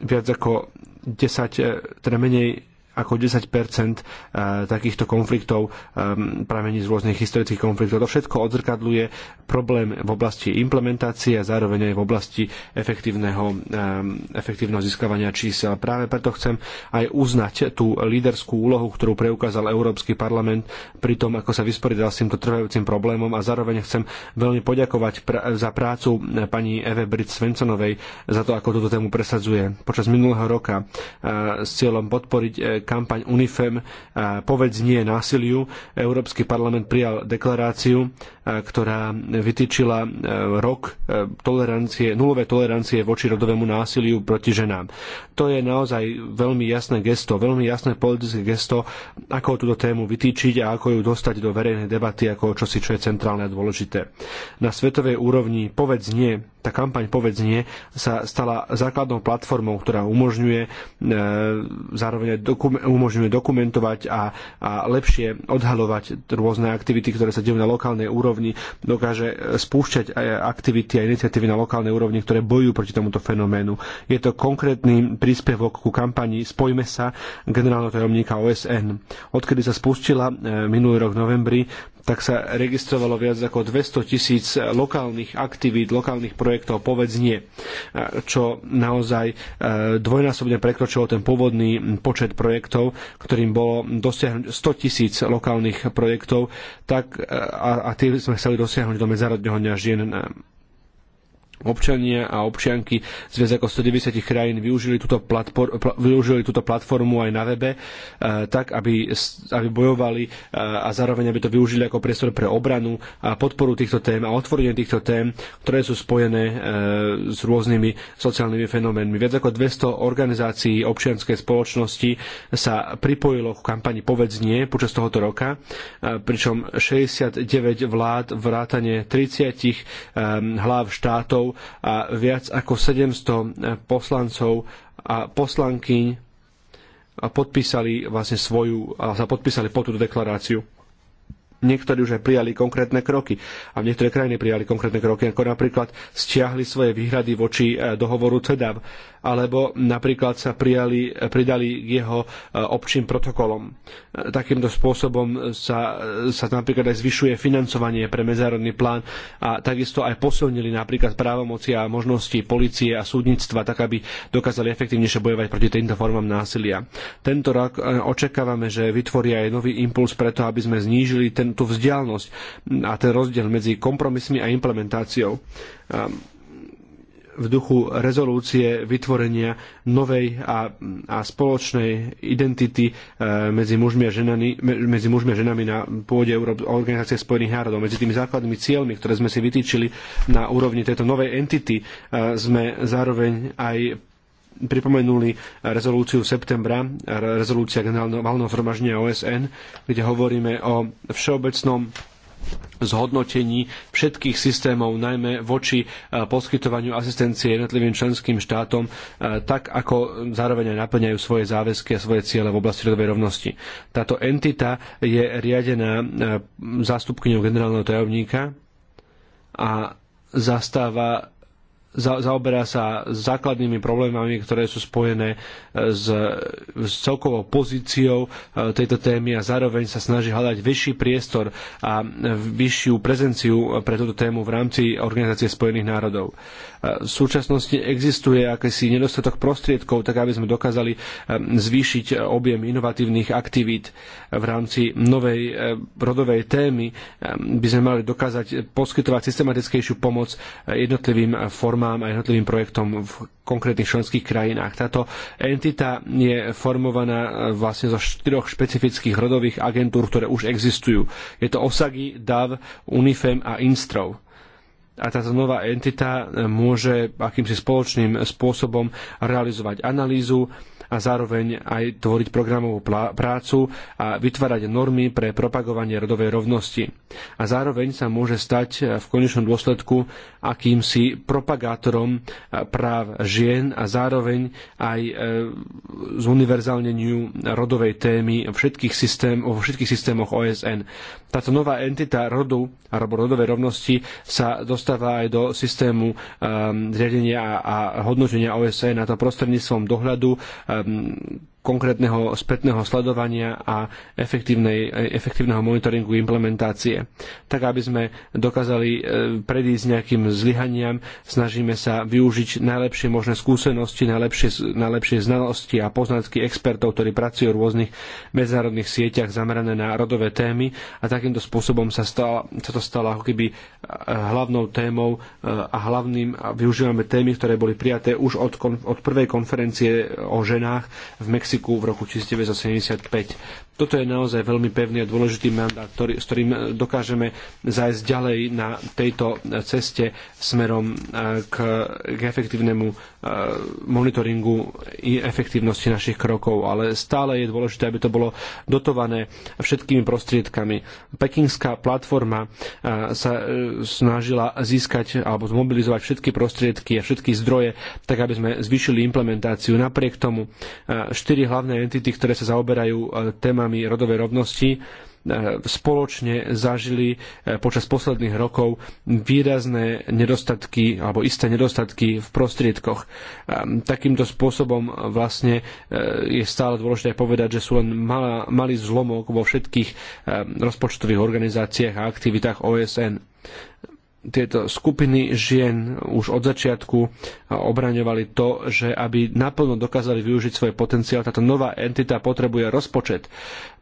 Viac ako 10, teda menej ako 10 e, takýchto konfliktov e, pramení z rôznych historických konfliktov. To všetko odzrkadluje problém v oblasti implementácie a zároveň aj v oblasti efektívneho, e, efektívneho získavania čísel. Práve preto chcem aj uznať tú líderskú úlohu, ktorú preukázal Európsky parlament pri tom, ako sa vysporiadal s týmto trvajúcim problémom a zároveň chcem veľmi poďakovať za prácu pani Eve Brit Svensonovej za to, ako túto tému presadzuje. Počas minulého roka s cieľom podporiť kampaň UNIFEM Povedz nie násiliu. Európsky parlament prijal deklaráciu, ktorá vytýčila e, rok e, tolerancie, nulové tolerancie voči rodovému násiliu proti ženám. To je naozaj veľmi jasné gesto, veľmi jasné politické gesto, ako túto tému vytýčiť a ako ju dostať do verejnej debaty ako čosi, čo je centrálne a dôležité. Na svetovej úrovni Povedz nie, tá kampaň Povedz nie sa stala základnou platformou, ktorá umožňuje e, zároveň aj dokument umožňuje dokumentovať a, a lepšie odhalovať rôzne aktivity, ktoré sa dejú na lokálnej úrovni, dokáže e, spúšťať e, aktivity a iniciatívy na lokálnej úrovni, ktoré bojujú proti tomuto fenoménu. Je to konkrétny príspevok ku kampanii Spojme sa generálneho tajomníka OSN. Odkedy sa spustila e, minulý rok v novembri, tak sa registrovalo viac ako 200 tisíc lokálnych aktivít, lokálnych projektov, povedz nie, čo naozaj e, dvojnásobne prekročilo ten pôvodný počet projektov, ktorým bolo dosiahnuť 100 tisíc lokálnych projektov, tak e, a, a tie sme chceli dosiahnuť do Medzárodného dňa žien Občania a občianky z viac ako 190 krajín využili túto, platform, využili túto platformu aj na webe, eh, tak aby, aby bojovali eh, a zároveň aby to využili ako priestor pre obranu a podporu týchto tém a otvorenie týchto tém, ktoré sú spojené eh, s rôznymi sociálnymi fenoménmi. Viac ako 200 organizácií občianskej spoločnosti sa pripojilo k kampani Povedz nie počas tohoto roka, pričom 69 vlád vrátane 30 hm, hlav štátov a viac ako 700 poslancov a poslankyň podpísali vlastne svoju, a sa podpísali po túto deklaráciu. Niektorí už aj prijali konkrétne kroky a niektoré krajiny prijali konkrétne kroky, ako napríklad stiahli svoje výhrady voči eh, dohovoru CEDAV alebo napríklad sa prijali, pridali k jeho e, občím protokolom. E, takýmto spôsobom sa, e, sa napríklad aj zvyšuje financovanie pre medzinárodný plán a takisto aj posilnili napríklad právomoci a možnosti policie a súdnictva, tak aby dokázali efektívnejšie bojovať proti týmto formám násilia. Tento rok očakávame, že vytvoria aj nový impuls preto, aby sme znížili ten, tú vzdialenosť a ten rozdiel medzi kompromismi a implementáciou. Um, v duchu rezolúcie vytvorenia novej a, a spoločnej identity e, medzi mužmi, a ženami, medzi mužmi a ženami na pôde Organizácie spojených národov. Medzi tými základnými cieľmi, ktoré sme si vytýčili na úrovni tejto novej entity, e, sme zároveň aj pripomenuli rezolúciu septembra, rezolúcia generálneho valného zhromaždenia OSN, kde hovoríme o všeobecnom zhodnotení všetkých systémov, najmä voči e, poskytovaniu asistencie jednotlivým členským štátom, e, tak ako zároveň aj naplňajú svoje záväzky a svoje ciele v oblasti rodovej rovnosti. Táto entita je riadená e, zástupkyňou generálneho tajomníka a zastáva za, zaoberá sa základnými problémami, ktoré sú spojené e, s, s celkovou pozíciou e, tejto témy a zároveň sa snaží hľadať vyšší priestor a e, vyššiu prezenciu pre túto tému v rámci Organizácie spojených národov. V súčasnosti existuje akýsi nedostatok prostriedkov, tak aby sme dokázali zvýšiť objem inovatívnych aktivít v rámci novej rodovej témy, by sme mali dokázať poskytovať systematickejšiu pomoc jednotlivým formám firmám a jednotlivým projektom v konkrétnych členských krajinách. Táto entita je formovaná e, vlastne zo štyroch špecifických rodových agentúr, ktoré už existujú. Je to OSAGI, DAV, UNIFEM a INSTROV a táto nová entita e, môže akýmsi spoločným spôsobom realizovať analýzu, a zároveň aj tvoriť programovú prácu a vytvárať normy pre propagovanie rodovej rovnosti. A zároveň sa môže stať e, v konečnom dôsledku akýmsi propagátorom e, práv žien a zároveň aj e, zuniverzálneniu rodovej témy všetkých systém, vo všetkých systémoch OSN. Táto nová entita rodu alebo rodovej rovnosti sa dostáva aj do systému um, riadenia a hodnotenia OSN a to prostredníctvom dohľadu um, konkrétneho spätného sledovania a efektívneho monitoringu implementácie. Tak, aby sme dokázali e, predísť nejakým zlyhaniam, snažíme sa využiť najlepšie možné skúsenosti, najlepšie, najlepšie znalosti a poznatky expertov, ktorí pracujú v rôznych medzinárodných sieťach zamerané na rodové témy a takýmto spôsobom sa, stala, sa to stalo ako keby e, hlavnou témou e, a hlavným a využívame témy, ktoré boli prijaté už od, od prvej konferencie o ženách v Mexiku Mexiku v roku 1975. Toto je naozaj veľmi pevný a dôležitý mandát, ktorý, s ktorým e, dokážeme zájsť ďalej na tejto e, ceste smerom e, k, k efektívnemu monitoringu i efektívnosti našich krokov. Ale stále je dôležité, aby to bolo dotované všetkými prostriedkami. Pekingská platforma sa snažila získať alebo zmobilizovať všetky prostriedky a všetky zdroje, tak aby sme zvýšili implementáciu. Napriek tomu štyri hlavné entity, ktoré sa zaoberajú téma témami rodovej rovnosti eh, spoločne zažili eh, počas posledných rokov výrazné nedostatky alebo isté nedostatky v prostriedkoch. Eh, takýmto spôsobom vlastne je stále dôležité povedať, že sú len malá, malý zlomok vo všetkých rozpočtových organizáciách a aktivitách OSN tieto skupiny žien už od začiatku obraňovali to, že aby naplno dokázali využiť svoj potenciál, táto nová entita potrebuje rozpočet.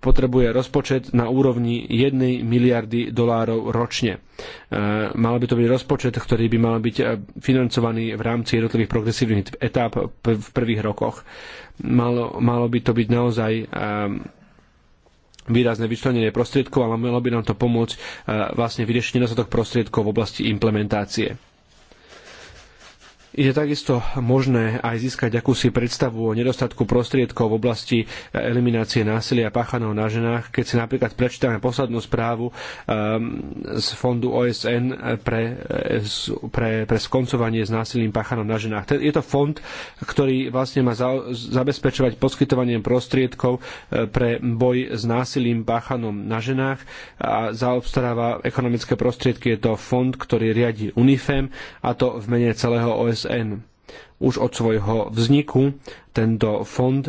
Potrebuje rozpočet na úrovni 1 miliardy dolárov ročne. E, mal by to byť rozpočet, ktorý by mal byť e, financovaný v rámci jednotlivých progresívnych etáp v prvých rokoch. Malo, malo by to byť naozaj e, výrazné vyčlenenie prostriedkov, ale malo by nám to pomôcť e, vlastne vyriešiť nedostatok prostriedkov v oblasti implementácie. Je takisto možné aj získať akúsi predstavu o nedostatku prostriedkov v oblasti eliminácie násilia páchaného na ženách, keď si napríklad prečítame poslednú správu um, z fondu OSN pre, e, pre, pre skoncovanie s násilím páchanom na ženách. Je to fond, ktorý vlastne má za, zabezpečovať poskytovanie prostriedkov e, pre boj s násilím páchanom na ženách a zaobstaráva ekonomické prostriedky. Je to fond, ktorý riadi UNIFEM a to v mene celého OSN OSN. Už od svojho vzniku tento fond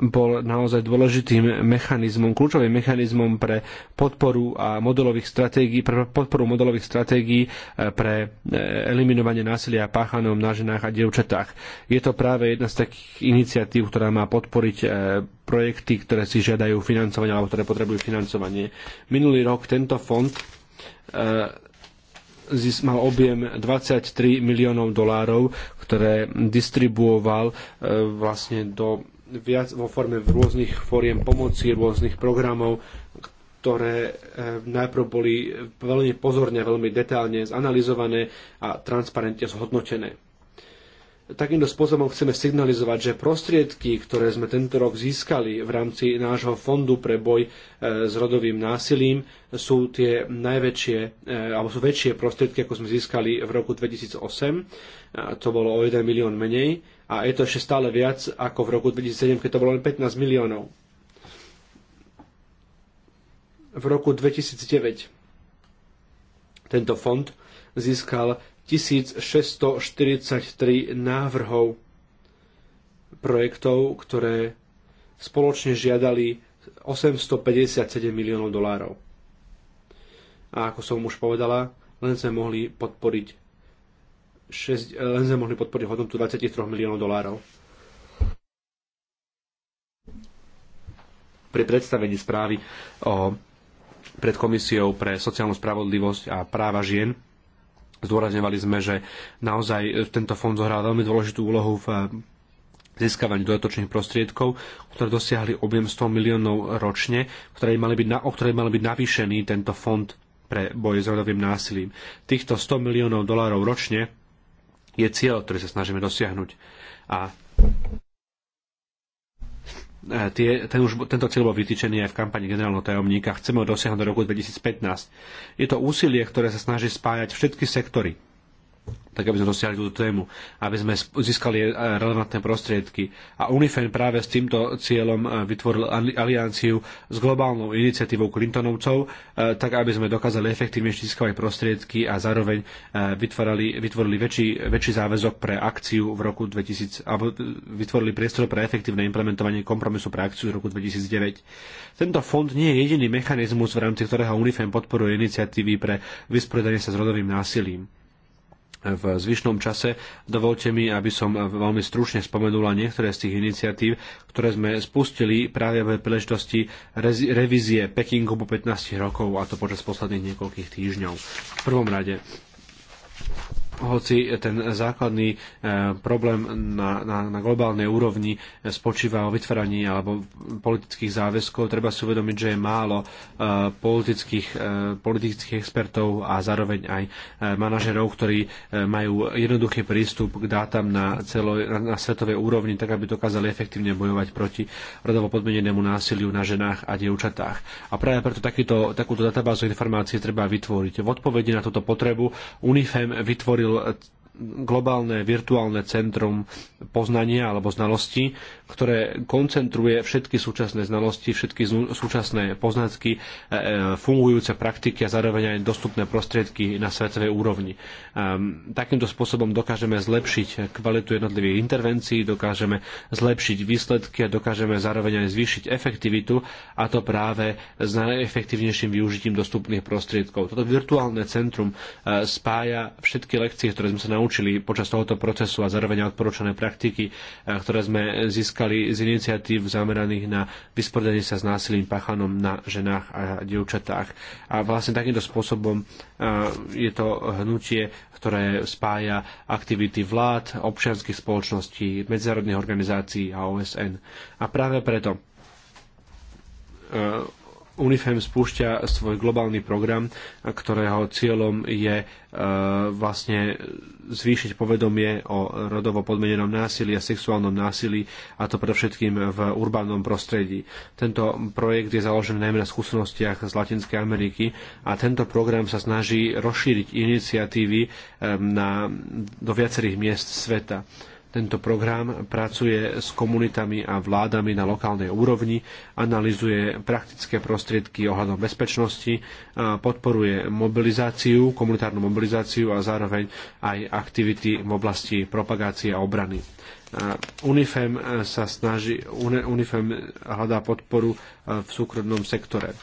bol naozaj dôležitým mechanizmom, kľúčovým mechanizmom pre podporu a modelových stratégií, pre podporu modelových stratégií eh, pre eh, eliminovanie násilia páchanom na ženách a dievčatách. Je to práve jedna z takých iniciatív, ktorá má podporiť eh, projekty, ktoré si žiadajú financovanie alebo ktoré potrebujú financovanie. Minulý rok tento fond mal objem 23 miliónov dolárov, ktoré distribuoval e, vlastne do viac vo forme rôznych foriem pomoci, rôznych programov, ktoré e, najprv boli veľmi pozorne, veľmi detálne zanalizované a transparentne zhodnotené takýmto spôsobom chceme signalizovať, že prostriedky, ktoré sme tento rok získali v rámci nášho fondu pre boj e, s rodovým násilím, sú tie najväčšie, e, alebo sú väčšie prostriedky, ako sme získali v roku 2008. To bolo o 1 milión menej a je to ešte stále viac ako v roku 2007, keď to bolo len 15 miliónov. V roku 2009 tento fond získal 1643 návrhov projektov, ktoré spoločne žiadali 857 miliónov dolárov. A ako som už povedala, len sme mohli podporiť 6, len sme mohli podporiť hodnotu 23 miliónov dolárov. Pri predstavení správy o, pred komisiou pre sociálnu spravodlivosť a práva žien Zdôrazňovali sme, že naozaj e, tento fond zohrá veľmi dôležitú úlohu v e, získavaní dodatočných prostriedkov, ktoré dosiahli objem 100 miliónov ročne, ktoré mali byť, o ktorej mal byť navýšený tento fond pre boj s rodovým násilím. Týchto 100 miliónov dolárov ročne je cieľ, ktorý sa snažíme dosiahnuť. A Eh, tie, ten už, tento cieľ bol vytýčený aj v kampani generálneho tajomníka. Chceme ho dosiahnuť do roku 2015. Je to úsilie, ktoré sa snaží spájať všetky sektory tak aby sme dosiahli túto tému, aby sme získali eh, relevantné prostriedky. A UNIFEN práve s týmto cieľom eh, vytvoril alianciu s globálnou iniciatívou Clintonovcov, eh, tak aby sme dokázali efektívne získavať prostriedky a zároveň vytvorili, vytvorili väčší, väčší záväzok pre akciu v roku 2000, alebo vytvorili priestor pre efektívne implementovanie kompromisu pre akciu z roku 2009. Tento fond nie je jediný mechanizmus, v rámci ktorého UNIFEM podporuje iniciatívy pre vysporiadanie sa s rodovým násilím v zvyšnom čase. Dovolte mi, aby som veľmi stručne spomenula niektoré z tých iniciatív, ktoré sme spustili práve ve príležitosti revízie Pekingu po 15 rokov, a to počas posledných niekoľkých týždňov. V prvom rade hoci ten základný e, problém na, na, na globálnej úrovni e, spočíva o vytváraní alebo politických záväzkov, treba si uvedomiť, že je málo e, politických, politických expertov a zároveň aj manažerov, ktorí majú jednoduchý prístup k dátam na, celo, na svetovej úrovni, tak aby dokázali efektívne bojovať proti rodovo podmienenému násiliu na ženách a dievčatách. A práve preto takýto, takúto databázu informácií treba vytvoriť. V odpovedi na túto potrebu UNIFEM vytvoril vytvoril globálne virtuálne centrum poznania alebo znalosti, ktoré koncentruje všetky súčasné znalosti, všetky súčasné poznatky, e, e, fungujúce praktiky a zároveň aj dostupné prostriedky na svetovej úrovni. Ehm, takýmto spôsobom dokážeme zlepšiť kvalitu jednotlivých intervencií, dokážeme zlepšiť výsledky a dokážeme zároveň aj zvýšiť efektivitu a to práve s najefektívnejším využitím dostupných prostriedkov. Toto virtuálne centrum e, spája všetky lekcie, ktoré sme sa naučili počas tohoto procesu a zároveň odporúčané praktiky, ktoré sme získali získali z iniciatív zameraných na vysporiadanie sa s násilím páchanom na ženách a dievčatách. A vlastne takýmto spôsobom je to hnutie, ktoré spája aktivity vlád, občianských spoločností, medzinárodných organizácií a OSN. A práve preto UNIFEM spúšťa svoj globálny program, ktorého cieľom je e, vlastne zvýšiť povedomie o rodovo podmenenom násilí a sexuálnom násilí, a to predovšetkým v urbánnom prostredí. Tento projekt je založený najmä na skúsenostiach z Latinskej Ameriky a tento program sa snaží rozšíriť iniciatívy e, na, do viacerých miest sveta tento program pracuje s komunitami a vládami na lokálnej úrovni, analizuje praktické prostriedky ohľadom bezpečnosti, a podporuje mobilizáciu, komunitárnu mobilizáciu a zároveň aj aktivity v oblasti propagácie a obrany. UNIFEM sa snaží, UNIFEM hľadá podporu v súkromnom sektore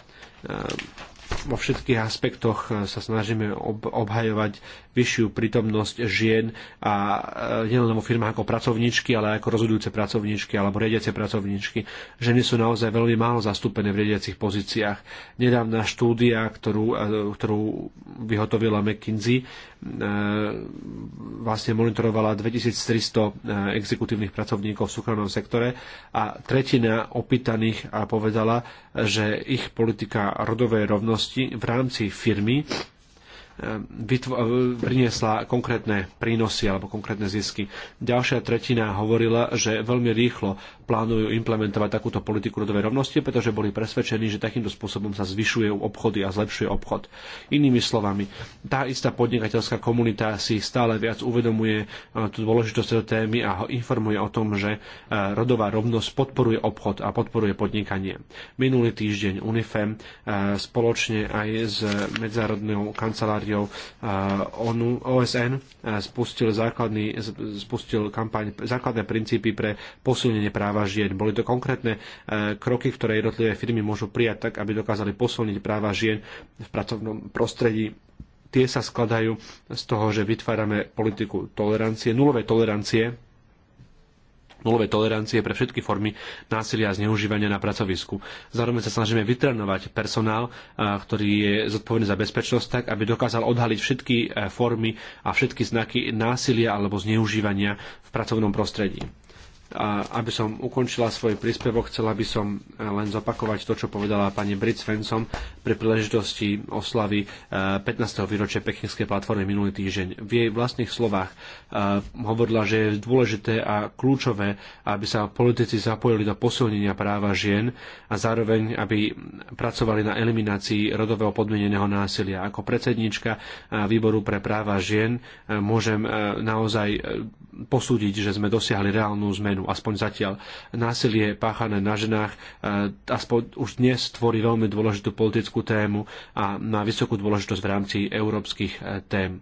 vo všetkých aspektoch e, sa snažíme ob- obhajovať vyššiu prítomnosť žien a e, nielen vo firmách ako pracovníčky, ale ako rozhodujúce pracovníčky alebo riadiace pracovníčky. Ženy sú naozaj veľmi málo zastúpené v riadiacich pozíciách. Nedávna štúdia, ktorú, e, ktorú vyhotovila McKinsey, E, vlastne monitorovala 2300 e, exekutívnych pracovníkov v súkromnom sektore a tretina opýtaných povedala, že ich politika rodovej rovnosti v rámci firmy E, priniesla konkrétne prínosy alebo konkrétne zisky. Ďalšia tretina hovorila, že veľmi rýchlo plánujú implementovať takúto politiku rodovej rovnosti, pretože boli presvedčení, že takýmto spôsobom sa zvyšuje obchody a zlepšuje obchod. Inými slovami, tá istá podnikateľská komunita si stále viac uvedomuje e, tú dôležitosť témy a ho informuje o tom, že e, rodová rovnosť podporuje obchod a podporuje podnikanie. Minulý týždeň UNIFEM spoločne aj s Medzárodnou kanceláriou energiou ONU, OSN spustil, základný, spustil kampaň, základné princípy pre posilnenie práva žien. Boli to konkrétne e, kroky, ktoré jednotlivé firmy môžu prijať tak, aby dokázali posilniť práva žien v pracovnom prostredí tie sa skladajú z toho, že vytvárame politiku tolerancie, nulovej tolerancie nulové tolerancie pre všetky formy násilia a zneužívania na pracovisku. Zároveň sa snažíme vytrénovať personál, eh, ktorý je zodpovedný za bezpečnosť, tak aby dokázal odhaliť všetky eh, formy a všetky znaky násilia alebo zneužívania v pracovnom prostredí aby som ukončila svoj príspevok, chcela by som e, len zopakovať to, čo povedala pani Brit Svensson pri príležitosti oslavy 15. E, výročia Pekinskej platformy minulý týždeň. V jej vlastných slovách e, hovorila, že je dôležité a kľúčové, aby sa politici zapojili do posilnenia práva žien a zároveň, aby pracovali na eliminácii rodového podmieneného násilia. Ako predsednička výboru pre práva žien môžem naozaj posúdiť, že sme dosiahli reálnu zmenu, aspoň zatiaľ. Násilie páchané na ženách e, aspoň už dnes tvorí veľmi dôležitú politickú tému a má vysokú dôležitosť v rámci európskych e, tém.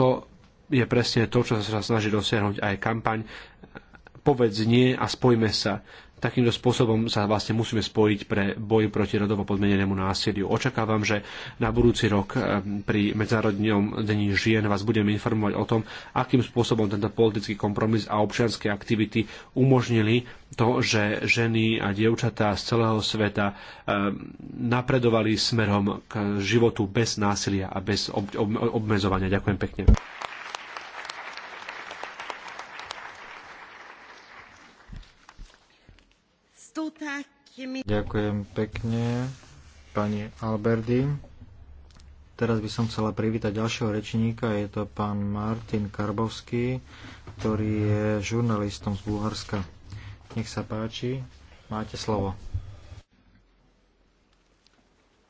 To je presne to, čo sa snaží dosiahnuť aj kampaň Povedz nie a spojme sa takýmto spôsobom sa vlastne musíme spojiť pre boj proti rodovo podmenenému násiliu. Očakávam, že na budúci rok eh, pri Medzárodnom dení žien vás budeme informovať o tom, akým spôsobom tento politický kompromis a občianske aktivity umožnili to, že ženy a dievčatá z celého sveta eh, napredovali smerom k životu bez násilia a bez obmedzovania. Ďakujem pekne. Ďakujem pekne, pani Alberdy. Teraz by som chcela privítať ďalšieho rečníka, je to pán Martin Karbovský, ktorý je žurnalistom z Bulharska. Nech sa páči, máte slovo.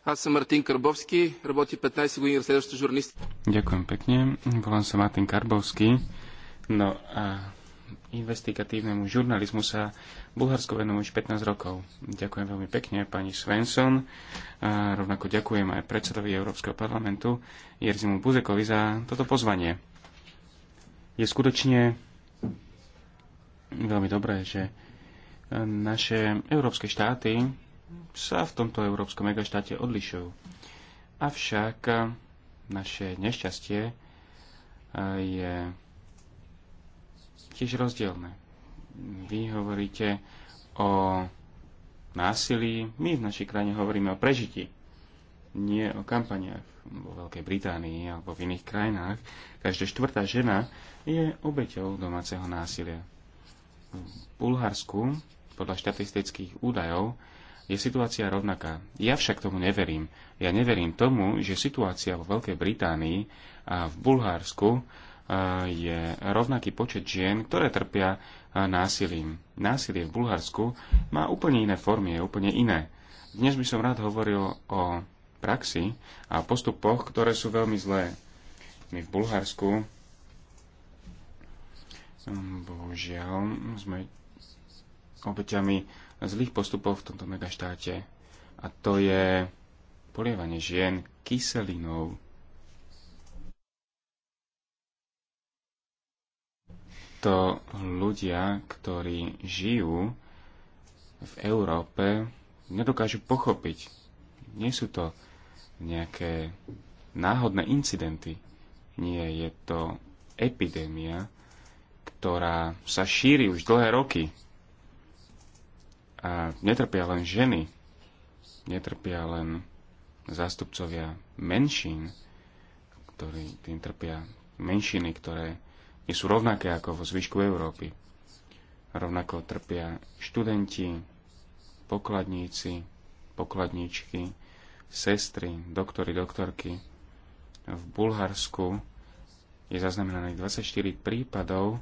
Аз съм Мартин Карбовски, работи 15 години разследващ Ďakujem pekne. Volám sa Martin Karbovský. No a investigatívnemu žurnalizmu sa Bulharsku venujem už 15 rokov. Ďakujem veľmi pekne pani Svensson, a rovnako ďakujem aj predsedovi Európskeho parlamentu Jerzimu Buzekovi za toto pozvanie. Je skutočne veľmi dobré, že naše európske štáty sa v tomto európskom megaštáte odlišujú. Avšak naše nešťastie je tiež rozdielne. Vy hovoríte o násilí, my v našej krajine hovoríme o prežití, nie o kampaniach vo Veľkej Británii alebo v iných krajinách. Každá štvrtá žena je obeťou domáceho násilia. V Bulharsku, podľa štatistických údajov, je situácia rovnaká. Ja však tomu neverím. Ja neverím tomu, že situácia vo Veľkej Británii a v Bulharsku je rovnaký počet žien, ktoré trpia násilím. Násilie v Bulharsku má úplne iné formy, je úplne iné. Dnes by som rád hovoril o praxi a postupoch, ktoré sú veľmi zlé. My v Bulharsku, mm, bohužiaľ, sme obeťami zlých postupov v tomto megaštáte. A to je polievanie žien kyselinou to ľudia, ktorí žijú v Európe, nedokážu pochopiť. Nie sú to nejaké náhodné incidenty. Nie, je to epidémia, ktorá sa šíri už dlhé roky. A netrpia len ženy, netrpia len zástupcovia menšín, ktorí tým trpia menšiny, ktoré nie sú rovnaké ako vo zvyšku Európy. Rovnako trpia študenti, pokladníci, pokladníčky, sestry, doktory, doktorky. V Bulharsku je zaznamenaných 24 prípadov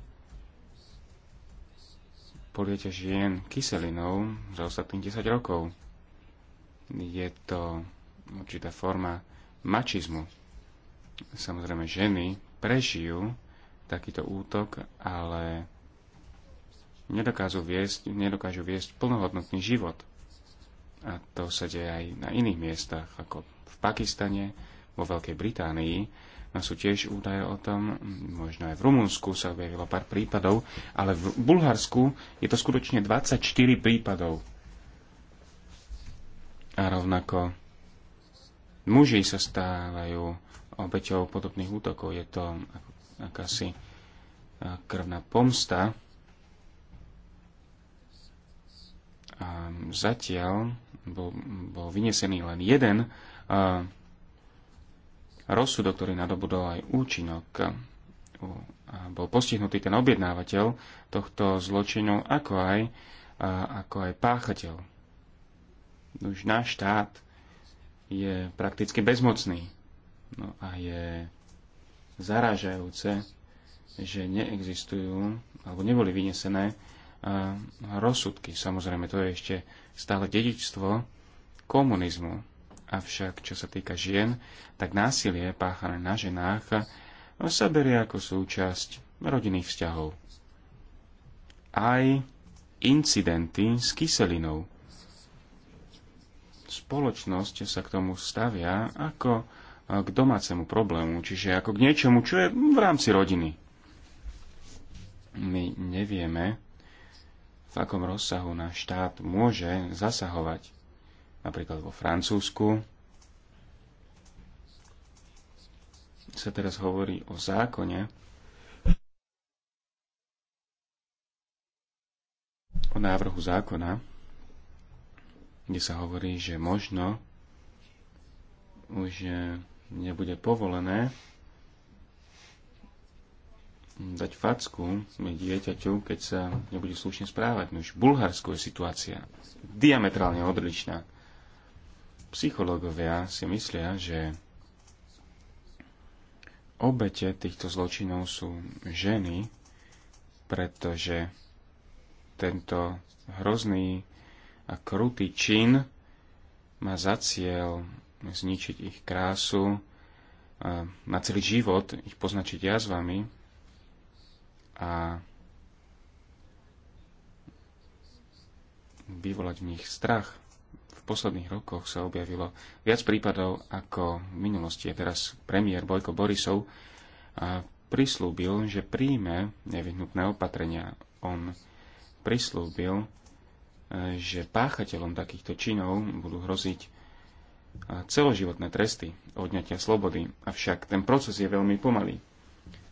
polieťa žien kyselinou za ostatných 10 rokov. Je to určitá forma mačizmu. Samozrejme, ženy prežijú takýto útok, ale nedokážu viesť, nedokážu viesť plnohodnotný život. A to sa deje aj na iných miestach, ako v Pakistane, vo Veľkej Británii. No sú tiež údaje o tom, možno aj v Rumunsku sa objavilo pár prípadov, ale v Bulharsku je to skutočne 24 prípadov. A rovnako muži sa stávajú obeťou podobných útokov. Je to ako akási krvná pomsta. A zatiaľ bol, bol vynesený len jeden a rozsudok, ktorý nadobudol aj účinok. A bol postihnutý ten objednávateľ tohto zločinu, ako aj, a, ako aj páchateľ. Už náš štát je prakticky bezmocný. No a je zarážajúce, že neexistujú alebo neboli vynesené e, rozsudky. Samozrejme, to je ešte stále dedičstvo komunizmu. Avšak, čo sa týka žien, tak násilie páchané na ženách sa berie ako súčasť rodinných vzťahov. Aj incidenty s kyselinou. Spoločnosť sa k tomu stavia ako k domácemu problému, čiže ako k niečomu, čo je v rámci rodiny. My nevieme, v akom rozsahu náš štát môže zasahovať. Napríklad vo Francúzsku sa teraz hovorí o zákone, o návrhu zákona, kde sa hovorí, že možno už eh, nebude povolené dať facku dieťaťu, keď sa nebude slušne správať. No už v Bulharsku je situácia diametrálne odlišná. Psychológovia si myslia, že obete týchto zločinov sú ženy, pretože tento hrozný a krutý čin má za cieľ zničiť ich krásu, na celý život ich poznačiť jazvami a vyvolať v nich strach. V posledných rokoch sa objavilo viac prípadov ako v minulosti. A teraz premiér Bojko Borisov prislúbil, že príjme nevyhnutné opatrenia. On prislúbil, e, že páchateľom takýchto činov budú hroziť celoživotné tresty odňatia slobody, avšak ten proces je veľmi pomalý.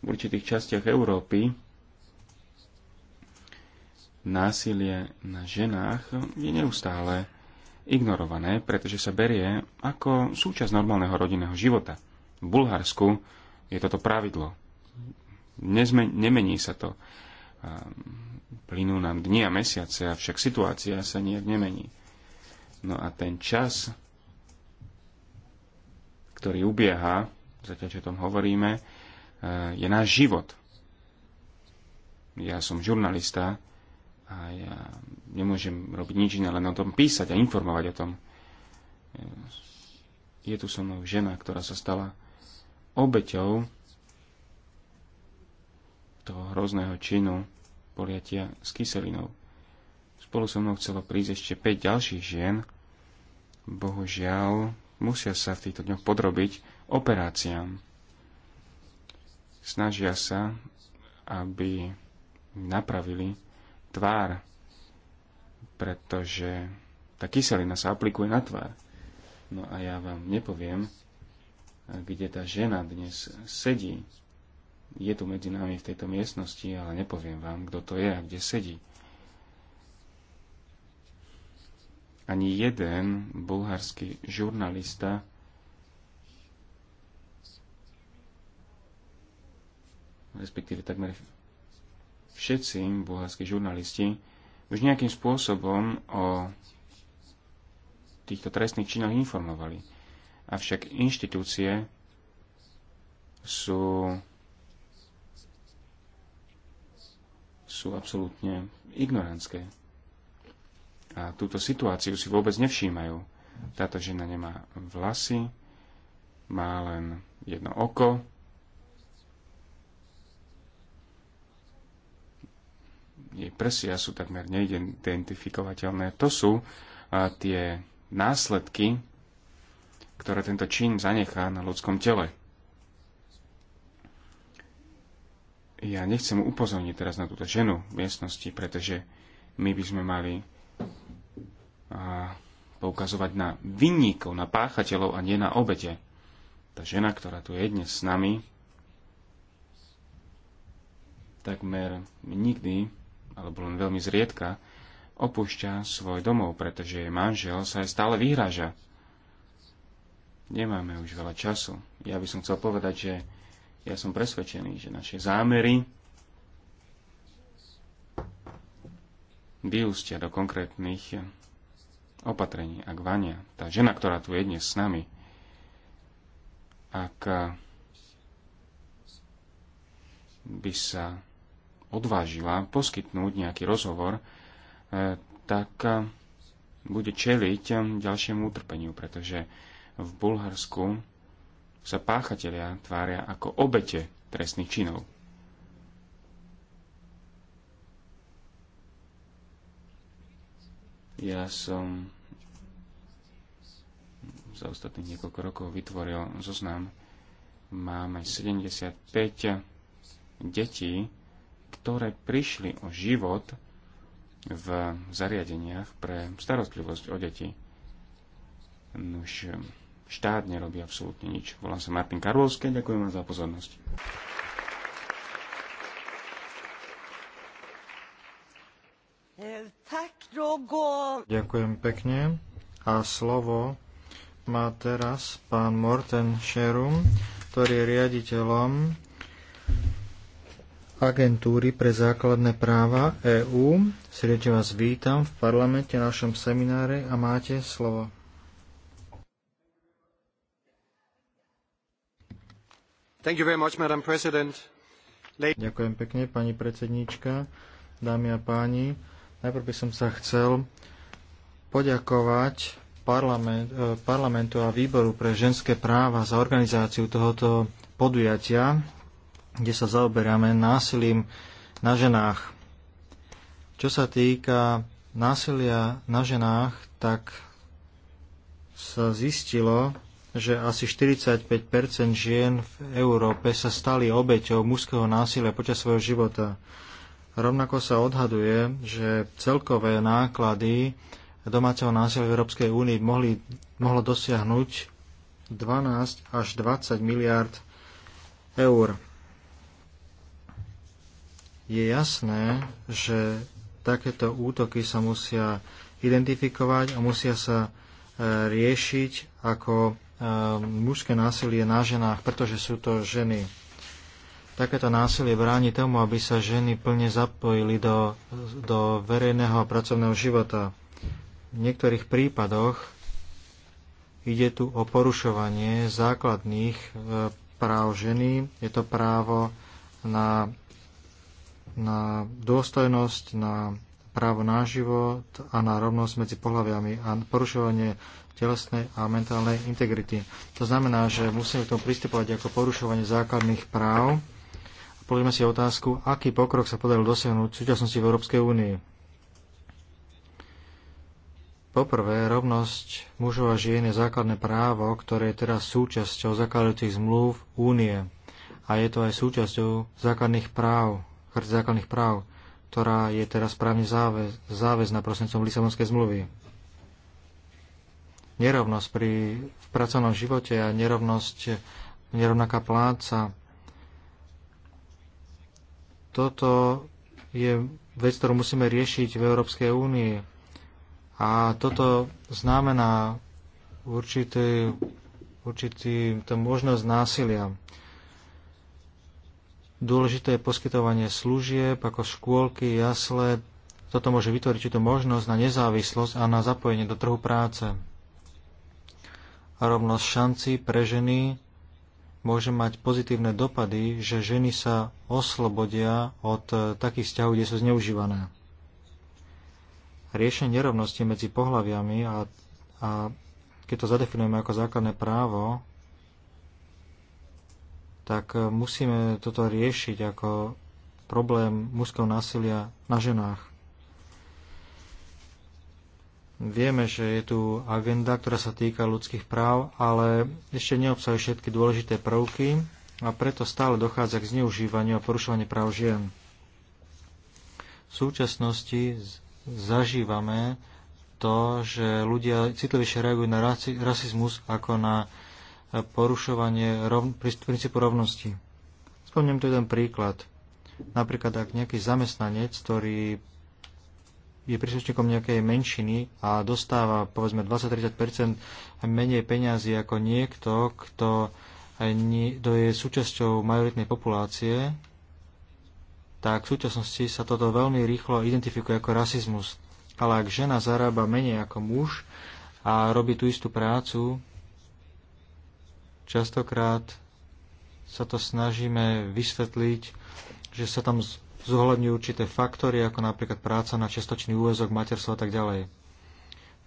V určitých častiach Európy násilie na ženách je neustále ignorované, pretože sa berie ako súčasť normálneho rodinného života. V Bulharsku je toto pravidlo. Nezme, nemení sa to. Plynú nám dni a mesiace, avšak situácia sa nejak nemení. No a ten čas, ktorý ubieha, zatiaľ čo o tom hovoríme, e, je náš život. Ja som žurnalista a ja nemôžem robiť nič iné, len o tom písať a informovať o tom. E, je tu so mnou žena, ktorá sa stala obeťou toho hrozného činu poliatia s kyselinou. Spolu so mnou chcelo prísť ešte 5 ďalších žien. Bohužiaľ, musia sa v týchto dňoch podrobiť operáciám. Snažia sa, aby napravili tvár, pretože tá kyselina sa aplikuje na tvár. No a ja vám nepoviem, kde tá žena dnes sedí. Je tu medzi nami v tejto miestnosti, ale nepoviem vám, kto to je a kde sedí. ani jeden bulharský žurnalista respektíve takmer všetci bulharskí žurnalisti už nejakým spôsobom o týchto trestných činoch informovali. Avšak inštitúcie sú, sú absolútne ignorantské a túto situáciu si vôbec nevšímajú. Táto žena nemá vlasy, má len jedno oko, jej presia sú takmer neidentifikovateľné. To sú a, tie následky, ktoré tento čin zanechá na ľudskom tele. Ja nechcem upozorniť teraz na túto ženu v miestnosti, pretože my by sme mali a poukazovať na vinníkov, na páchateľov a nie na obete. Tá žena, ktorá tu je dnes s nami, takmer nikdy, alebo len veľmi zriedka, opúšťa svoj domov, pretože jej manžel sa jej stále vyhráža. Nemáme už veľa času. Ja by som chcel povedať, že ja som presvedčený, že naše zámery vyústia do konkrétnych opatrení. Ak Vania, tá žena, ktorá tu je dnes s nami, ak by sa odvážila poskytnúť nejaký rozhovor, e, tak e, bude čeliť e, ďalšiemu utrpeniu, pretože v Bulharsku sa páchatelia tvária ako obete trestných činov. Ja som za ostatných niekoľko rokov vytvoril zoznam. Máme 75 detí, ktoré prišli o život v zariadeniach pre starostlivosť o deti. Nož štát nerobí absolútne nič. Volám sa Martin Karlovský, ďakujem vám za pozornosť. Ďakujem pekne. A slovo má teraz pán Morten Šerum, ktorý je riaditeľom agentúry pre základné práva EÚ. Srdečne vás vítam v parlamente, našom semináre a máte slovo. Thank you very much, Madam President. Ďakujem pekne, pani predsedníčka, dámy a páni. Najprv by som sa chcel poďakovať parlament, e, parlamentu a výboru pre ženské práva za organizáciu tohoto podujatia, kde sa zaoberáme násilím na ženách. Čo sa týka násilia na ženách, tak sa zistilo, že asi 45 žien v Európe sa stali obeťou mužského násilia počas svojho života. Rovnako sa odhaduje, že celkové náklady domáceho násilia v Európskej únii mohli, mohlo dosiahnuť 12 až 20 miliard eur. Je jasné, že takéto útoky sa musia identifikovať a musia sa e, riešiť ako e, mužské násilie na ženách, pretože sú to ženy takéto násilie bráni tomu, aby sa ženy plne zapojili do, do verejného a pracovného života. V niektorých prípadoch ide tu o porušovanie základných e, práv ženy. Je to právo na, na dôstojnosť, na právo na život a na rovnosť medzi pohľaviami a porušovanie telesnej a mentálnej integrity. To znamená, že musíme k tomu pristupovať ako porušovanie základných práv Položíme si otázku, aký pokrok sa podaril dosiahnuť v súčasnosti v Európskej únii. Poprvé, rovnosť mužov a žien je základné právo, ktoré je teraz súčasťou zakladajúcich zmluv únie a je to aj súčasťou základných práv, charty základných práv, ktorá je teraz právne záväz, záväzná prosencom Lisabonskej zmluvy. Nerovnosť pri, v pracovnom živote a nerovnosť, nerovnaká pláca toto je vec, ktorú musíme riešiť v Európskej únii. A toto znamená určitý, určitý to možnosť násilia. Dôležité je poskytovanie služieb ako škôlky, jasle. Toto môže vytvoriť túto možnosť na nezávislosť a na zapojenie do trhu práce. A rovnosť šanci pre ženy môže mať pozitívne dopady, že ženy sa oslobodia od e, takých vzťahov, kde sú zneužívané. Riešenie nerovnosti medzi pohľaviami a, a keď to zadefinujeme ako základné právo, tak e, musíme toto riešiť ako problém mužského násilia na ženách. Vieme, že je tu agenda, ktorá sa týka ľudských práv, ale ešte neobsahuje všetky dôležité prvky a preto stále dochádza k zneužívaniu a porušovaniu práv žien. V súčasnosti zažívame to, že ľudia citlivejšie reagujú na rasizmus ako na porušovanie rovn- princípu rovnosti. Spomnem tu jeden príklad. Napríklad, ak nejaký zamestnanec, ktorý je príslušníkom nejakej menšiny a dostáva povedzme 20-30% menej peňazí ako niekto, kto, aj nie, kto je súčasťou majoritnej populácie, tak v súčasnosti sa toto veľmi rýchlo identifikuje ako rasizmus. Ale ak žena zarába menej ako muž a robí tú istú prácu, častokrát sa to snažíme vysvetliť, že sa tam zohľadňujú určité faktory, ako napríklad práca na čiastočný úvezok, materstvo a tak ďalej.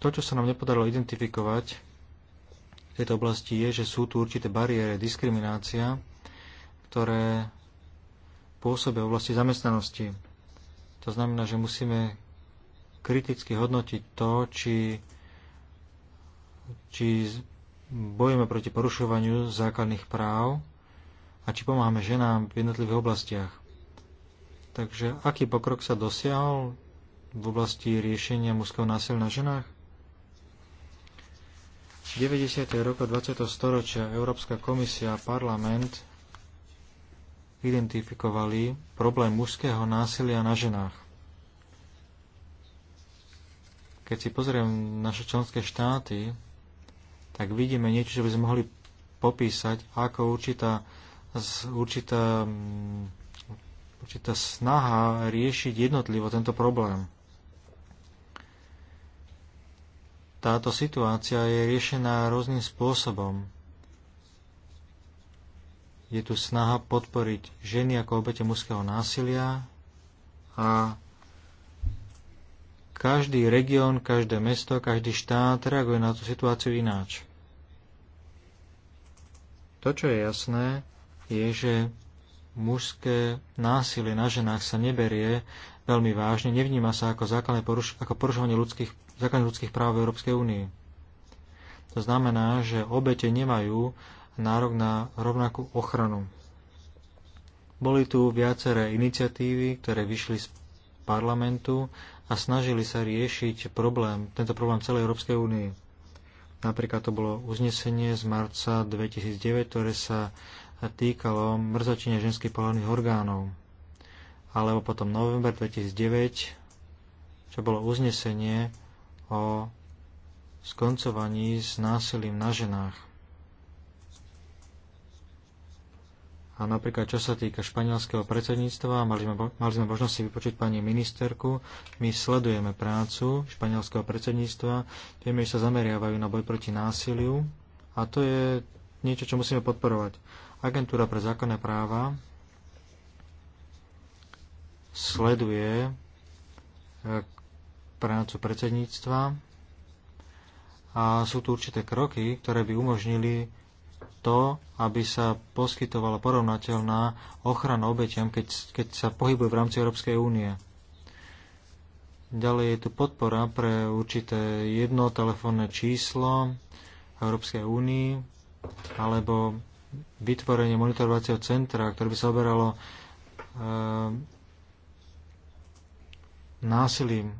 To, čo sa nám nepodarilo identifikovať v tejto oblasti, je, že sú tu určité bariéry, diskriminácia, ktoré pôsobia v oblasti zamestnanosti. To znamená, že musíme kriticky hodnotiť to, či, či bojujeme proti porušovaniu základných práv a či pomáhame ženám v jednotlivých oblastiach. Takže aký pokrok sa dosiahol v oblasti riešenia mužského násilia na ženách? V 90. roku 20. storočia Európska komisia a parlament identifikovali problém mužského násilia na ženách. Keď si pozriem naše členské štáty, tak vidíme niečo, čo by sme mohli popísať ako určitá, určitá mm, určitá snaha riešiť jednotlivo tento problém. Táto situácia je riešená rôznym spôsobom. Je tu snaha podporiť ženy ako obete mužského násilia a každý región, každé mesto, každý štát reaguje na tú situáciu ináč. To, čo je jasné, je, že mužské násilie na ženách sa neberie veľmi vážne, nevníma sa ako, základné poruš- ako porušovanie ľudských, základných ľudských práv v Európskej únii. To znamená, že obete nemajú nárok na rovnakú ochranu. Boli tu viaceré iniciatívy, ktoré vyšli z parlamentu a snažili sa riešiť problém, tento problém celej Európskej únie. Napríklad to bolo uznesenie z marca 2009, ktoré sa týkalo mrzačenia ženských pohľadných orgánov. Alebo potom november 2009, čo bolo uznesenie o skoncovaní s násilím na ženách. A napríklad, čo sa týka španielského predsedníctva, mali sme, mali sme možnosť si vypočuť pani ministerku. My sledujeme prácu španielského predsedníctva, vieme, že sa zameriavajú na boj proti násiliu a to je niečo, čo musíme podporovať. Agentúra pre zákonné práva sleduje eh, prácu predsedníctva a sú tu určité kroky, ktoré by umožnili to, aby sa poskytovala porovnateľná ochrana obetiam, keď, keď sa pohybuje v rámci Európskej únie. Ďalej je tu podpora pre určité jedno telefónne číslo Európskej únii alebo vytvorenie monitorovacieho centra, ktoré by sa oberalo e, násilím,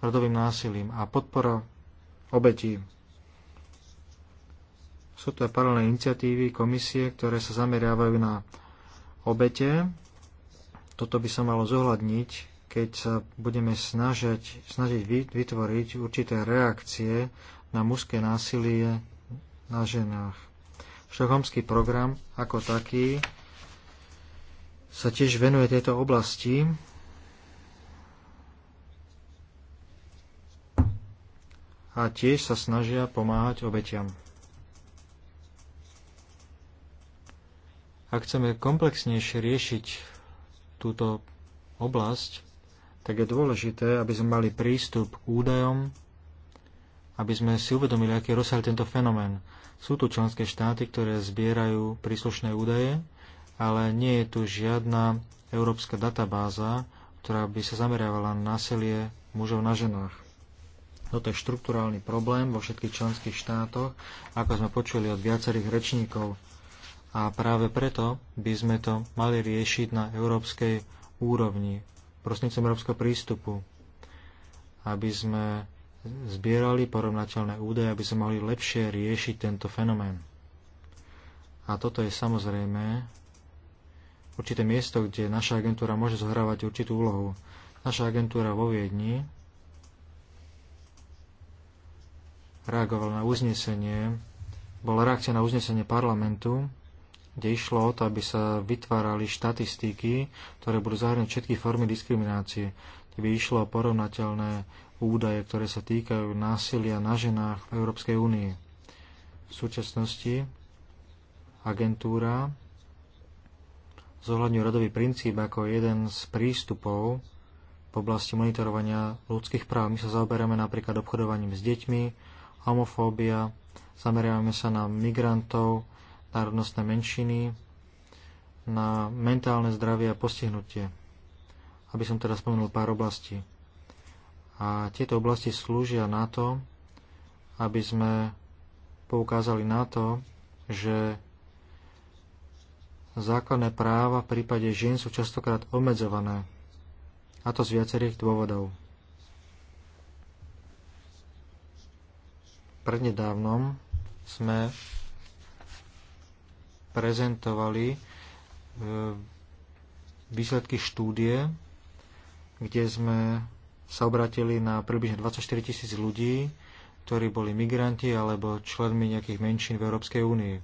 rodovým násilím a podpora obetí. Sú to aj paralelné iniciatívy, komisie, ktoré sa zameriavajú na obete. Toto by sa malo zohľadniť keď sa budeme snažiť, snažiť vytvoriť určité reakcie na mužské násilie na ženách. Štokholmský program ako taký sa tiež venuje tejto oblasti. A tiež sa snažia pomáhať obetiam. Ak chceme komplexnejšie riešiť túto oblasť, tak je dôležité, aby sme mali prístup k údajom, aby sme si uvedomili, aký je rozsah tento fenomén. Sú tu členské štáty, ktoré zbierajú príslušné údaje, ale nie je tu žiadna európska databáza, ktorá by sa zameriavala na násilie mužov na ženách. Toto je štruktúrálny problém vo všetkých členských štátoch, ako sme počuli od viacerých rečníkov. A práve preto by sme to mali riešiť na európskej úrovni, prostnícom európskeho prístupu, aby sme zbierali porovnateľné údaje, aby sme mohli lepšie riešiť tento fenomén. A toto je samozrejme určité miesto, kde naša agentúra môže zohrávať určitú úlohu. Naša agentúra vo Viedni reagovala na uznesenie, bola reakcia na uznesenie parlamentu, kde išlo o to, aby sa vytvárali štatistiky, ktoré budú zahrnúť všetky formy diskriminácie, kde by išlo o porovnateľné údaje, ktoré sa týkajú násilia na ženách v Európskej únii. V súčasnosti agentúra zohľadňuje radový princíp ako jeden z prístupov v oblasti monitorovania ľudských práv. My sa zaoberáme napríklad obchodovaním s deťmi, homofóbia, zameriavame sa na migrantov, národnostné menšiny, na mentálne zdravie a postihnutie. Aby som teda spomenul pár oblastí. A tieto oblasti slúžia na to, aby sme poukázali na to, že základné práva v prípade žien sú častokrát obmedzované. A to z viacerých dôvodov. Prednedávnom sme prezentovali e, výsledky štúdie, kde sme sa obratili na približne 24 tisíc ľudí, ktorí boli migranti alebo členmi nejakých menšín v Európskej únii.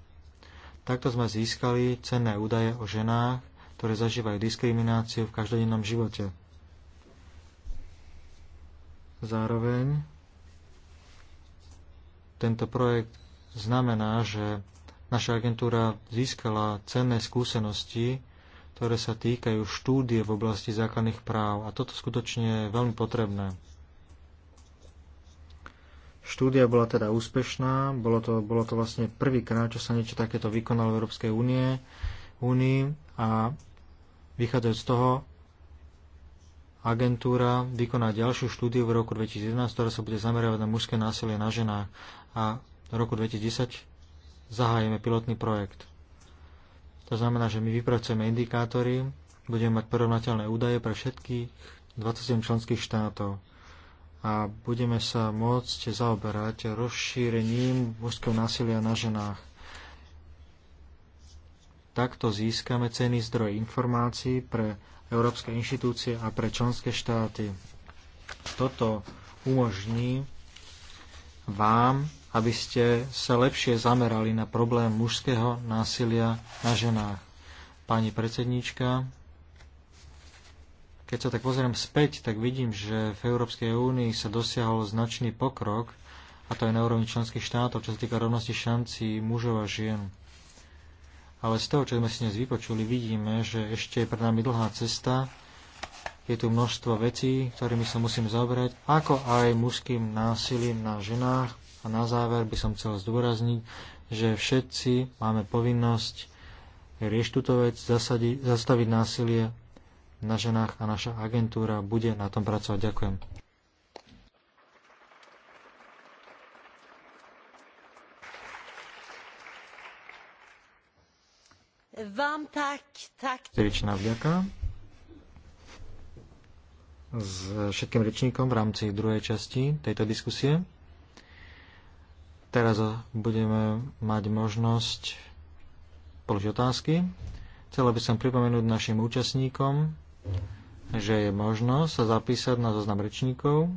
Takto sme získali cenné údaje o ženách, ktoré zažívajú diskrimináciu v každodennom živote. Zároveň tento projekt znamená, že naša agentúra získala cenné skúsenosti ktoré sa týkajú štúdie v oblasti základných práv. A toto skutočne je veľmi potrebné. Štúdia bola teda úspešná, bolo to, bolo to vlastne prvýkrát, čo sa niečo takéto vykonalo v Európskej únie, únii a vychádzajúc z toho, agentúra vykoná ďalšiu štúdiu v roku 2011, ktorá sa bude zameriavať na mužské násilie na ženách a v roku 2010 zahájime pilotný projekt. To znamená, že my vypracujeme indikátory, budeme mať porovnateľné údaje pre všetkých 27 členských štátov a budeme sa môcť zaoberať rozšírením mužského násilia na ženách. Takto získame cený zdroj informácií pre európske inštitúcie a pre členské štáty. Toto umožní vám aby ste sa lepšie zamerali na problém mužského násilia na ženách. Pani predsedníčka, keď sa tak pozriem späť, tak vidím, že v Európskej únii sa dosiahol značný pokrok, a to aj na úrovni členských štátov, čo sa týka rovnosti šancí mužov a žien. Ale z toho, čo sme si dnes vypočuli, vidíme, že ešte je pred nami dlhá cesta, je tu množstvo vecí, ktorými sa musím zaoberať, ako aj mužským násilím na ženách, a na záver by som chcel zdôrazniť, že všetci máme povinnosť riešiť túto vec, zasadi, zastaviť násilie na ženách a naša agentúra bude na tom pracovať. Ďakujem. Vám tak, tak. Tričná vďaka s všetkým rečníkom v rámci druhej časti tejto diskusie. Teraz budeme mať možnosť položiť otázky. Chcela by som pripomenúť našim účastníkom, že je možno sa zapísať na zoznam rečníkov.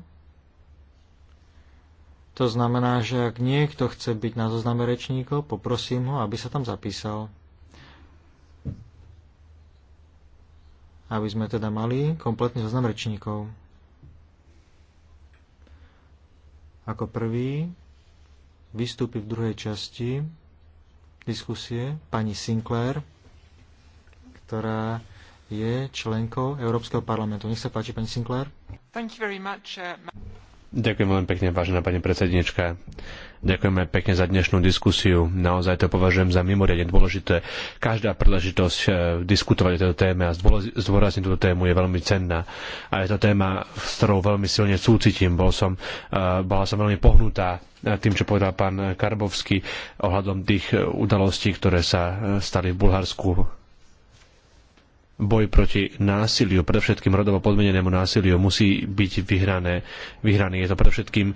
To znamená, že ak niekto chce byť na zozname rečníkov, poprosím ho, aby sa tam zapísal. Aby sme teda mali kompletný zoznam rečníkov. Ako prvý vystúpi v druhej časti diskusie pani Sinclair, ktorá je členkou Európskeho parlamentu. Nech sa páči, pani Sinclair. Thank you very much, uh... Ďakujem veľmi pekne, vážená pani predsednička. Ďakujeme pekne za dnešnú diskusiu. Naozaj to považujem za mimoriadne dôležité. Každá príležitosť eh, diskutovať o tejto téme a zdôrazniť túto tému je veľmi cenná. A je to téma, s ktorou veľmi silne súcitím. Bol som, eh, bola som veľmi pohnutá eh, tým, čo povedal pán Karbovský ohľadom tých udalostí, ktoré sa stali v Bulharsku boj proti násiliu, predovšetkým rodovo podmenenému násiliu, musí byť vyhrané. vyhraný. Je to predovšetkým um,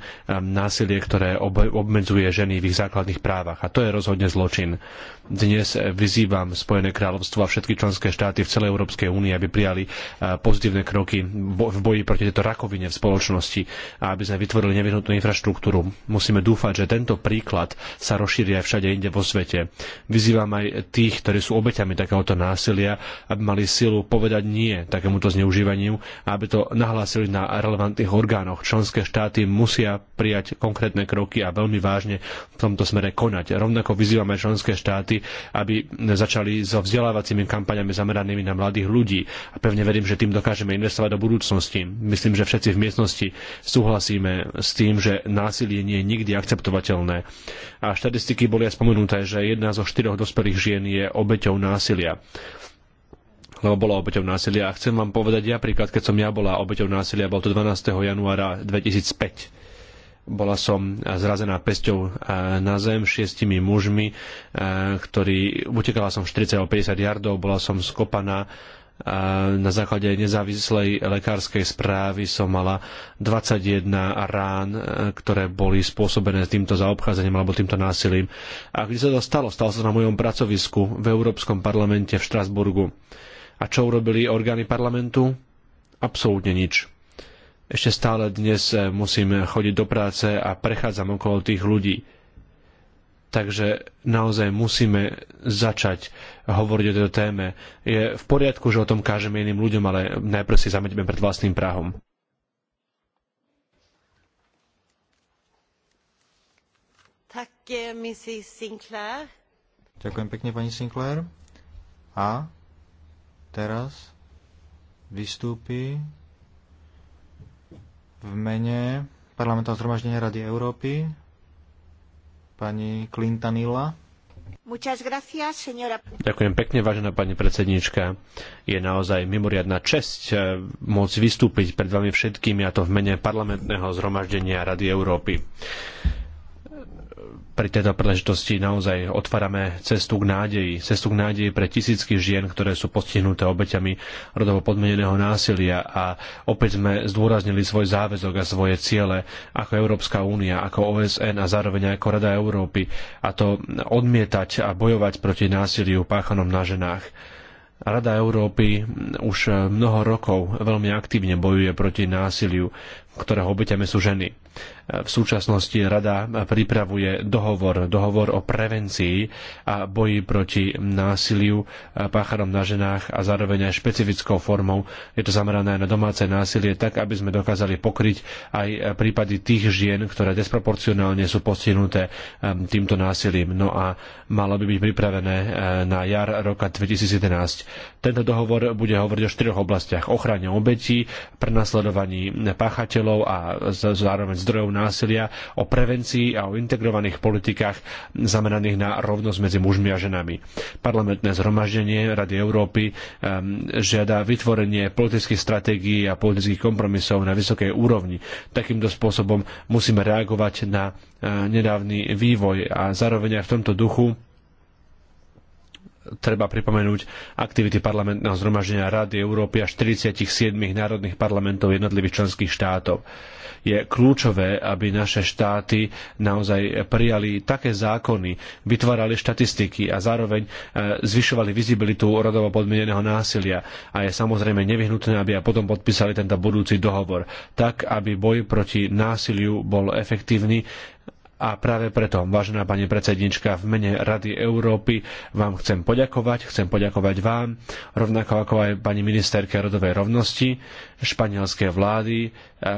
násilie, ktoré obmedzuje ženy v ich základných právach. A to je rozhodne zločin. Dnes vyzývam Spojené kráľovstvo a všetky členské štáty v celej Európskej únii, aby prijali uh, pozitívne kroky v boji proti tejto rakovine v spoločnosti a aby sme vytvorili nevyhnutnú infraštruktúru. Musíme dúfať, že tento príklad sa rozšíri aj všade inde vo svete. Vyzývam aj tých, ktorí sú obeťami takéhoto násilia, aby mali silu povedať nie takémuto zneužívaniu, aby to nahlásili na relevantných orgánoch. Členské štáty musia prijať konkrétne kroky a veľmi vážne v tomto smere konať. Rovnako vyzývame členské štáty, aby začali so vzdelávacími kampaňami zameranými na mladých ľudí a pevne verím, že tým dokážeme investovať do budúcnosti. Myslím, že všetci v miestnosti súhlasíme s tým, že násilie nie je nikdy akceptovateľné. A štatistiky boli aj spomenuté, že jedna zo štyroch dospelých žien je obeťou násilia no, bola obeťou násilia. A chcem vám povedať ja príklad, keď som ja bola obeťou násilia, bol to 12. januára 2005 bola som zrazená pesťou eh, na zem šiestimi mužmi, eh, ktorí, utekala som 40 alebo 50 jardov, bola som skopaná eh, na základe nezávislej lekárskej správy som mala 21 rán, ktoré boli spôsobené týmto zaobchádzaním alebo týmto násilím. A kde sa to stalo? Stalo sa na mojom pracovisku v Európskom parlamente v Štrasburgu. A čo urobili orgány parlamentu? Absolútne nič. Ešte stále dnes eh, musím chodiť do práce a prechádzam okolo tých ľudí. Takže naozaj musíme začať hovoriť o tejto téme. Je v poriadku, že o tom kážeme iným ľuďom, ale najprv si zameďme pred vlastným prahom. Tak, eh, Mrs. Sinclair. Ďakujem pekne, pani Sinclair. A teraz vystúpi v mene parlamentného zhromaždenia Rady Európy pani Clintanilla. Ďakujem pekne, vážená pani predsednička. Je naozaj mimoriadná česť eh, môcť vystúpiť pred vami všetkými, a to v mene parlamentného zhromaždenia Rady Európy pri tejto príležitosti naozaj otvárame cestu k nádeji. Cestu k nádeji pre tisícky žien, ktoré sú postihnuté obeťami rodovo podmeneného násilia a opäť sme zdôraznili svoj záväzok a svoje ciele ako Európska únia, ako OSN a zároveň ako Rada Európy a to odmietať a bojovať proti násiliu páchanom na ženách. Rada Európy už mnoho rokov veľmi aktívne bojuje proti násiliu, ktorého obeťami sú ženy. V súčasnosti rada pripravuje dohovor, dohovor o prevencii a boji proti násiliu páchanom na ženách a zároveň aj špecifickou formou. Je to zamerané na domáce násilie tak, aby sme dokázali pokryť aj prípady tých žien, ktoré desproporcionálne sú postihnuté um, týmto násilím. No a malo by byť pripravené uh, na jar roka 2011. Tento dohovor bude hovoriť o štyroch oblastiach. Ochrane obetí, prenasledovaní páchateľov a zároveň zdrojov násilia, o prevencii a o integrovaných politikách zameraných na rovnosť medzi mužmi a ženami. Parlamentné zhromaždenie Rady Európy um, žiada vytvorenie politických stratégií a politických kompromisov na vysokej úrovni. Takýmto spôsobom musíme reagovať na uh, nedávny vývoj a zároveň aj v tomto duchu treba pripomenúť aktivity parlamentného zhromaždenia Rady Európy a 47 národných parlamentov jednotlivých členských štátov. Je kľúčové, aby naše štáty naozaj prijali také zákony, vytvárali štatistiky a zároveň e, zvyšovali vizibilitu rodovo podmieneného násilia. A je samozrejme nevyhnutné, aby aj potom podpísali tento budúci dohovor, tak aby boj proti násiliu bol efektívny a práve preto, vážená pani predsednička, v mene Rady Európy vám chcem poďakovať, chcem poďakovať vám, rovnako ako aj pani ministerke rodovej rovnosti španielskej vlády, e,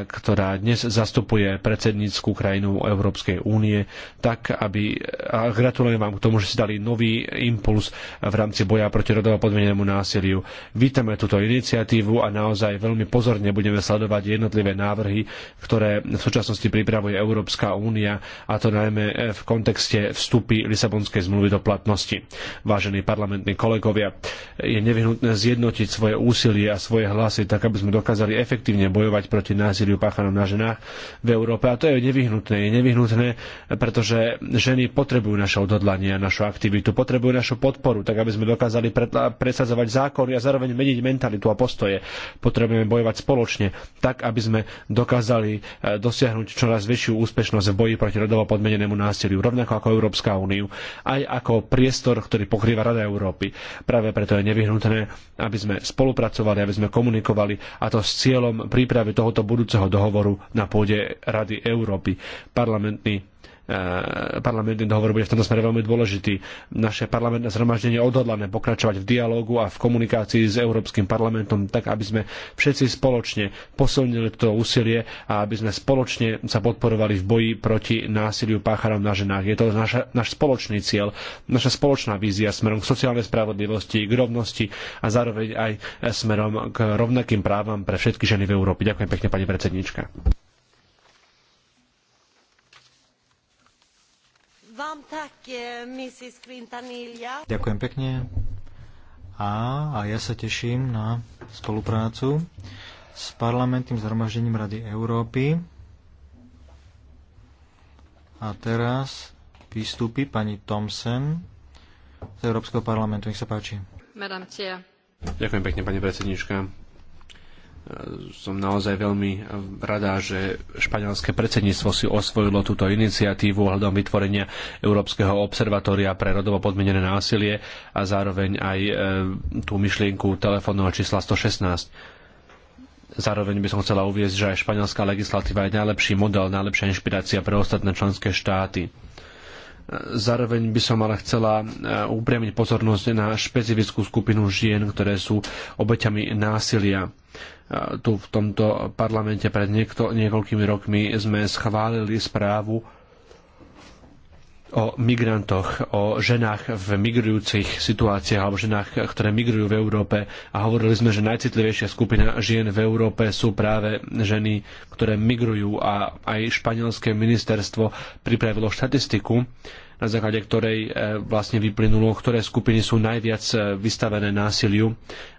ktorá dnes zastupuje predsednícku krajinu Európskej únie, tak aby... A gratulujem vám k tomu, že si dali nový impuls v rámci boja proti rodovo podmienenému násiliu. Vítame túto iniciatívu a naozaj veľmi pozorne budeme sledovať jednotlivé návrhy, ktoré v súčasnosti pripravuje Európska únia a a to najmä e, v kontexte vstupy Lisabonskej zmluvy do platnosti. Vážení parlamentní kolegovia, je nevyhnutné zjednotiť svoje úsilie a svoje hlasy tak, aby sme dokázali efektívne bojovať proti násiliu páchanom na ženách v Európe. A to je nevyhnutné. Je nevyhnutné, pretože ženy potrebujú naše odhodlanie a našu aktivitu, potrebujú našu podporu, tak aby sme dokázali presadzovať zákony a zároveň meniť mentalitu a postoje. Potrebujeme bojovať spoločne, tak aby sme dokázali e, dosiahnuť čoraz väčšiu úspešnosť v boji proti rodovo podmenenému násiliu, rovnako ako Európska úniu, aj ako priestor, ktorý pokrýva Rada Európy. Práve preto je nevyhnutné, aby sme spolupracovali, aby sme komunikovali a to s cieľom prípravy tohoto budúceho dohovoru na pôde Rady Európy. Parlamentný Eh, parlamentný dohovor bude v tomto smere veľmi dôležitý. Naše parlamentné zhromaždenie odhodlané pokračovať v dialógu a v komunikácii s Európskym parlamentom, tak aby sme všetci spoločne posilnili to úsilie a aby sme spoločne sa podporovali v boji proti násiliu páchanom na ženách. Je to naša, náš spoločný cieľ, naša spoločná vízia smerom k sociálnej spravodlivosti, k rovnosti a zároveň aj smerom k rovnakým právam pre všetky ženy v Európe. Ďakujem pekne, pani predsednička. E, Ďakujem pekne. A, a ja sa teším na spoluprácu s parlamentným zhromaždením Rady Európy. A teraz vystúpi pani Thompson z Európskeho parlamentu. Nech sa páči. Ďakujem pekne, pani predsednička som naozaj veľmi rada, že španielské predsedníctvo si osvojilo túto iniciatívu ohľadom vytvorenia Európskeho observatória pre rodovo podmienené násilie a zároveň aj e, tú myšlienku telefónneho čísla 116. Zároveň by som chcela uviezť, že aj španielská legislatíva je najlepší model, najlepšia inšpirácia pre ostatné členské štáty. E, zároveň by som ale chcela e, upriamiť pozornosť na špecifickú skupinu žien, ktoré sú obeťami násilia tu v tomto parlamente pred niekto, niekoľkými rokmi sme schválili správu o migrantoch, o ženách v migrujúcich situáciách alebo ženách, ktoré migrujú v Európe a hovorili sme, že najcitlivejšia skupina žien v Európe sú práve ženy, ktoré migrujú a aj španielské ministerstvo pripravilo štatistiku, na základe ktorej eh, vlastne vyplynulo, ktoré skupiny sú najviac eh, vystavené násiliu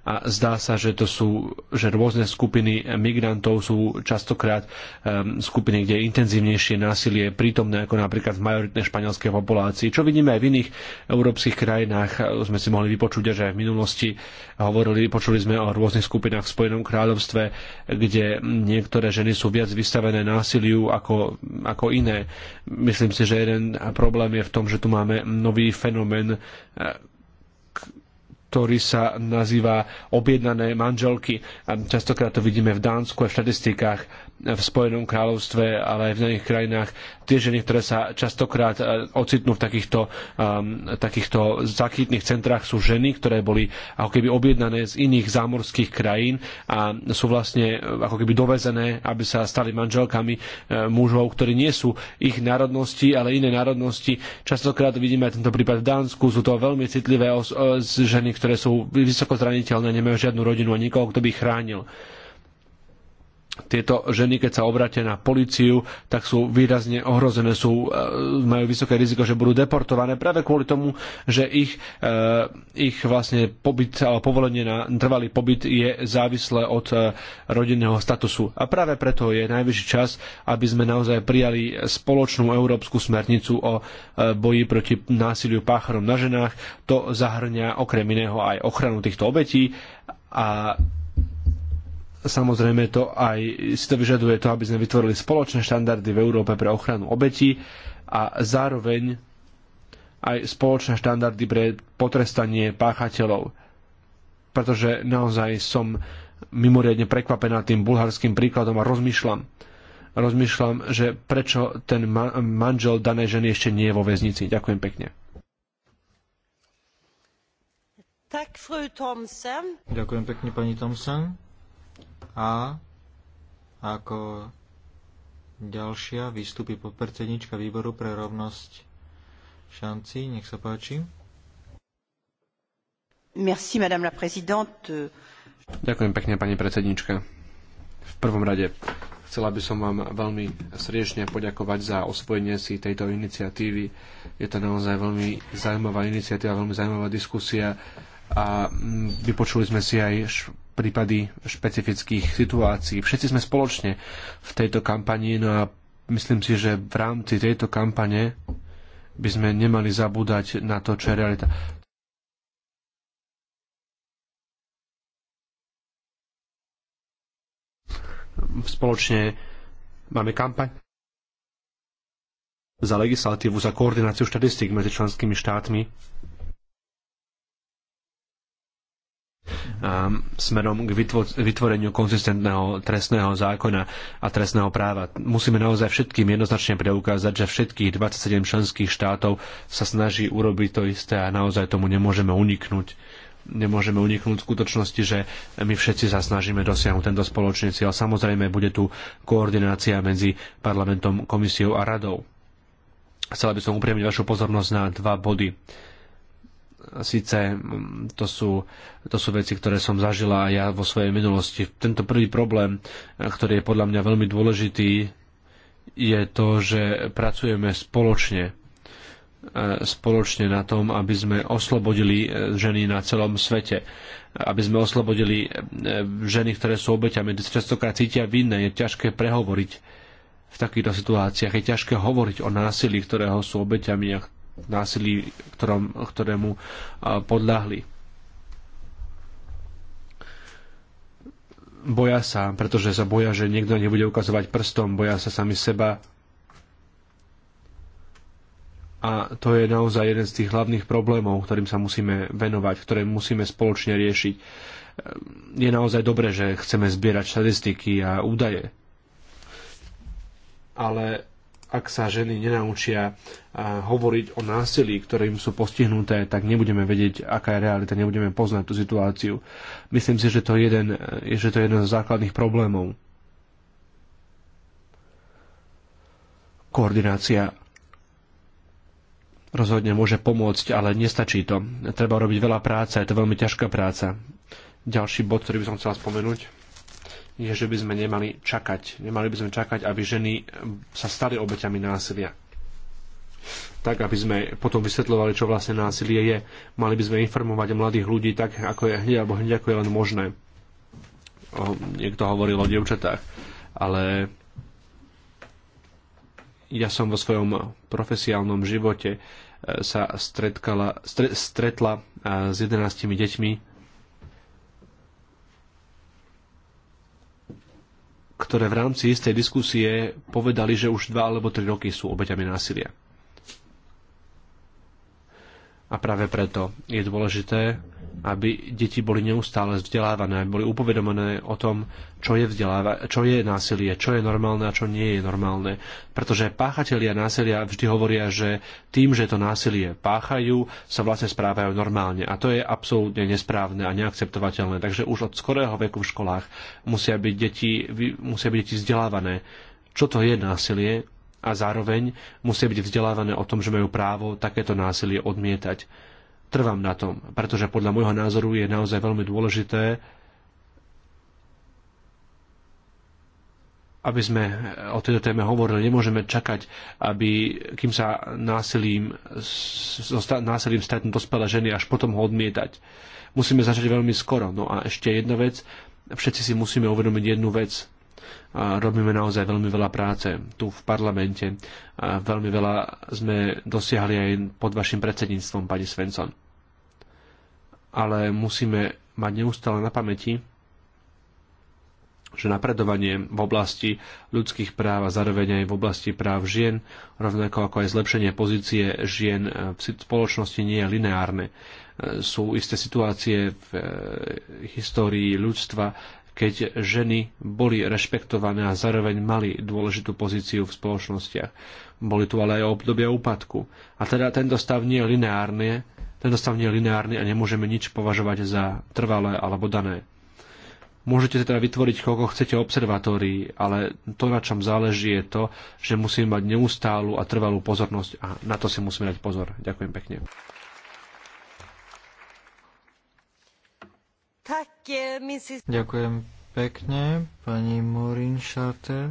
a zdá sa, že to sú, že rôzne skupiny migrantov sú častokrát um, skupiny, kde je intenzívnejšie násilie prítomné ako napríklad v majoritnej španielskej populácii. Čo vidíme aj v iných európskych krajinách, eh, sme si mohli vypočuť, že aj v minulosti hovorili, počuli sme o rôznych skupinách v Spojenom kráľovstve, kde niektoré ženy sú viac vystavené násiliu ako, ako iné. Myslím si, že jeden problém je v tom, že tu máme nový fenomén eh, ktorý sa nazýva objednané manželky. A častokrát to vidíme v Dánsku a v štatistikách v Spojenom kráľovstve, ale aj v iných krajinách, tie ženy, ktoré sa častokrát eh, ocitnú v takýchto, um, takýchto zachytných centrách, sú ženy, ktoré boli ako keby objednané z iných zámorských krajín a sú vlastne eh, ako keby dovezené, aby sa stali manželkami eh, mužov, ktorí nie sú ich národnosti, ale iné národnosti. Častokrát vidíme aj tento prípad v Dánsku, sú to veľmi citlivé ženy, ktoré sú vysoko zraniteľné, nemajú žiadnu rodinu a nikoho, kto by ich chránil tieto ženy, keď sa obrátia na políciu, tak sú výrazne ohrozené, sú, e, majú vysoké riziko, že budú deportované práve kvôli tomu, že ich, e, ich vlastne pobyt alebo povolenie na trvalý pobyt je závislé od e, rodinného statusu. A práve preto je najvyšší čas, aby sme naozaj prijali spoločnú európsku smernicu o boji proti násiliu páchanom na ženách. To zahrňa okrem iného aj ochranu týchto obetí a Samozrejme to aj si to vyžaduje to, aby sme vytvorili spoločné štandardy v Európe pre ochranu obetí a zároveň aj spoločné štandardy pre potrestanie páchateľov. Pretože naozaj som mimoriadne prekvapená tým bulharským príkladom a rozmýšľam, rozmýšľam, že prečo ten ma- manžel danej ženy ešte nie je vo väznici. Ďakujem pekne. Tak, Ďakujem pekne, pani Thompson a ako ďalšia vystúpi podpredsednička výboru pre rovnosť šanci. Nech sa páči. Merci, madame la présidente. Ďakujem pekne, pani predsednička. V prvom rade Chcela by som vám veľmi srdečne poďakovať za osvojenie si tejto iniciatívy. Je to naozaj veľmi zaujímavá iniciatíva, veľmi zaujímavá diskusia a mm, vypočuli sme si aj prípady špecifických situácií. Všetci sme spoločne v tejto kampani, no a myslím si, že v rámci tejto kampane by sme nemali zabúdať na to, čo je realita. Spoločne máme kampaň za legislatívu, za koordináciu štatistik medzi členskými štátmi smerom k vytvoreniu konzistentného trestného zákona a trestného práva. Musíme naozaj všetkým jednoznačne preukázať, že všetkých 27 členských štátov sa snaží urobiť to isté a naozaj tomu nemôžeme uniknúť nemôžeme uniknúť skutočnosti, že my všetci sa snažíme dosiahnuť tento spoločný cieľ. Samozrejme, bude tu koordinácia medzi parlamentom, komisiou a radou. Chcela by som upriamiť vašu pozornosť na dva body síce mm, to sú, to sú veci, ktoré som zažila ja vo svojej minulosti. Tento prvý problém, e, ktorý je podľa mňa veľmi dôležitý, je to, že pracujeme spoločne e, spoločne na tom, aby sme oslobodili e, ženy na celom svete. Aby sme oslobodili ženy, ktoré sú obeťami, častokrát cítia vinné, je ťažké prehovoriť v takýchto situáciách. Je ťažké hovoriť o násilí, ktorého sú obeťami a násilí, ktorom, ktorému podľahli. Boja sa, pretože sa boja, že niekto nebude ukazovať prstom, boja sa sami seba. A to je naozaj jeden z tých hlavných problémov, ktorým sa musíme venovať, ktoré musíme spoločne riešiť. Je naozaj dobré, že chceme zbierať štatistiky a údaje. Ale ak sa ženy nenaučia hovoriť o násilí, ktorým sú postihnuté, tak nebudeme vedieť, aká je realita, nebudeme poznať tú situáciu. Myslím si, že to je jeden, že to je jeden z základných problémov. Koordinácia rozhodne môže pomôcť, ale nestačí to. Treba robiť veľa práce, je to veľmi ťažká práca. Ďalší bod, ktorý by som chcela spomenúť je, že by sme nemali čakať. Nemali by sme čakať, aby ženy sa stali obeťami násilia. Tak, aby sme potom vysvetľovali, čo vlastne násilie je. Mali by sme informovať mladých ľudí tak, ako je hneď, alebo hneď, ako je len možné. O, niekto hovoril o dievčatách, ale ja som vo svojom profesiálnom živote e, sa stretkala, stre, stretla e, s 11 deťmi ktoré v rámci istej diskusie povedali, že už dva alebo tri roky sú obeťami násilia. A práve preto je dôležité, aby deti boli neustále vzdelávané, aby boli upovedomené o tom, čo je, vzdeláva- čo je násilie, čo je normálne a čo nie je normálne. Pretože páchatelia násilia vždy hovoria, že tým, že to násilie páchajú, sa vlastne správajú normálne. A to je absolútne nesprávne a neakceptovateľné. Takže už od skorého veku v školách musia byť deti, musia byť deti vzdelávané. Čo to je násilie, a zároveň musia byť vzdelávané o tom, že majú právo takéto násilie odmietať. Trvám na tom, pretože podľa môjho názoru je naozaj veľmi dôležité, aby sme o tejto téme hovorili. Nemôžeme čakať, aby, kým sa násilím, násilím stretnú dospelé ženy, až potom ho odmietať. Musíme začať veľmi skoro. No a ešte jedna vec. Všetci si musíme uvedomiť jednu vec. Robíme naozaj veľmi veľa práce tu v parlamente. Veľmi veľa sme dosiahli aj pod vašim predsedníctvom, pani Svensson. Ale musíme mať neustále na pamäti, že napredovanie v oblasti ľudských práv a zároveň aj v oblasti práv žien, rovnako ako aj zlepšenie pozície žien v spoločnosti nie je lineárne. E, sú isté situácie v e, histórii ľudstva, keď ženy boli rešpektované a zároveň mali dôležitú pozíciu v spoločnostiach. Boli tu ale aj obdobia úpadku. A teda tento stav nie je lineárny, tento stav nie je lineárny a nemôžeme nič považovať za trvalé alebo dané. Môžete teda vytvoriť koľko chcete observatórií, ale to, na čom záleží, je to, že musíme mať neustálu a trvalú pozornosť a na to si musíme dať pozor. Ďakujem pekne. Eh, Ďakujem pekne, pani Maureen Charter.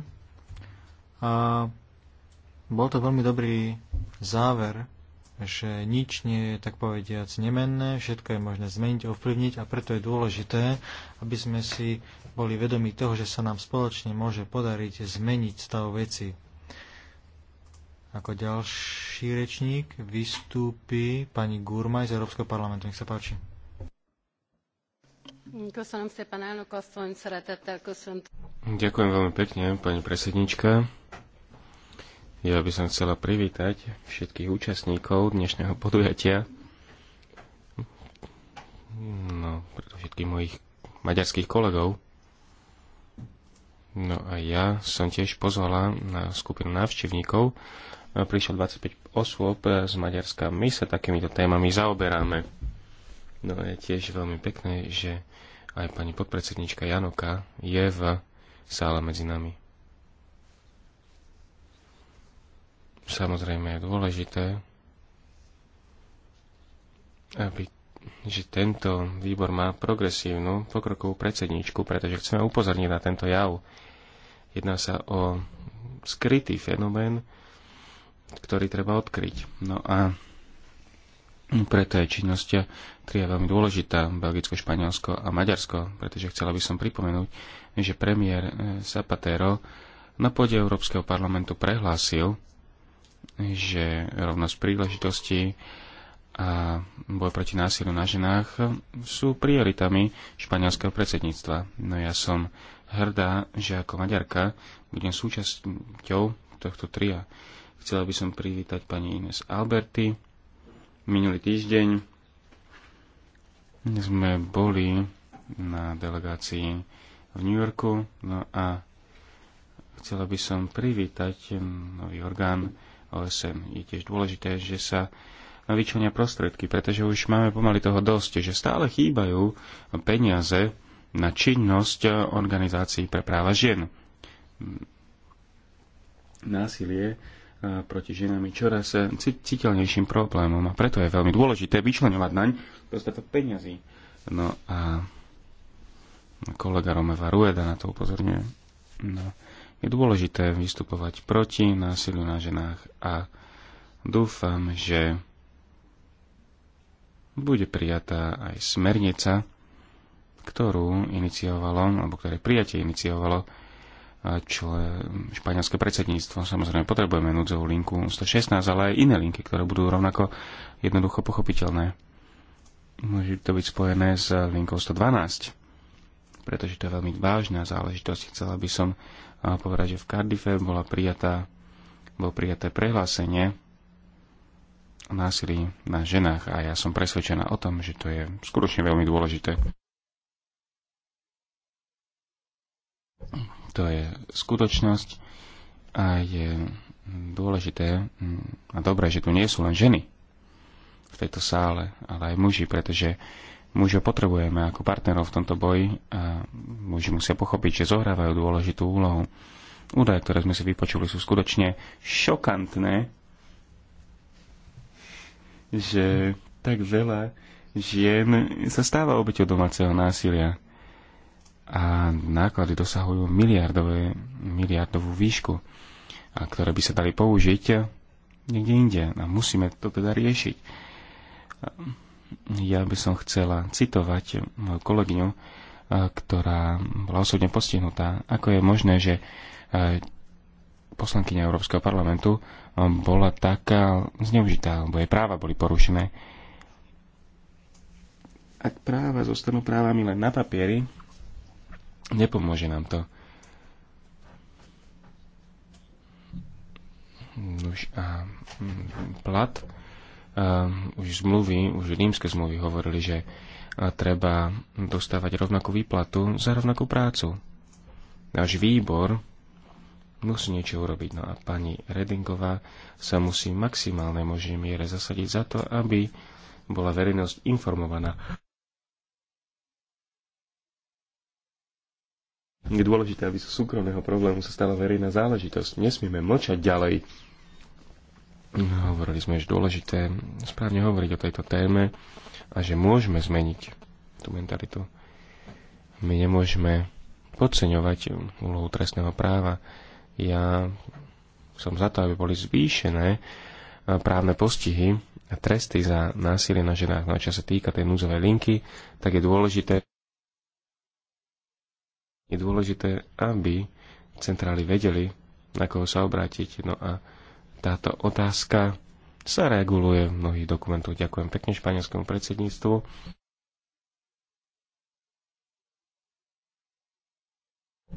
A bol to veľmi dobrý záver, že nič nie je, tak povediac, nemenné, všetko je možné zmeniť, ovplyvniť a preto je dôležité, aby sme si boli vedomi toho, že sa nám spoločne môže podariť zmeniť stav veci. Ako ďalší rečník vystúpi pani Gurmaj z Európskeho parlamentu. Nech sa páči. Ďakujem veľmi pekne, pani predsednička. Ja by som chcela privítať všetkých účastníkov dnešného podujatia. No, preto všetkých mojich maďarských kolegov. No a ja som tiež pozvala na skupinu návštevníkov. Prišlo 25 osôb z Maďarska. My sa takýmito témami zaoberáme. No je tiež veľmi pekné, že aj pani podpredsednička Janoka je v sále medzi nami. Samozrejme je dôležité, aby, že tento výbor má progresívnu pokrokovú predsedničku, pretože chceme upozorniť na tento jav. Jedná sa o skrytý fenomén, ktorý treba odkryť. No a preto je činnosť tri je veľmi dôležitá, Belgicko, Španielsko a Maďarsko, pretože chcela by som pripomenúť, že premiér eh, Zapatero na pôde Európskeho parlamentu prehlásil, že rovnosť príležitosti a boj proti násilu na ženách sú prioritami španielského predsedníctva. No ja som hrdá, že ako Maďarka budem súčasťou tohto tria. Chcela by som privítať pani Ines Alberti Minulý týždeň sme boli na delegácii v New Yorku no a chcela by som privítať nový orgán OSN. Je tiež dôležité, že sa vyčlenia prostredky, pretože už máme pomaly toho dosť, že stále chýbajú peniaze na činnosť organizácií pre práva žien. Násilie e, proti ženám je čoraz citeľnejším problémom a preto je veľmi dôležité vyčlenovať naň dostatok peňazí. No a kolega Romeva Rueda na to upozorňuje. No, je dôležité vystupovať proti násiliu na ženách a dúfam, že bude prijatá aj smernica, ktorú iniciovalo, alebo ktoré prijatie iniciovalo čo španielské predsedníctvo. Samozrejme, potrebujeme núdzovú linku 116, ale aj iné linky, ktoré budú rovnako jednoducho pochopiteľné môže to byť spojené s linkou 112, pretože to je veľmi vážna záležitosť. Chcela by som povedať, že v Cardiffe bola prijatá, bolo prijaté prehlásenie o násilí na ženách a ja som presvedčená o tom, že to je skutočne veľmi dôležité. To je skutočnosť a je dôležité a dobré, že tu nie sú len ženy, v tejto sále, ale aj muži, pretože mužov potrebujeme ako partnerov v tomto boji a muži musia pochopiť, že zohrávajú dôležitú úlohu. Údaje, ktoré sme si vypočuli, sú skutočne šokantné, že tak veľa žien sa stáva obeťou domáceho násilia a náklady dosahujú miliardové, miliardovú výšku, a ktoré by sa dali použiť niekde inde. A musíme to teda riešiť ja by som chcela citovať moju kolegyňu, eh, ktorá bola osobne postihnutá. Ako je možné, že eh, poslankyňa Európskeho parlamentu eh, bola taká zneužitá, alebo jej práva boli porušené. Ak práva zostanú právami len na papieri, nepomôže nám to. Nuž a mm, plat Ehm, už zmluvy, už rímske zmluvy hovorili, že eh, treba dostávať rovnakú výplatu za rovnakú prácu. Náš výbor musí niečo urobiť. No a pani Redingová sa musí maximálne možné možnej miere zasadiť za to, aby bola verejnosť informovaná. Je dôležité, aby zo súkromného problému sa stala verejná záležitosť. Nesmieme mlčať ďalej Hovorili sme, že dôležité správne hovoriť o tejto téme a že môžeme zmeniť tú mentalitu. My nemôžeme podceňovať úlohu trestného práva. Ja som za to, aby boli zvýšené e, právne postihy a tresty za násilie na ženách. No a čo sa týka tej núzovej linky, tak je dôležité, je dôležité, aby centrály vedeli, na koho sa obrátiť. No a táto otázka sa reguluje v mnohých dokumentoch. Ďakujem pekne španielskému predsedníctvu.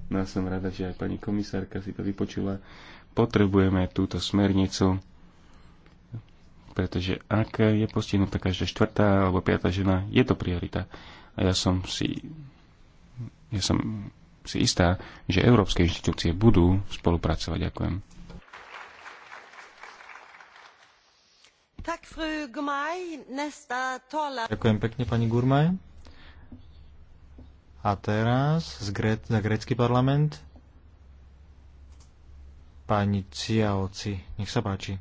No som rada, že aj pani komisárka si to vypočula. Potrebujeme túto smernicu, pretože ak je postihnutá každá štvrtá alebo piatá žena, je to priorita. A ja som si, ja som si istá, že európske inštitúcie budú spolupracovať. Ďakujem. Ďakujem pekne, pani Gurmaj. A teraz z Gre- za grécky parlament pani Ciaoci. Nech sa páči.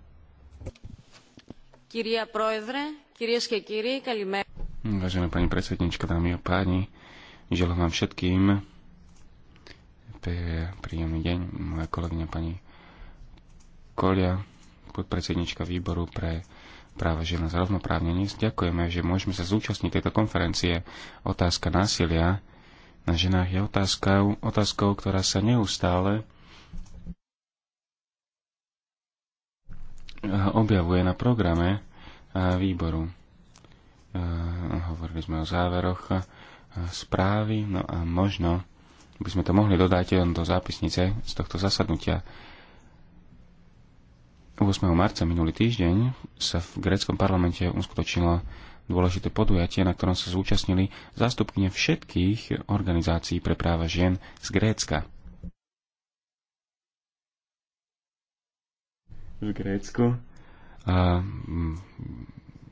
Kyria proedre, kyries kyrie, kalimé. Vážená pani predsednička, dámy a páni, želám vám všetkým príjemný deň. Moja kolegyňa pani Kolia, podpredsednička výboru pre práva žien a zrovnoprávnenie. Ďakujeme, že môžeme sa zúčastniť tejto konferencie. Otázka násilia na ženách je otázkou, otázkou ktorá sa neustále eh, objavuje na programe eh, výboru. Eh, hovorili sme o záveroch správy, no a možno by sme to mohli dodať do zápisnice z tohto zasadnutia. 8. marca minulý týždeň sa v greckom parlamente uskutočnilo dôležité podujatie, na ktorom sa zúčastnili zástupkyne všetkých organizácií pre práva žien z Grécka. V Grécku a,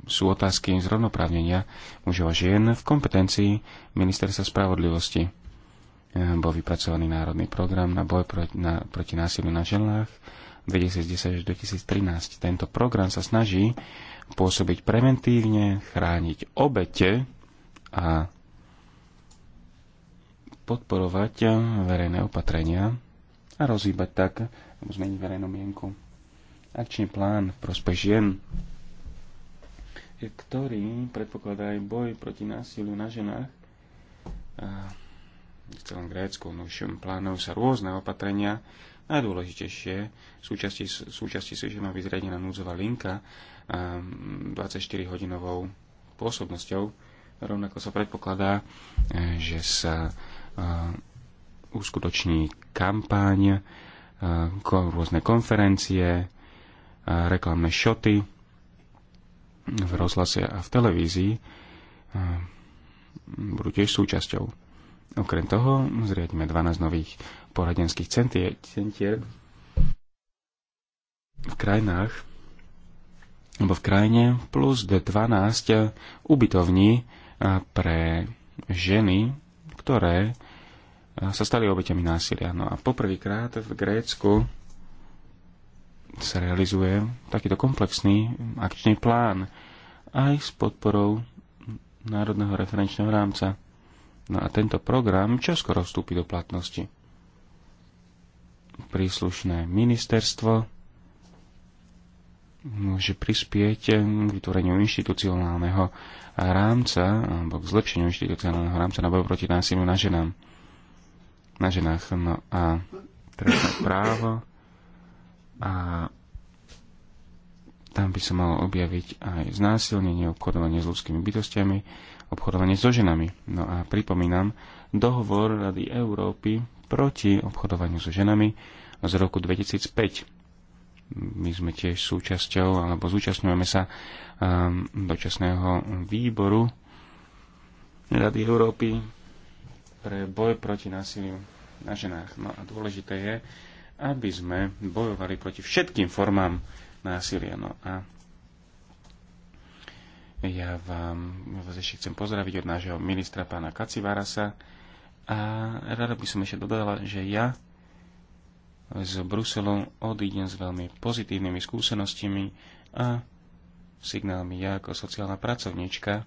sú otázky zrovnoprávnenia mužov a žien v kompetencii ministerstva spravodlivosti. E, bol vypracovaný národný program na boj proti, na, proti násiliu na ženách, 2010 až 2013. Tento program sa snaží pôsobiť preventívne, chrániť obete a podporovať verejné opatrenia a rozhýbať tak, alebo zmeniť verejnú mienku. Akčný plán prospech žien, ktorý predpokladá aj boj proti násiliu na ženách v celom Grécku. No plánujú sa rôzne opatrenia Najdôležitejšie v súčasti, v súčasti sežema vyzriadená núdzová linka 24-hodinovou ehm, pôsobnosťou. Rovnako sa predpokladá, eh, že sa eh, uskutoční kampáň, eh, rôzne konferencie, reklamné šoty v rozhlase a v televízii budú tiež súčasťou. Okrem toho zriadíme 12 nových poradenských centier, centier v krajinách, alebo v krajine, plus d 12 ubytovní pre ženy, ktoré sa stali obeťami násilia. No a poprvýkrát v Grécku sa realizuje takýto komplexný akčný plán aj s podporou Národného referenčného rámca. No a tento program čoskoro vstúpi do platnosti príslušné ministerstvo môže prispieť k vytvoreniu inštitucionálneho rámca alebo k zlepšeniu inštitucionálneho rámca na boj proti násiliu na ženám. Na ženách. No a trestné právo a tam by sa malo objaviť aj znásilnenie, obchodovanie s ľudskými bytostiami, obchodovanie so ženami. No a pripomínam dohovor Rady Európy proti obchodovaniu so ženami z roku 2005. My sme tiež súčasťou, alebo zúčastňujeme sa um, dočasného výboru Rady Európy pre boj proti násiliu na ženách. No a dôležité je, aby sme bojovali proti všetkým formám násilia. No a ja vám ešte chcem pozdraviť od nášho ministra pána Kacivarasa, a rada by som ešte dodala, že ja z Bruselu odídem s veľmi pozitívnymi skúsenostiami a signálmi. Ja ako sociálna pracovníčka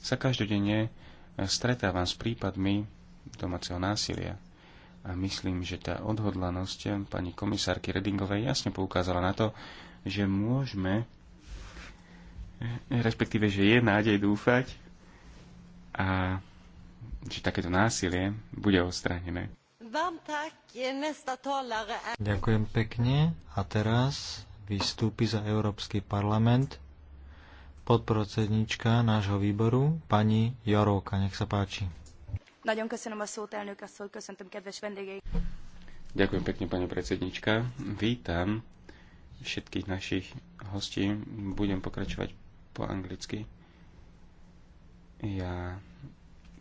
sa každodenne stretávam s prípadmi domáceho násilia. A myslím, že tá odhodlanosť pani komisárky Redingovej jasne poukázala na to, že môžeme, respektíve, že je nádej dúfať a či takéto násilie bude odstránené. Ďakujem pekne a teraz vystúpi za Európsky parlament podprocednička nášho výboru, pani Jaróka. Nech sa páči. Ďakujem pekne, pani predsednička. Vítam všetkých našich hostí. Budem pokračovať po anglicky. Ja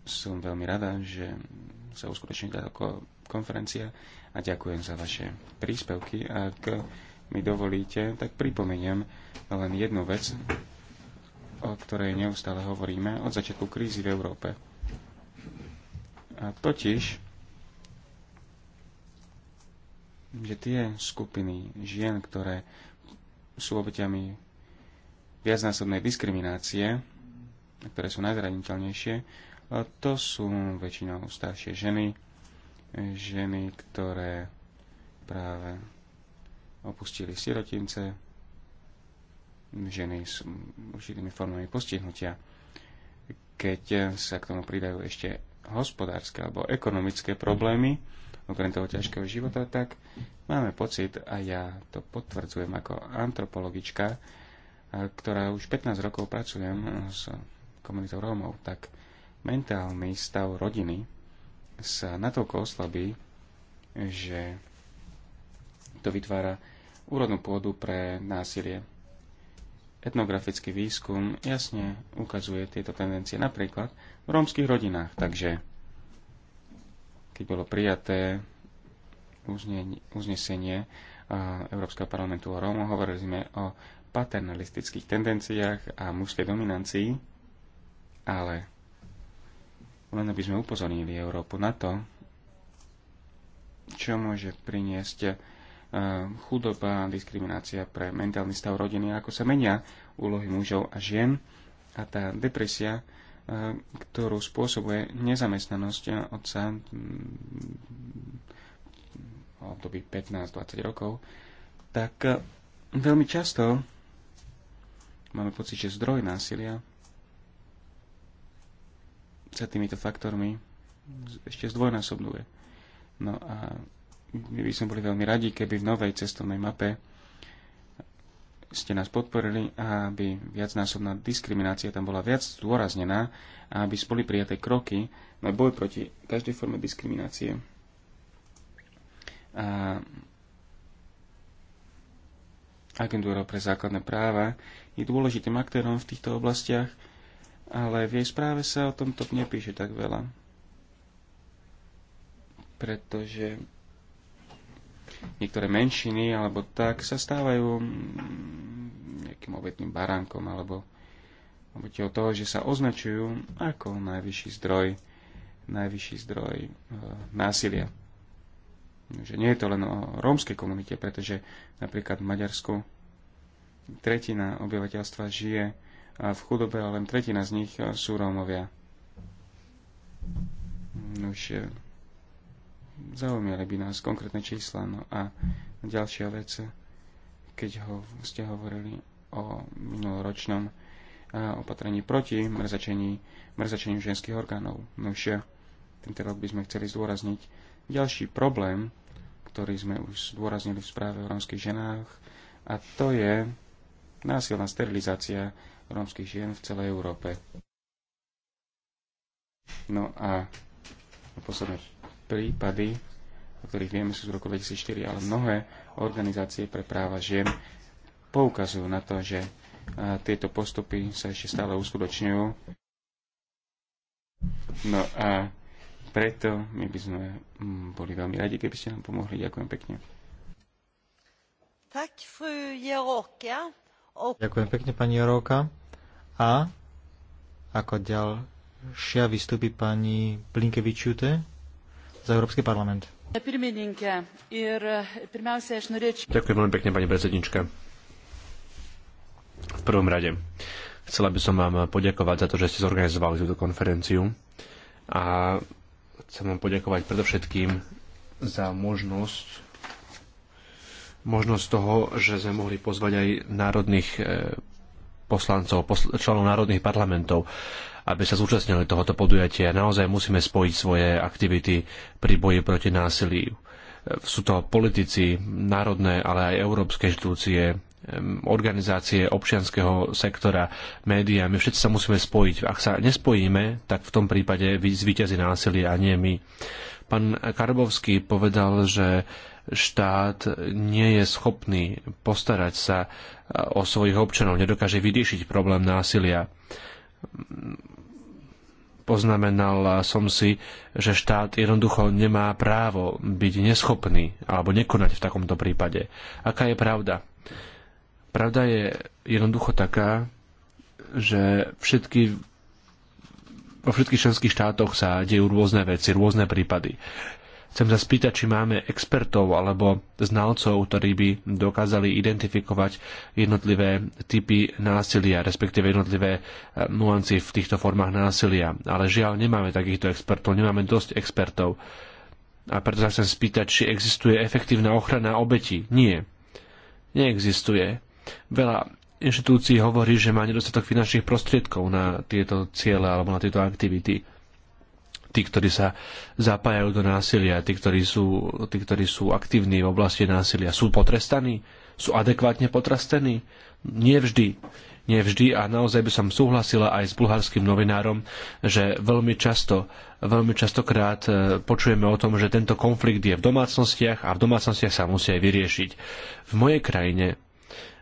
som veľmi rada, že sa uskutoční táto konferencia a ďakujem za vaše príspevky. Ak mi dovolíte, tak pripomeniem len jednu vec, o ktorej neustále hovoríme od začiatku krízy v Európe. A totiž, že tie skupiny žien, ktoré sú obeťami viacnásobnej diskriminácie, ktoré sú najzraniteľnejšie, to sú väčšinou staršie ženy, ženy, ktoré práve opustili sirotince, ženy s určitými formami postihnutia. Keď sa k tomu pridajú ešte hospodárske alebo ekonomické problémy, okrem toho ťažkého života, tak máme pocit, a ja to potvrdzujem ako antropologička, ktorá už 15 rokov pracujem s komunitou Rómov, tak mentálny stav rodiny sa natoľko oslabí, že to vytvára úrodnú pôdu pre násilie. Etnografický výskum jasne ukazuje tieto tendencie napríklad v rómskych rodinách. Takže keď bolo prijaté uznesenie Európskeho parlamentu o Rómu, hovorili sme o paternalistických tendenciách a mužskej dominancii, ale len aby sme upozornili Európu na to, čo môže priniesť eh, chudoba, diskriminácia pre mentálny stav rodiny, ako sa menia úlohy mužov a žien a tá depresia, eh, ktorú spôsobuje nezamestnanosť otca v mm, období 15-20 rokov, tak eh, veľmi často máme pocit, že zdroj násilia sa týmito faktormi ešte zdvojnásobnuje. No a my by sme boli veľmi radi, keby v novej cestovnej mape ste nás podporili a aby viacnásobná diskriminácia tam bola viac zdôraznená a aby boli prijaté kroky na boj proti každej forme diskriminácie. A agentúra pre základné práva je dôležitým aktérom v týchto oblastiach ale v jej správe sa o tomto nepíše tak veľa. Pretože niektoré menšiny alebo tak sa stávajú mm, nejakým obetným baránkom alebo obeťou toho, že sa označujú ako najvyšší zdroj, najvyšší zdroj e, násilia. Že nie je to len o rómskej komunite, pretože napríklad v Maďarsku tretina obyvateľstva žije v chudobe, len tretina z nich eh, sú Rómovia. No už zaujímali by nás konkrétne čísla. No a ďalšia vec, keď ho, ste hovorili o minuloročnom eh, opatrení proti mrzačení, mrzačením ženských orgánov. No už tento rok by sme chceli zdôrazniť ďalší problém, ktorý sme už zdôraznili v správe o rómskych ženách, a to je násilná sterilizácia rómskych žien v celej Európe. No a posledné prípady, o ktorých vieme, sú z roku 2004, ale mnohé organizácie pre práva žien poukazujú na to, že tieto postupy sa ešte stále uskutočňujú. No a preto my by sme mm, boli veľmi radi, keby ste nám pomohli. Ďakujem pekne. Ďakujem pekne, pani Jarovka. A ako ďalšia vystúpi pani Blinkevičiute za Európsky parlament. E, Ďakujem veľmi pekne, pani predsednička. V prvom rade chcela by som vám poďakovať za to, že ste zorganizovali túto konferenciu a chcem vám poďakovať predovšetkým za možnosť možnosť toho, že sme mohli pozvať aj národných e, poslancov, posl- členov národných parlamentov, aby sa zúčastnili tohoto podujatia. Naozaj musíme spojiť svoje aktivity pri boji proti násiliu. E, sú to politici, národné, ale aj európske inštitúcie, e, organizácie občianského sektora, médiá. My všetci sa musíme spojiť. Ak sa nespojíme, tak v tom prípade zvýťazí násilie a nie my. Pán Karbovský povedal, že štát nie je schopný postarať sa e, o svojich občanov, nedokáže vyriešiť problém násilia. Poznamenal som si, že štát jednoducho nemá právo byť neschopný alebo nekonať v takomto prípade. Aká je pravda? Pravda je jednoducho taká, že všetky vo všetkých členských štátoch sa dejú rôzne veci, rôzne prípady. Chcem sa spýtať, či máme expertov alebo znalcov, ktorí by dokázali identifikovať jednotlivé typy násilia, respektíve jednotlivé e, nuancy v týchto formách násilia. Ale žiaľ, nemáme takýchto expertov, nemáme dosť expertov. A preto sa chcem spýtať, či existuje efektívna ochrana obetí. Nie. Neexistuje. Veľa inštitúcií hovorí, že má nedostatok finančných prostriedkov na tieto ciele alebo na tieto aktivity tí, ktorí sa zapájajú do násilia, tí, ktorí sú, tí, ktorí sú aktívni v oblasti násilia, sú potrestaní? Sú adekvátne potrestaní? Nie vždy. Nie vždy a naozaj by som súhlasila aj s bulharským novinárom, že veľmi často veľmi častokrát e, počujeme o tom, že tento konflikt je v domácnostiach a v domácnostiach sa musí aj vyriešiť. V mojej krajine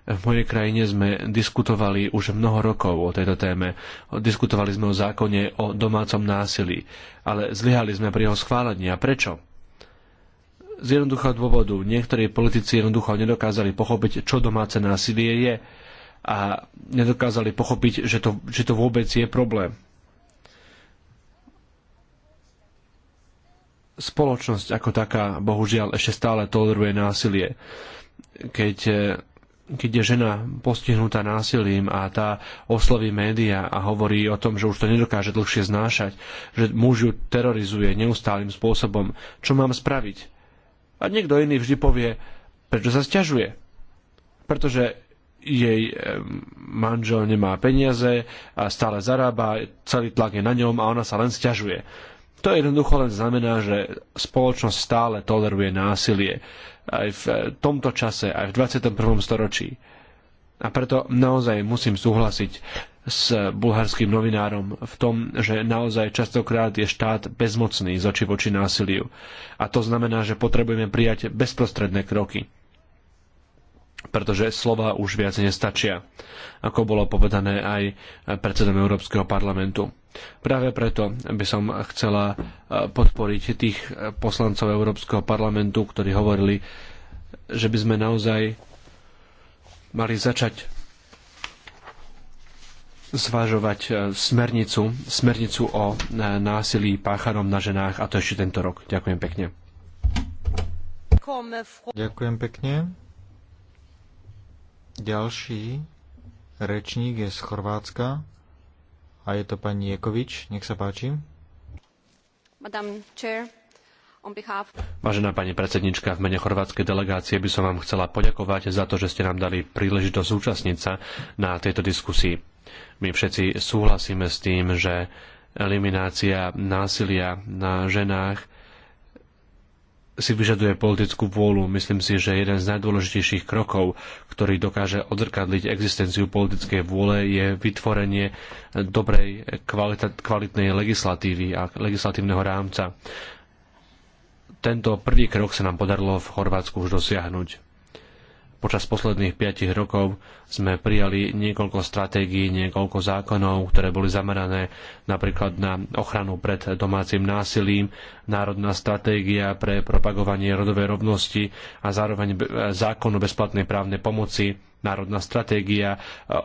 v mojej krajine sme diskutovali už mnoho rokov o tejto téme. Diskutovali sme o zákone o domácom násilí, ale zlyhali sme pri jeho schválení. A prečo? Z jednoduchého dôvodu. Niektorí politici jednoducho nedokázali pochopiť, čo domáce násilie je a nedokázali pochopiť, že to, že to vôbec je problém. Spoločnosť ako taká bohužiaľ ešte stále toleruje násilie. Keď eh, keď je žena postihnutá násilím a tá oslaví média a hovorí o tom, že už to nedokáže dlhšie znášať, že muž ju terorizuje neustálým spôsobom, čo mám spraviť? A niekto iný vždy povie, prečo sa stiažuje? Pretože jej manžel nemá peniaze a stále zarába, celý tlak je na ňom a ona sa len stiažuje. To jednoducho len znamená, že spoločnosť stále toleruje násilie aj v eh, tomto čase, aj v 21. storočí. A preto naozaj musím súhlasiť s bulharským novinárom v tom, že naozaj častokrát je štát bezmocný z oči voči násiliu. A to znamená, že potrebujeme prijať bezprostredné kroky. Pretože slova už viac nestačia, ako bolo povedané aj predsedom Európskeho parlamentu. Práve preto by som chcela eh, podporiť tých eh, poslancov Európskeho parlamentu, ktorí hovorili, že by sme naozaj mali začať zvažovať eh, smernicu, smernicu o násilí páchanom na ženách a to ešte tento rok. Ďakujem pekne. Ďakujem pekne. Ďalší rečník je z Chorvátska, a je to pani Jekovič. Nech sa páči. Vážená pani predsednička, v mene chorvátskej delegácie by som vám chcela poďakovať za to, že ste nám dali príležitosť zúčastniť sa na tejto diskusii. My všetci súhlasíme s tým, že eliminácia násilia na ženách si vyžaduje politickú vôľu. Myslím si, že jeden z najdôležitejších krokov, ktorý dokáže odzrkadliť existenciu politickej vôle, je vytvorenie dobrej kvalita- kvalitnej legislatívy a legislatívneho rámca. Tento prvý krok sa nám podarilo v Chorvátsku už dosiahnuť. Počas posledných 5 rokov sme prijali niekoľko stratégií, niekoľko zákonov, ktoré boli zamerané napríklad na ochranu pred domácim násilím, národná stratégia pre propagovanie rodovej rovnosti a zároveň zákon o bezplatnej právnej pomoci, národná stratégia e,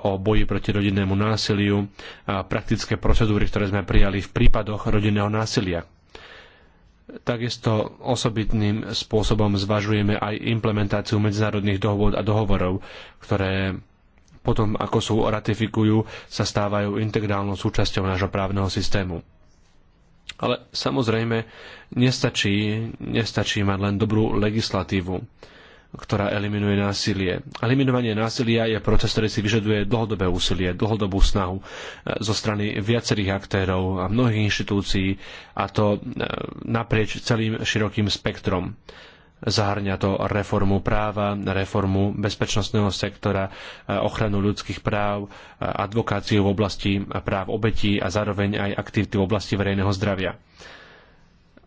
o boji proti rodinnému násiliu, a praktické procedúry, ktoré sme prijali v prípadoch rodinného násilia Takisto osobitným spôsobom zvažujeme aj implementáciu medzinárodných dohôd a dohovorov, ktoré potom, ako sú ratifikujú, sa stávajú integrálnou súčasťou nášho právneho systému. Ale samozrejme, nestačí, nestačí mať len dobrú legislatívu ktorá eliminuje násilie. Eliminovanie násilia je proces, ktorý si vyžaduje dlhodobé úsilie, dlhodobú snahu eh, zo strany viacerých aktérov a mnohých inštitúcií a to eh, naprieč celým širokým spektrom. Zahrňa to reformu práva, reformu bezpečnostného sektora, eh, ochranu ľudských práv, advokáciu v oblasti práv obetí a zároveň aj aktivity v oblasti verejného zdravia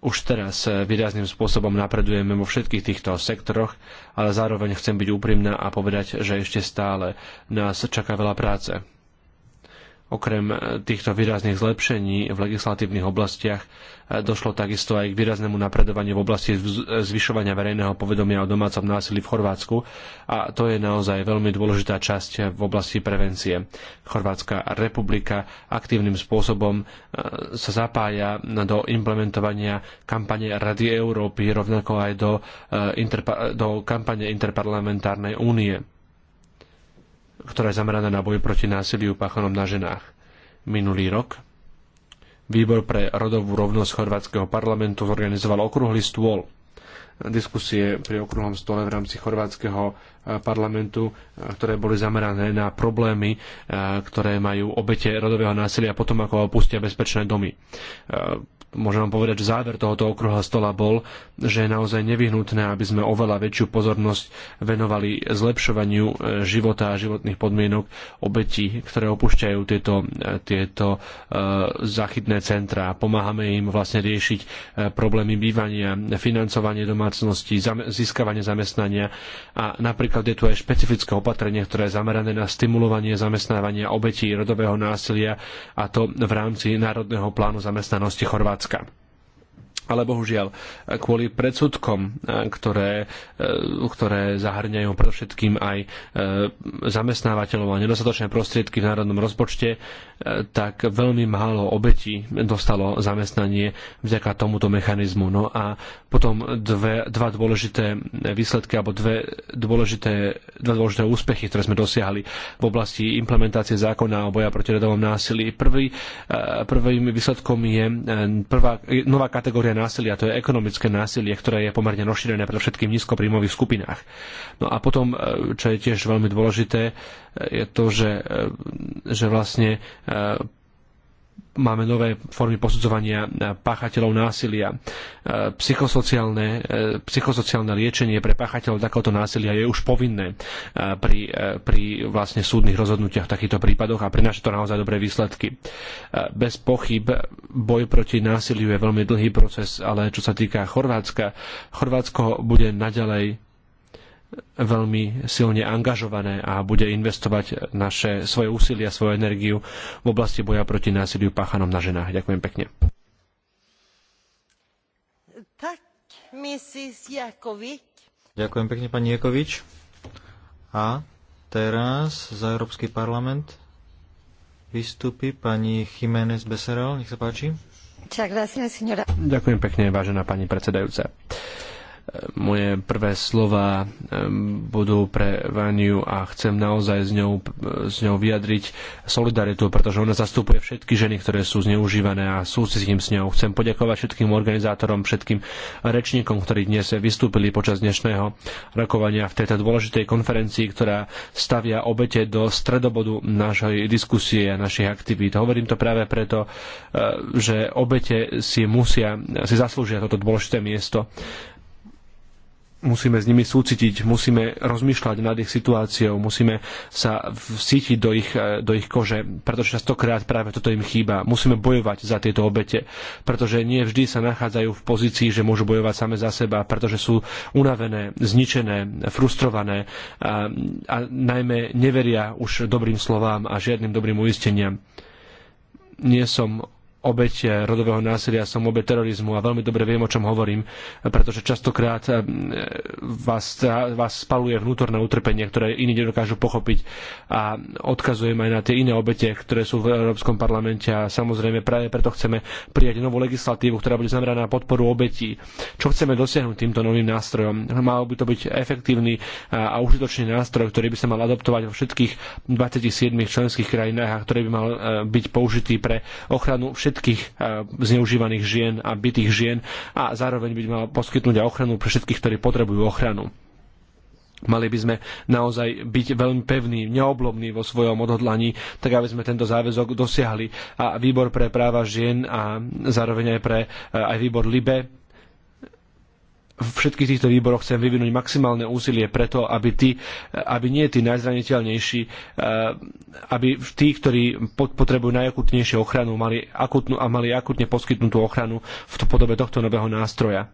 už teraz eh, výrazným spôsobom napredujeme vo všetkých týchto sektoroch, ale zároveň chcem byť úprimná a povedať, že ešte stále nás čaká veľa práce. Okrem e, týchto výrazných zlepšení v legislatívnych oblastiach e, došlo takisto aj k výraznému napredovaniu v oblasti e, zvyšovania verejného povedomia o domácom násilí v Chorvátsku a to je naozaj veľmi dôležitá časť v oblasti prevencie. Chorvátska republika aktívnym spôsobom sa zapája do implementovania kampane Rady Európy, rovnako aj do, do kampane Interparlamentárnej únie ktorá je zameraná na boj proti násiliu páchanom na ženách. Minulý rok Výbor pre rodovú rovnosť chorvátskeho parlamentu zorganizoval okrúhly stôl diskusie pri okrúhlom stole v rámci chorvátskeho e, parlamentu, e, ktoré boli zamerané na problémy, e, ktoré majú obete rodového násilia potom, ako opustia bezpečné domy môžem vám povedať, že záver tohoto okruha stola bol, že je naozaj nevyhnutné, aby sme oveľa väčšiu pozornosť venovali zlepšovaniu e, života a životných podmienok obetí, ktoré opúšťajú tieto, e, tieto e, zachytné centra. Pomáhame im vlastne riešiť problémy bývania, financovanie domácnosti, získavanie zamestnania a napríklad je tu aj špecifické opatrenie, ktoré je zamerané na stimulovanie zamestnávania obetí rodového násilia a to v rámci Národného plánu zamestnanosti Chorvátska Chorvátska ale bohužiaľ kvôli predsudkom, e, ktoré, e, ktoré zahrňajú predovšetkým aj e, zamestnávateľov a nedostatočné prostriedky v národnom rozpočte, tak veľmi málo obetí dostalo zamestnanie vďaka tomuto mechanizmu. No a potom dve, dva dôležité výsledky alebo dve dôležité, dva dôležité úspechy, ktoré sme dosiahli v oblasti implementácie zákona o boja proti radovom násilí. Prvý, prvým výsledkom je prvá, nová kategória násilie, a to je ekonomické násilie, ktoré je pomerne rozšírené pre všetkým nízkopríjmových skupinách. No a potom, e, čo je tiež veľmi dôležité, e, je to, že, e, že vlastne máme nové formy posudzovania e, páchateľov násilia. E, psychosociálne, e, psychosociálne liečenie pre páchateľov takéhoto násilia je už povinné pri, pri vlastne súdnych rozhodnutiach v takýchto prípadoch a prináša to naozaj dobré výsledky. Bez pochyb boj proti násiliu je veľmi dlhý proces, ale čo sa týka Chorvátska, Chorvátsko bude naďalej veľmi silne angažované a bude investovať naše svoje úsilie a svoju energiu v oblasti boja proti násiliu páchanom na ženách. Ďakujem pekne. Tak, Ďakujem pekne, pani Jakovič. A teraz za Európsky parlament vystúpi pani Jiménez Beserel. Nech sa páči. Ďakujem pekne, vážená pani predsedajúca moje prvé slova budú pre Vaniu a chcem naozaj s ňou, s ňou vyjadriť solidaritu, pretože ona zastupuje všetky ženy, ktoré sú zneužívané a súcitím s ňou. Chcem poďakovať všetkým organizátorom, všetkým rečníkom, ktorí dnes vystúpili počas dnešného rokovania v tejto dôležitej konferencii, ktorá stavia obete do stredobodu našej diskusie a našich aktivít. Hovorím to práve preto, eh, že obete si musia, si zaslúžia toto dôležité miesto musíme s nimi súcitiť, musíme rozmýšľať nad ich situáciou, musíme sa cítiť do ich, eh, do ich kože, pretože častokrát práve toto im chýba. Musíme bojovať za tieto obete, pretože nie vždy sa nachádzajú v pozícii, že môžu bojovať same za seba, pretože sú unavené, zničené, frustrované a, a najmä neveria už dobrým slovám a žiadnym dobrým uisteniam. Nie som obeť rodového násilia, som obeť terorizmu a veľmi dobre viem, o čom hovorím, pretože častokrát eh, vás, vás spaluje vnútorné utrpenie, ktoré iní nedokážu pochopiť a odkazujem aj na tie iné obete, ktoré sú v Európskom parlamente a samozrejme práve preto chceme prijať novú legislatívu, ktorá bude zameraná na podporu obetí. Čo chceme dosiahnuť týmto novým nástrojom? Mal by to byť efektívny eh, a užitočný nástroj, ktorý by sa mal adoptovať vo všetkých 27 členských krajinách a ktorý by mal eh, byť použitý pre ochranu všetkých všetkých eh, zneužívaných žien a bytých žien a zároveň by mala poskytnúť aj ochranu pre všetkých, ktorí potrebujú ochranu. Mali by sme naozaj byť veľmi pevní, neoblomní vo svojom odhodlaní, tak aby sme tento záväzok dosiahli. A výbor pre práva žien a zároveň aj, pre, eh, aj výbor LIBE v všetkých týchto výboroch chcem vyvinúť maximálne úsilie preto, aby, tí, aby nie tí najzraniteľnejší, eh, aby tí, ktorí potrebujú najakutnejšiu ochranu, mali akutnú a mali akutne poskytnutú ochranu v podobe tohto nového nástroja.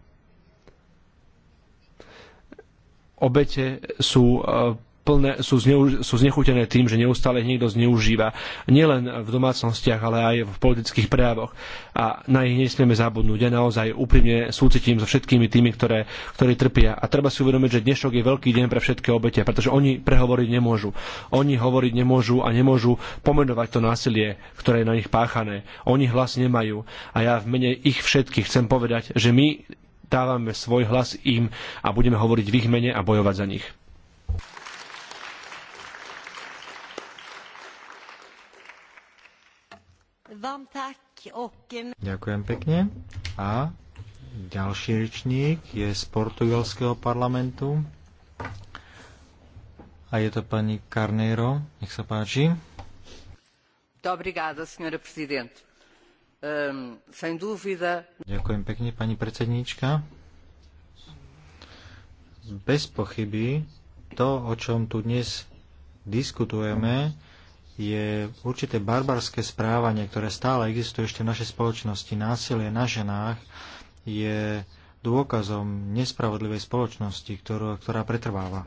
Obete sú eh, plné, sú, zneu, sú znechutené tým, že neustále ich niekto zneužíva, nielen v domácnostiach, ale aj v politických prejavoch. A na ich nesmieme zabudnúť. Ja naozaj úprimne súcitím so všetkými tými, ktoré, ktorí trpia. A treba si uvedomiť, že dnešok je veľký deň pre všetky obete, pretože oni prehovoriť nemôžu. Oni hovoriť nemôžu a nemôžu pomenovať to násilie, ktoré je na nich páchané. Oni hlas nemajú. A ja v mene ich všetkých chcem povedať, že my dávame svoj hlas im a budeme hovoriť v ich mene a bojovať za nich. Ďakujem pekne. A ďalší rečník je z portugalského parlamentu. A je to pani Carneiro. Nech sa páči. Ďakujem pekne, pani predsedníčka. Bez pochyby to, o čom tu dnes diskutujeme, je určité barbarské správanie, ktoré stále existuje ešte v našej spoločnosti. Násilie na ženách je dôkazom nespravodlivej spoločnosti, ktorú, ktorá pretrváva.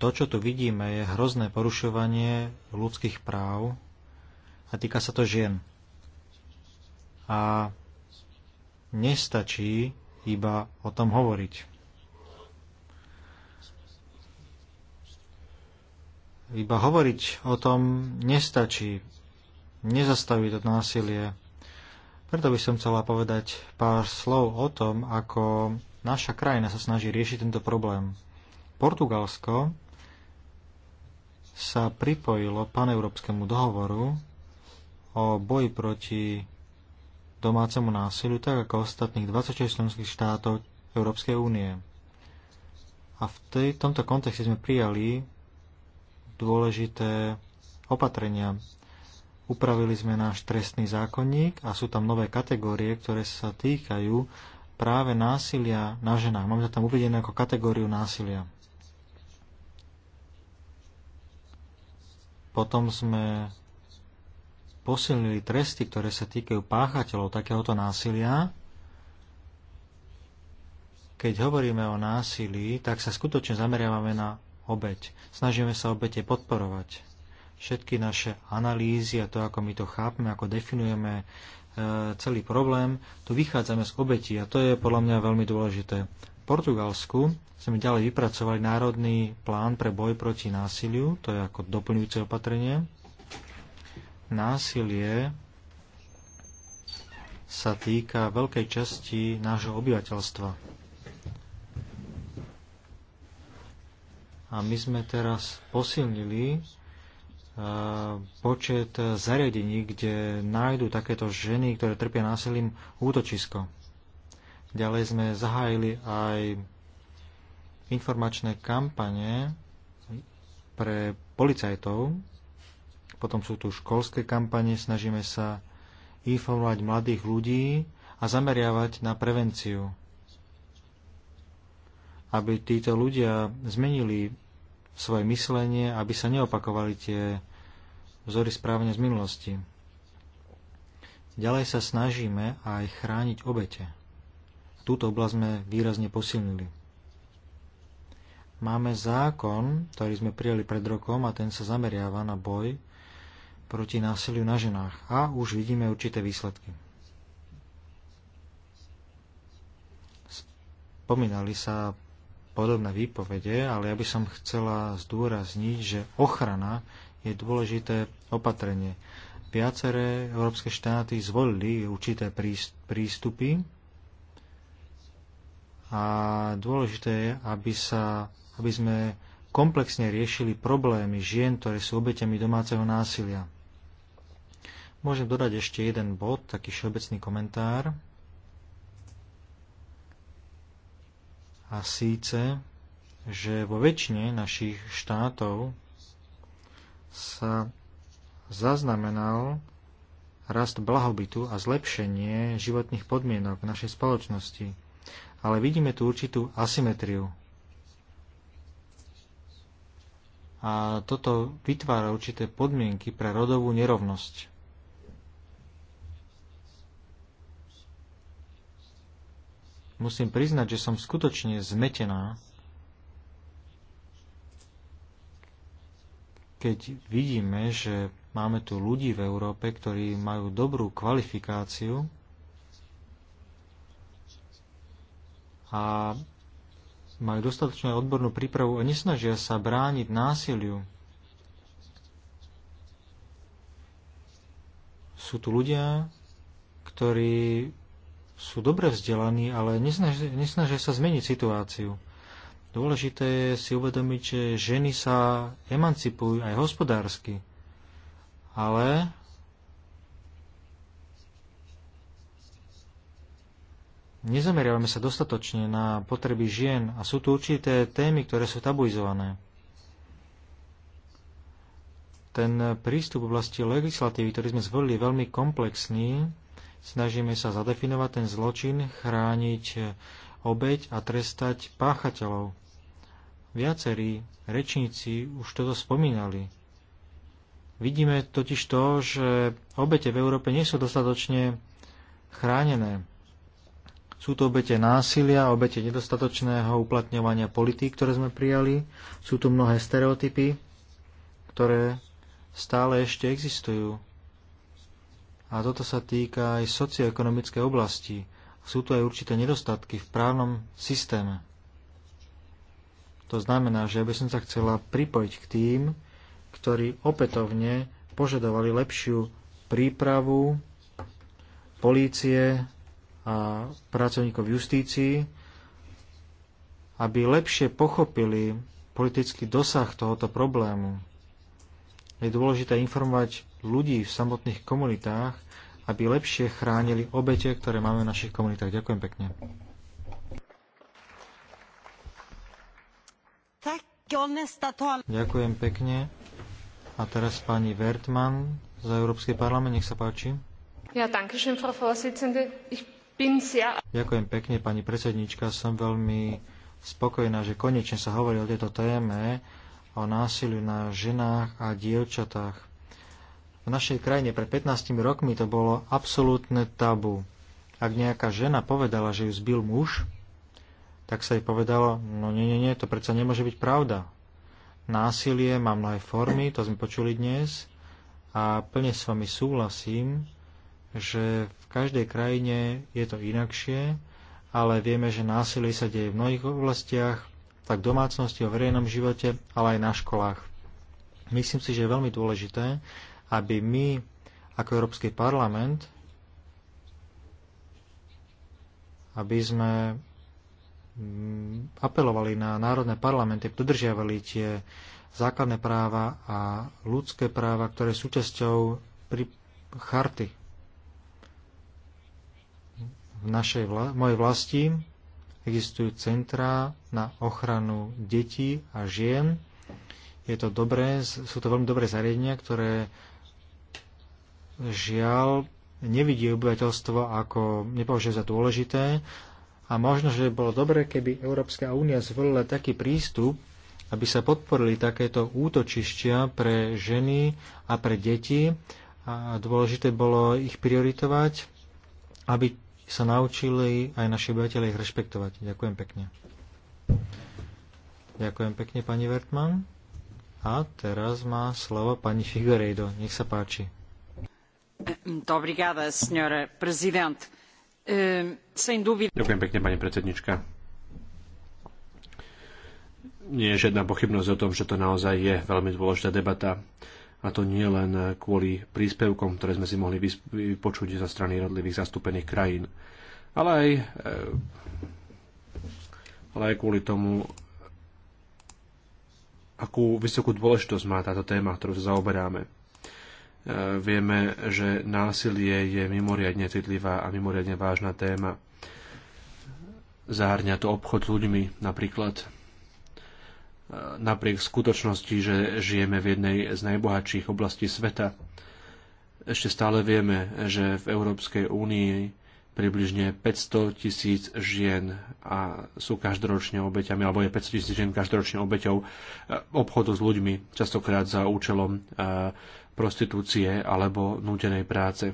To, čo tu vidíme, je hrozné porušovanie ľudských práv a týka sa to žien. A nestačí iba o tom hovoriť. Iba hovoriť o tom nestačí. Nezastaví to násilie. Preto by som chcela povedať pár slov o tom, ako naša krajina sa snaží riešiť tento problém. Portugalsko sa pripojilo paneurópskemu dohovoru o boji proti domácemu násiliu, tak ako ostatných 26 členských štátov Európskej únie. A v tej, tomto kontexte sme prijali dôležité opatrenia. Upravili sme náš trestný zákonník a sú tam nové kategórie, ktoré sa týkajú práve násilia na ženách. Máme to tam uvedené ako kategóriu násilia. Potom sme posilnili tresty, ktoré sa týkajú páchateľov takéhoto násilia. Keď hovoríme o násilí, tak sa skutočne zameriavame na obeď. Snažíme sa obete podporovať. Všetky naše analýzy a to, ako my to chápeme, ako definujeme e, celý problém, tu vychádzame z obetí a to je podľa mňa veľmi dôležité. V Portugalsku sme ďalej vypracovali národný plán pre boj proti násiliu, to je ako doplňujúce opatrenie. Násilie sa týka veľkej časti nášho obyvateľstva a my sme teraz posilnili e, počet zariadení, kde nájdú takéto ženy, ktoré trpia násilím, útočisko. Ďalej sme zahájili aj informačné kampane pre policajtov. Potom sú tu školské kampane, snažíme sa informovať mladých ľudí a zameriavať na prevenciu aby títo ľudia zmenili svoje myslenie, aby sa neopakovali tie vzory správne z minulosti. Ďalej sa snažíme aj chrániť obete. Túto oblasť sme výrazne posilnili. Máme zákon, ktorý sme prijali pred rokom a ten sa zameriava na boj proti násiliu na ženách a už vidíme určité výsledky. Spomínali sa podobné výpovede, ale ja by som chcela zdôrazniť, že ochrana je dôležité opatrenie. Viaceré európske štáty zvolili určité prístupy a dôležité je, aby, sa, aby sme komplexne riešili problémy žien, ktoré sú obeťami domáceho násilia. Môžem dodať ešte jeden bod, taký všeobecný komentár. A síce, že vo väčšine našich štátov sa zaznamenal rast blahobytu a zlepšenie životných podmienok v našej spoločnosti. Ale vidíme tu určitú asymetriu. A toto vytvára určité podmienky pre rodovú nerovnosť. musím priznať, že som skutočne zmetená, keď vidíme, že máme tu ľudí v Európe, ktorí majú dobrú kvalifikáciu a majú dostatočnú odbornú prípravu a nesnažia sa brániť násiliu. Sú tu ľudia, ktorí sú dobre vzdelaní, ale nesnažia, nesnažia sa zmeniť situáciu. Dôležité je si uvedomiť, že ženy sa emancipujú aj hospodársky. Ale nezameriavame sa dostatočne na potreby žien a sú tu určité témy, ktoré sú tabuizované. Ten prístup v oblasti legislatívy, ktorý sme zvolili, je veľmi komplexný Snažíme sa zadefinovať ten zločin, chrániť obeď a trestať páchateľov. Viacerí rečníci už toto spomínali. Vidíme totiž to, že obete v Európe nie sú dostatočne chránené. Sú to obete násilia, obete nedostatočného uplatňovania politík, ktoré sme prijali. Sú tu mnohé stereotypy, ktoré stále ešte existujú a toto sa týka aj socioekonomickej oblasti. Sú tu aj určité nedostatky v právnom systéme. To znamená, že by som sa chcela pripojiť k tým, ktorí opätovne požadovali lepšiu prípravu polície a pracovníkov justícii, aby lepšie pochopili politický dosah tohoto problému. Je dôležité informovať ľudí v samotných komunitách, aby lepšie chránili obete, ktoré máme v našich komunitách. Ďakujem pekne. Ďakujem pekne. A teraz pani Wertmann za Európsky parlament, nech sa páči. Ja, danke schön, Frau Vorsitzende. Ich bin sehr... Ďakujem pekne, pani predsednička. Som veľmi spokojná, že konečne sa hovorí o tejto téme, o násiliu na ženách a dievčatách v našej krajine pred 15 rokmi to bolo absolútne tabu. Ak nejaká žena povedala, že ju zbil muž, tak sa jej povedalo, no nie, nie, nie, to predsa nemôže byť pravda. Násilie má mnohé formy, to sme počuli dnes a plne s vami súhlasím, že v každej krajine je to inakšie, ale vieme, že násilie sa deje v mnohých oblastiach, tak v domácnosti, o verejnom živote, ale aj na školách. Myslím si, že je veľmi dôležité, aby my ako Európsky parlament aby sme mm, apelovali na národné parlamenty, aby dodržiavali tie základné práva a ľudské práva, ktoré sú súčasťou pri charty v našej vla- mojej vlasti existujú centrá na ochranu detí a žien. Je to dobré, sú to veľmi dobré zariadenia, ktoré žiaľ nevidí obyvateľstvo ako nepovažuje za dôležité a možno, že by bolo dobre, keby Európska únia zvolila taký prístup, aby sa podporili takéto útočištia pre ženy a pre deti a dôležité bolo ich prioritovať, aby sa naučili aj naši obyvateľe ich rešpektovať. Ďakujem pekne. Ďakujem pekne, pani Vertman. A teraz má slovo pani Figueiredo. Nech sa páči. Ďakujem pekne, pani predsednička. Nie je žiadna pochybnosť o tom, že to naozaj je veľmi dôležitá debata. A to nie len kvôli príspevkom, ktoré sme si mohli vypočuť zo strany jednotlivých zastúpených krajín, ale aj, eh, ale aj kvôli tomu, akú vysokú dôležitosť má táto téma, ktorú sa zaoberáme E, vieme, že násilie je mimoriadne citlivá a mimoriadne vážna téma. Zahrňa to obchod s ľuďmi napríklad. E, napriek skutočnosti, že žijeme v jednej z najbohatších oblastí sveta, ešte stále vieme, že v Európskej únii približne 500 tisíc žien a sú každoročne obeťami, alebo je 500 tisíc žien každoročne obeťou e, obchodu s ľuďmi, častokrát za účelom prostitúcie alebo nútenej práce.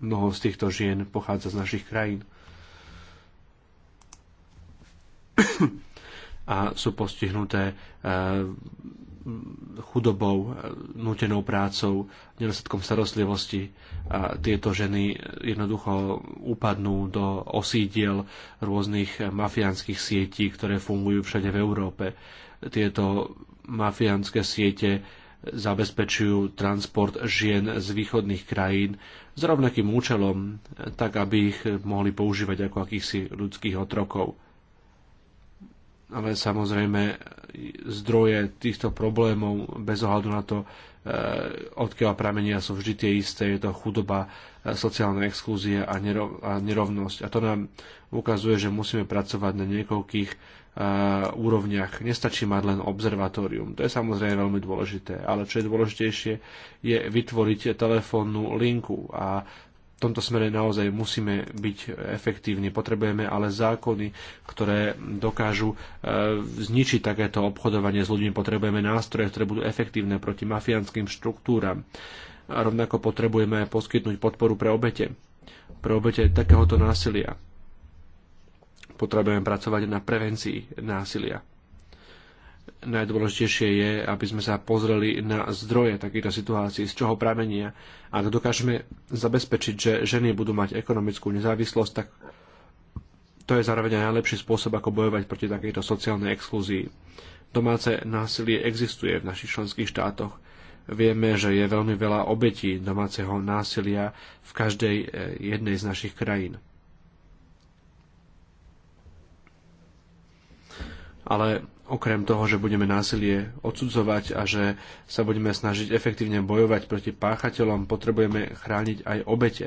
Mnoho z týchto žien pochádza z našich krajín a sú postihnuté e, chudobou, e, nutenou prácou, nedostatkom starostlivosti. A tieto ženy jednoducho upadnú do osídiel rôznych mafiánskych sietí, ktoré fungujú všade v Európe. Tieto mafiánske siete zabezpečujú transport žien z východných krajín s rovnakým účelom, tak aby ich mohli používať ako akýchsi ľudských otrokov. Ale samozrejme zdroje týchto problémov bez ohľadu na to, e, odkiaľ pramenia sú vždy tie isté, je to chudoba, e, sociálna exklúzia a nerovnosť. A to nám ukazuje, že musíme pracovať na niekoľkých Eh, úrovniach. Nestačí mať len observatórium. To je samozrejme veľmi dôležité, ale čo je dôležitejšie, je vytvoriť telefónnu linku a v tomto smere naozaj musíme byť efektívni. Potrebujeme ale zákony, ktoré dokážu eh, zničiť takéto obchodovanie s ľuďmi. Potrebujeme nástroje, ktoré budú efektívne proti mafiánskym štruktúram. A rovnako potrebujeme poskytnúť podporu pre obete. Pre obete takéhoto násilia Potrebujeme pracovať na prevencii násilia. Najdôležitejšie je, aby sme sa pozreli na zdroje takýchto situácií, z čoho pramenia. Ak dokážeme zabezpečiť, že ženy budú mať ekonomickú nezávislosť, tak to je zároveň aj najlepší spôsob, ako bojovať proti takejto sociálnej exklúzii. Domáce násilie existuje v našich členských štátoch. Vieme, že je veľmi veľa obetí domáceho násilia v každej eh, jednej z našich krajín. ale okrem toho, že budeme násilie odsudzovať a že sa budeme snažiť efektívne bojovať proti páchateľom, potrebujeme chrániť aj obete.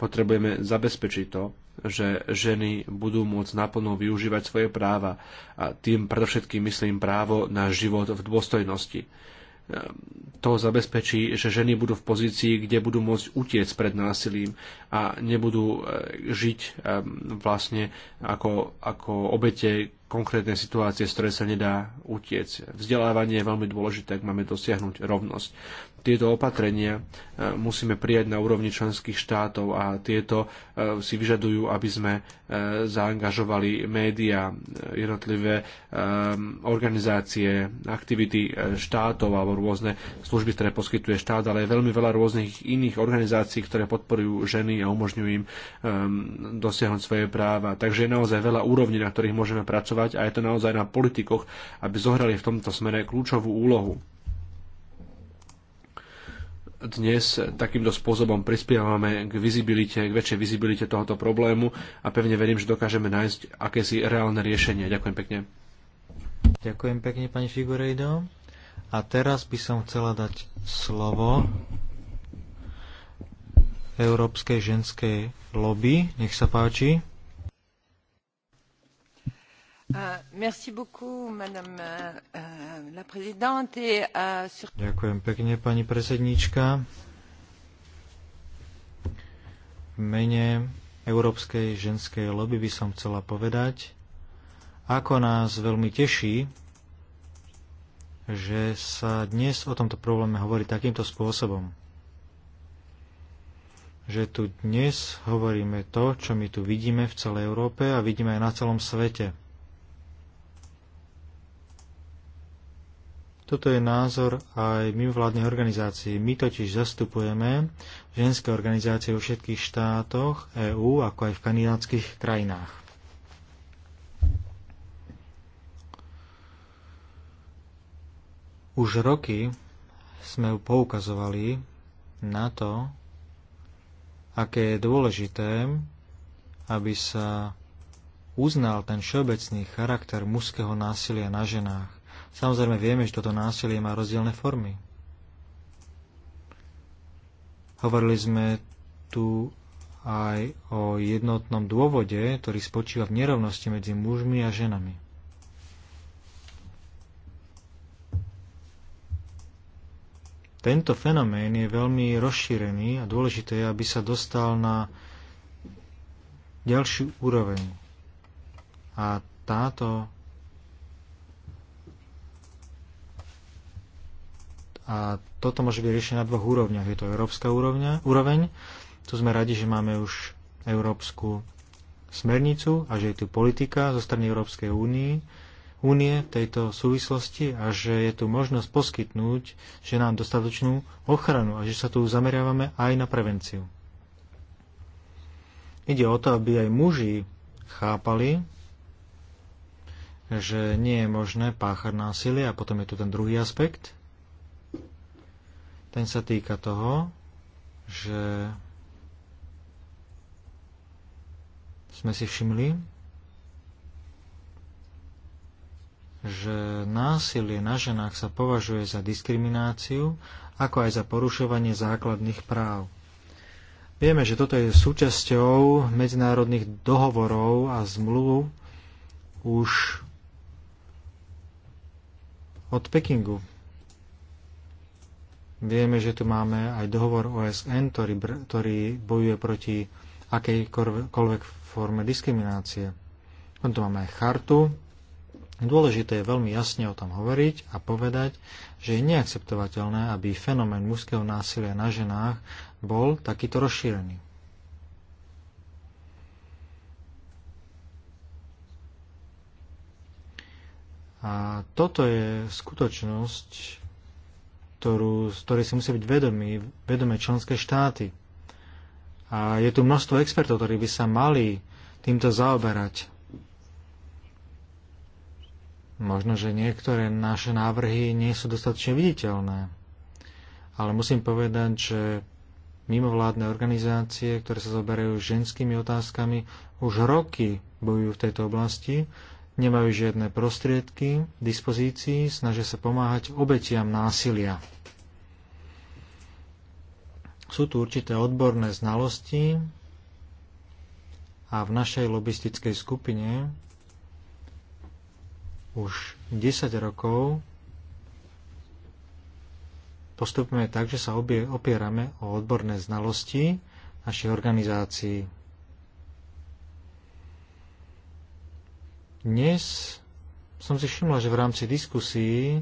Potrebujeme zabezpečiť to, že ženy budú môcť naplno využívať svoje práva a tým predovšetkým myslím právo na život v dôstojnosti to zabezpečí, že ženy budú v pozícii, kde budú môcť utiec pred násilím a nebudú e, žiť e, vlastne ako, ako obete konkrétnej situácie, z ktorej sa nedá utiec. Vzdelávanie je veľmi dôležité, ak máme dosiahnuť rovnosť tieto opatrenia e, musíme prijať na úrovni členských štátov a tieto e, si vyžadujú, aby sme e, zaangažovali médiá, jednotlivé organizácie, aktivity štátov alebo rôzne služby, ktoré poskytuje štát, ale je veľmi veľa rôznych iných organizácií, ktoré podporujú ženy a umožňujú im dosiahnuť svoje práva. Takže je naozaj veľa úrovní, na ktorých môžeme pracovať a je to naozaj na politikoch, aby zohrali v tomto smere kľúčovú úlohu dnes takýmto spôsobom prispievame k vizibilite, k väčšej vizibilite tohoto problému a pevne verím, že dokážeme nájsť akési reálne riešenie. Ďakujem pekne. Ďakujem pekne, pani Figurejdo. A teraz by som chcela dať slovo Európskej ženskej lobby. Nech sa páči. Euh, euh, euh, Ďakujem pekne, pani predsedníčka. V mene Európskej ženskej lobby by som chcela povedať, ako nás veľmi teší, že sa dnes o tomto probléme hovorí takýmto spôsobom. Že tu dnes hovoríme to, čo my tu vidíme v celej Európe a vidíme aj na celom svete – Toto je názor aj mimovládnej organizácií. My totiž zastupujeme ženské organizácie vo všetkých štátoch EÚ, ako aj v kandidátskych krajinách. Už roky sme poukazovali na to, aké je dôležité, aby sa uznal ten všeobecný charakter mužského násilia na ženách Samozrejme vieme, že toto násilie má rozdielne formy. Hovorili sme tu aj o jednotnom dôvode, ktorý spočíva v nerovnosti medzi mužmi a ženami. Tento fenomén je veľmi rozšírený a dôležité je, aby sa dostal na ďalšiu úroveň. A táto A toto môže byť riešené na dvoch úrovniach. Je to európska úrovňa, úroveň. Tu sme radi, že máme už európsku smernicu a že je tu politika zo strany Európskej únie, únie v tejto súvislosti a že je tu možnosť poskytnúť že nám dostatočnú ochranu a že sa tu zameriavame aj na prevenciu. Ide o to, aby aj muži chápali, že nie je možné páchať násilie a potom je tu ten druhý aspekt, ten sa týka toho, že sme si všimli, že násilie na ženách sa považuje za diskrimináciu, ako aj za porušovanie základných práv. Vieme, že toto je súčasťou medzinárodných dohovorov a zmluv už od Pekingu. Vieme, že tu máme aj dohovor OSN, ktorý, ktorý bojuje proti akejkoľvek forme diskriminácie. Potom no, tu máme aj chartu. Dôležité je veľmi jasne o tom hovoriť a povedať, že je neakceptovateľné, aby fenomén mužského násilia na ženách bol takýto rozšírený. A toto je skutočnosť, ktorú, z ktorej si musia byť vedomí, vedomé členské štáty. A je tu množstvo expertov, ktorí by sa mali týmto zaoberať. Možno, že niektoré naše návrhy nie sú dostatočne viditeľné. Ale musím povedať, že mimovládne organizácie, ktoré sa zoberajú ženskými otázkami, už roky bojujú v tejto oblasti, nemajú žiadne prostriedky, dispozícii, snažia sa pomáhať obetiam násilia. Sú tu určité odborné znalosti a v našej lobistickej skupine už 10 rokov postupujeme tak, že sa obie, opierame o odborné znalosti našich organizácií. Dnes som si všimla, že v rámci diskusí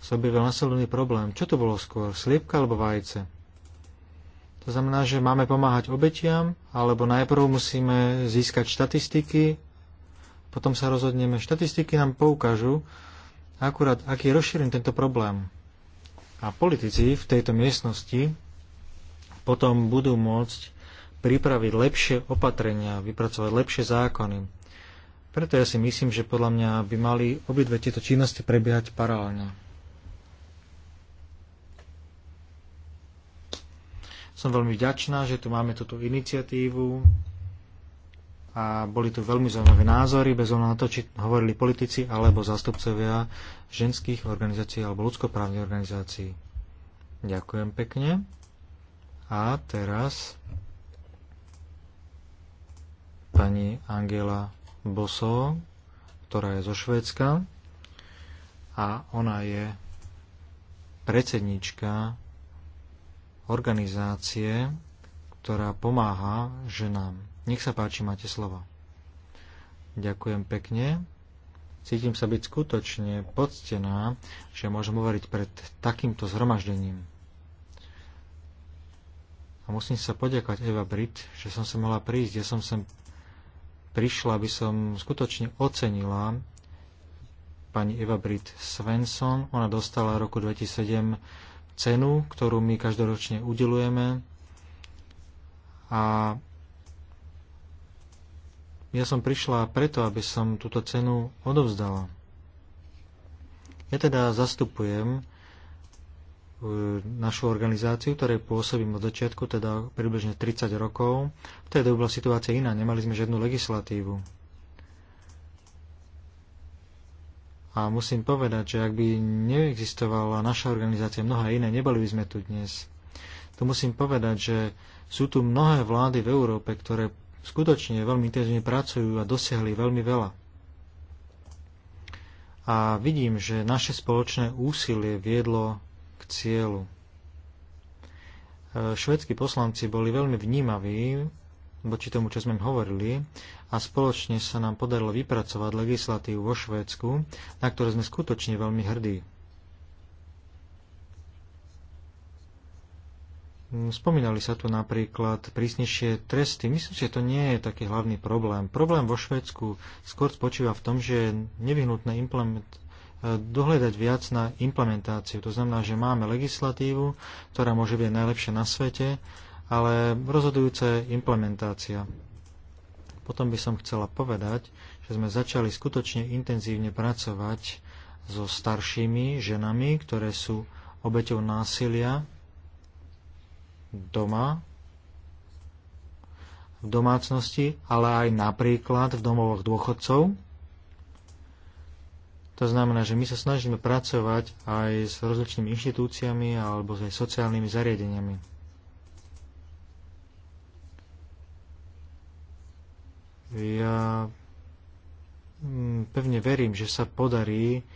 sa objavil nasledovný problém. Čo to bolo skôr, sliepka alebo vajce? To znamená, že máme pomáhať obetiam, alebo najprv musíme získať štatistiky, potom sa rozhodneme. Štatistiky nám poukážu akurát, aký je rozšírený tento problém. A politici v tejto miestnosti potom budú môcť pripraviť lepšie opatrenia, vypracovať lepšie zákony. Preto ja si myslím, že podľa mňa by mali obidve tieto činnosti prebiehať paralelne. Som veľmi vďačná, že tu máme túto iniciatívu a boli tu veľmi zaujímavé názory, bez ohľadu na to, či hovorili politici alebo zastupcovia ženských organizácií alebo ľudskoprávnych organizácií. Ďakujem pekne. A teraz pani Angela Boso, ktorá je zo Švédska a ona je predsednička organizácie, ktorá pomáha ženám. Nech sa páči, máte slovo. Ďakujem pekne. Cítim sa byť skutočne poctená, že môžem hovoriť pred takýmto zhromaždením. A musím sa poďakovať Eva Brit, že som sa mohla prísť. Ja som sem prišla, aby som skutočne ocenila pani Eva Brit Svensson. Ona dostala roku 2007 cenu, ktorú my každoročne udelujeme. A ja som prišla preto, aby som túto cenu odovzdala. Ja teda zastupujem e, našu organizáciu, ktorej pôsobím od začiatku, teda približne 30 rokov. V tej dobe bola situácia iná, nemali sme žiadnu legislatívu. A musím povedať, že ak by neexistovala naša organizácia, mnohé iné, neboli by sme tu dnes. Tu musím povedať, že sú tu mnohé vlády v Európe, ktoré skutočne veľmi intenzívne pracujú a dosiahli veľmi veľa. A vidím, že naše spoločné úsilie viedlo k cieľu. E, švedskí poslanci boli veľmi vnímaví voči tomu, čo sme im hovorili a spoločne sa nám podarilo vypracovať legislatívu vo Švédsku, na ktoré sme skutočne veľmi hrdí. Spomínali sa tu napríklad prísnejšie tresty. Myslím si, že to nie je taký hlavný problém. Problém vo Švedsku skôr spočíva v tom, že je nevyhnutné implement, dohľadať viac na implementáciu. To znamená, že máme legislatívu, ktorá môže byť najlepšia na svete, ale rozhodujúca je implementácia. Potom by som chcela povedať, že sme začali skutočne intenzívne pracovať so staršími ženami, ktoré sú obeťou násilia doma, v domácnosti, ale aj napríklad v domovoch dôchodcov. To znamená, že my sa snažíme pracovať aj s rozličnými inštitúciami alebo aj sociálnymi zariadeniami. Ja mm, pevne verím, že sa podarí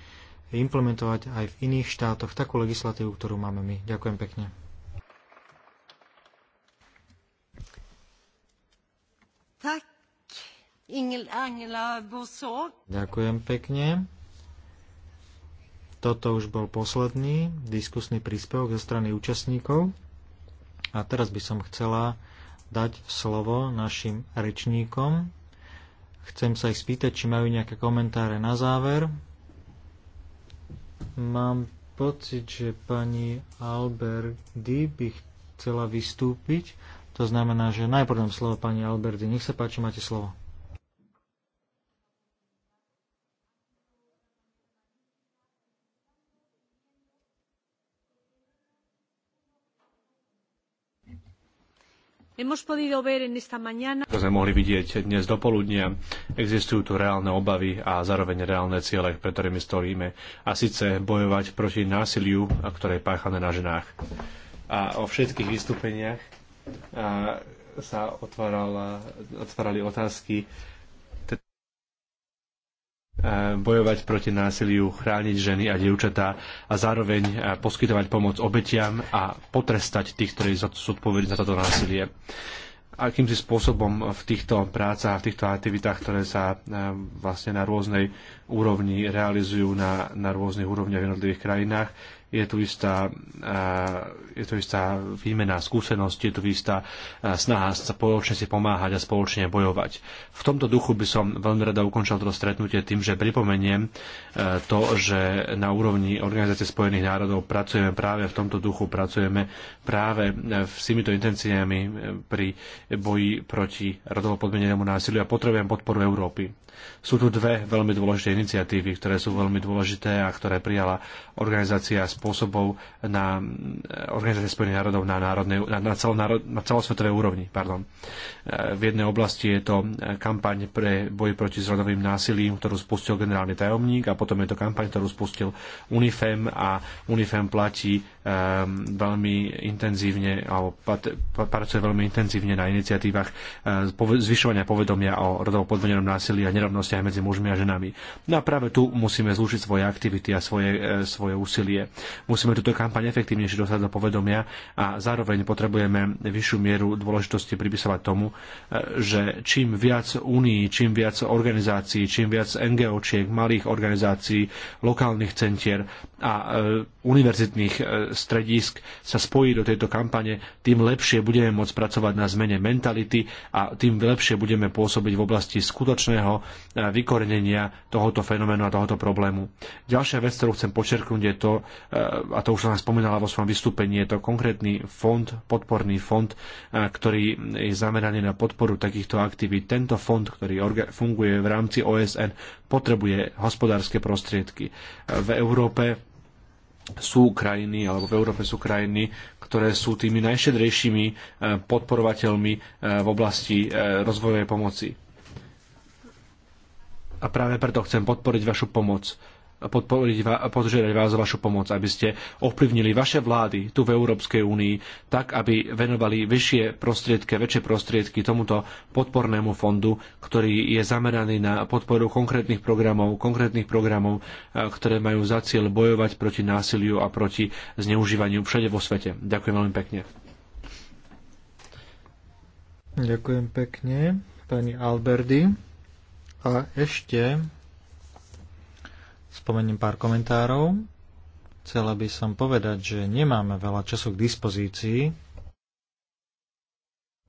implementovať aj v iných štátoch takú legislatívu, ktorú máme my. Ďakujem pekne. Ďakujem pekne. Toto už bol posledný diskusný príspevok zo strany účastníkov. A teraz by som chcela dať slovo našim rečníkom, Chcem sa ich spýtať, či majú nejaké komentáre na záver. Mám pocit, že pani Alberdy by chcela vystúpiť. To znamená, že najprv dám slovo pani Alberdy. Nech sa páči, máte slovo. Ako sme mohli vidieť dnes do poludnia, existujú tu reálne obavy a zároveň reálne ciele, pre ktorými stojíme. A síce bojovať proti násiliu, ktoré je páchané na ženách. A o všetkých vystúpeniach sa otvárali otázky bojovať proti násiliu, chrániť ženy a dievčatá a zároveň poskytovať pomoc obetiam a potrestať tých, ktorí sú odpovední za toto násilie. Akým si spôsobom v týchto prácach, v týchto aktivitách, ktoré sa e, vlastne na rôznej úrovni realizujú na, na rôznych úrovniach v jednotlivých krajinách, je tu istá, je tu istá výmena skúseností, je tu istá snaha sa spoločne si pomáhať a spoločne bojovať. V tomto duchu by som veľmi rada ukončil toto stretnutie tým, že pripomeniem to, že na úrovni Organizácie spojených národov pracujeme práve v tomto duchu, pracujeme práve e, s týmito intenciami e, pri boji proti rodovo podmienenému násiliu a potrebujem podporu Európy sú tu dve veľmi dôležité iniciatívy, ktoré sú veľmi dôležité a ktoré prijala organizácia spôsobov na Organizácia Spojených národov na, národnej, na, na, celonárod, na celosvetovej úrovni. Pardon. V jednej oblasti je to kampaň pre boj proti zrodovým násilím, ktorú spustil generálny tajomník a potom je to kampaň, ktorú spustil UNIFEM a UNIFEM platí Ehm, veľmi intenzívne alebo pracuje veľmi intenzívne na iniciatívach ehm, zvyšovania povedomia o rodovo podmenenom násilí a nerovnostiach medzi mužmi a ženami. No a práve tu musíme zlúčiť svoje aktivity a svoje, ehm, svoje úsilie. Musíme túto kampaň efektívnejšie dostať do povedomia a zároveň potrebujeme vyššiu mieru dôležitosti pripisovať tomu, že čím viac únií, čím viac organizácií, čím viac NGOčiek, malých organizácií, lokálnych centier a univerzitných stredísk sa spojí do tejto kampane, tým lepšie budeme môcť pracovať na zmene mentality a tým lepšie budeme pôsobiť v oblasti skutočného e, vykorenenia tohoto fenoménu a tohoto problému. Ďalšia vec, ktorú chcem počerknúť, je to, e, a to už som spomínala vo svojom vystúpení, je to konkrétny fond, podporný fond, e, ktorý je zameraný na podporu takýchto aktivít. Tento fond, ktorý funguje v rámci OSN, potrebuje hospodárske prostriedky. V Európe sú krajiny, alebo v Európe sú krajiny, ktoré sú tými najšedrejšími eh, podporovateľmi eh, v oblasti eh, rozvojovej pomoci. A práve preto chcem podporiť vašu pomoc podporiť, požiadať vás o vašu pomoc, aby ste ovplyvnili vaše vlády tu v Európskej únii tak, aby venovali vyššie prostriedky, väčšie prostriedky tomuto podpornému fondu, ktorý je zameraný na podporu konkrétnych programov, konkrétnych programov, e, ktoré majú za cieľ bojovať proti násiliu a proti zneužívaniu všade vo svete. Ďakujem veľmi pekne. Ďakujem pekne, pani Alberdy. A ešte spomeniem pár komentárov. Chcela by som povedať, že nemáme veľa času k dispozícii,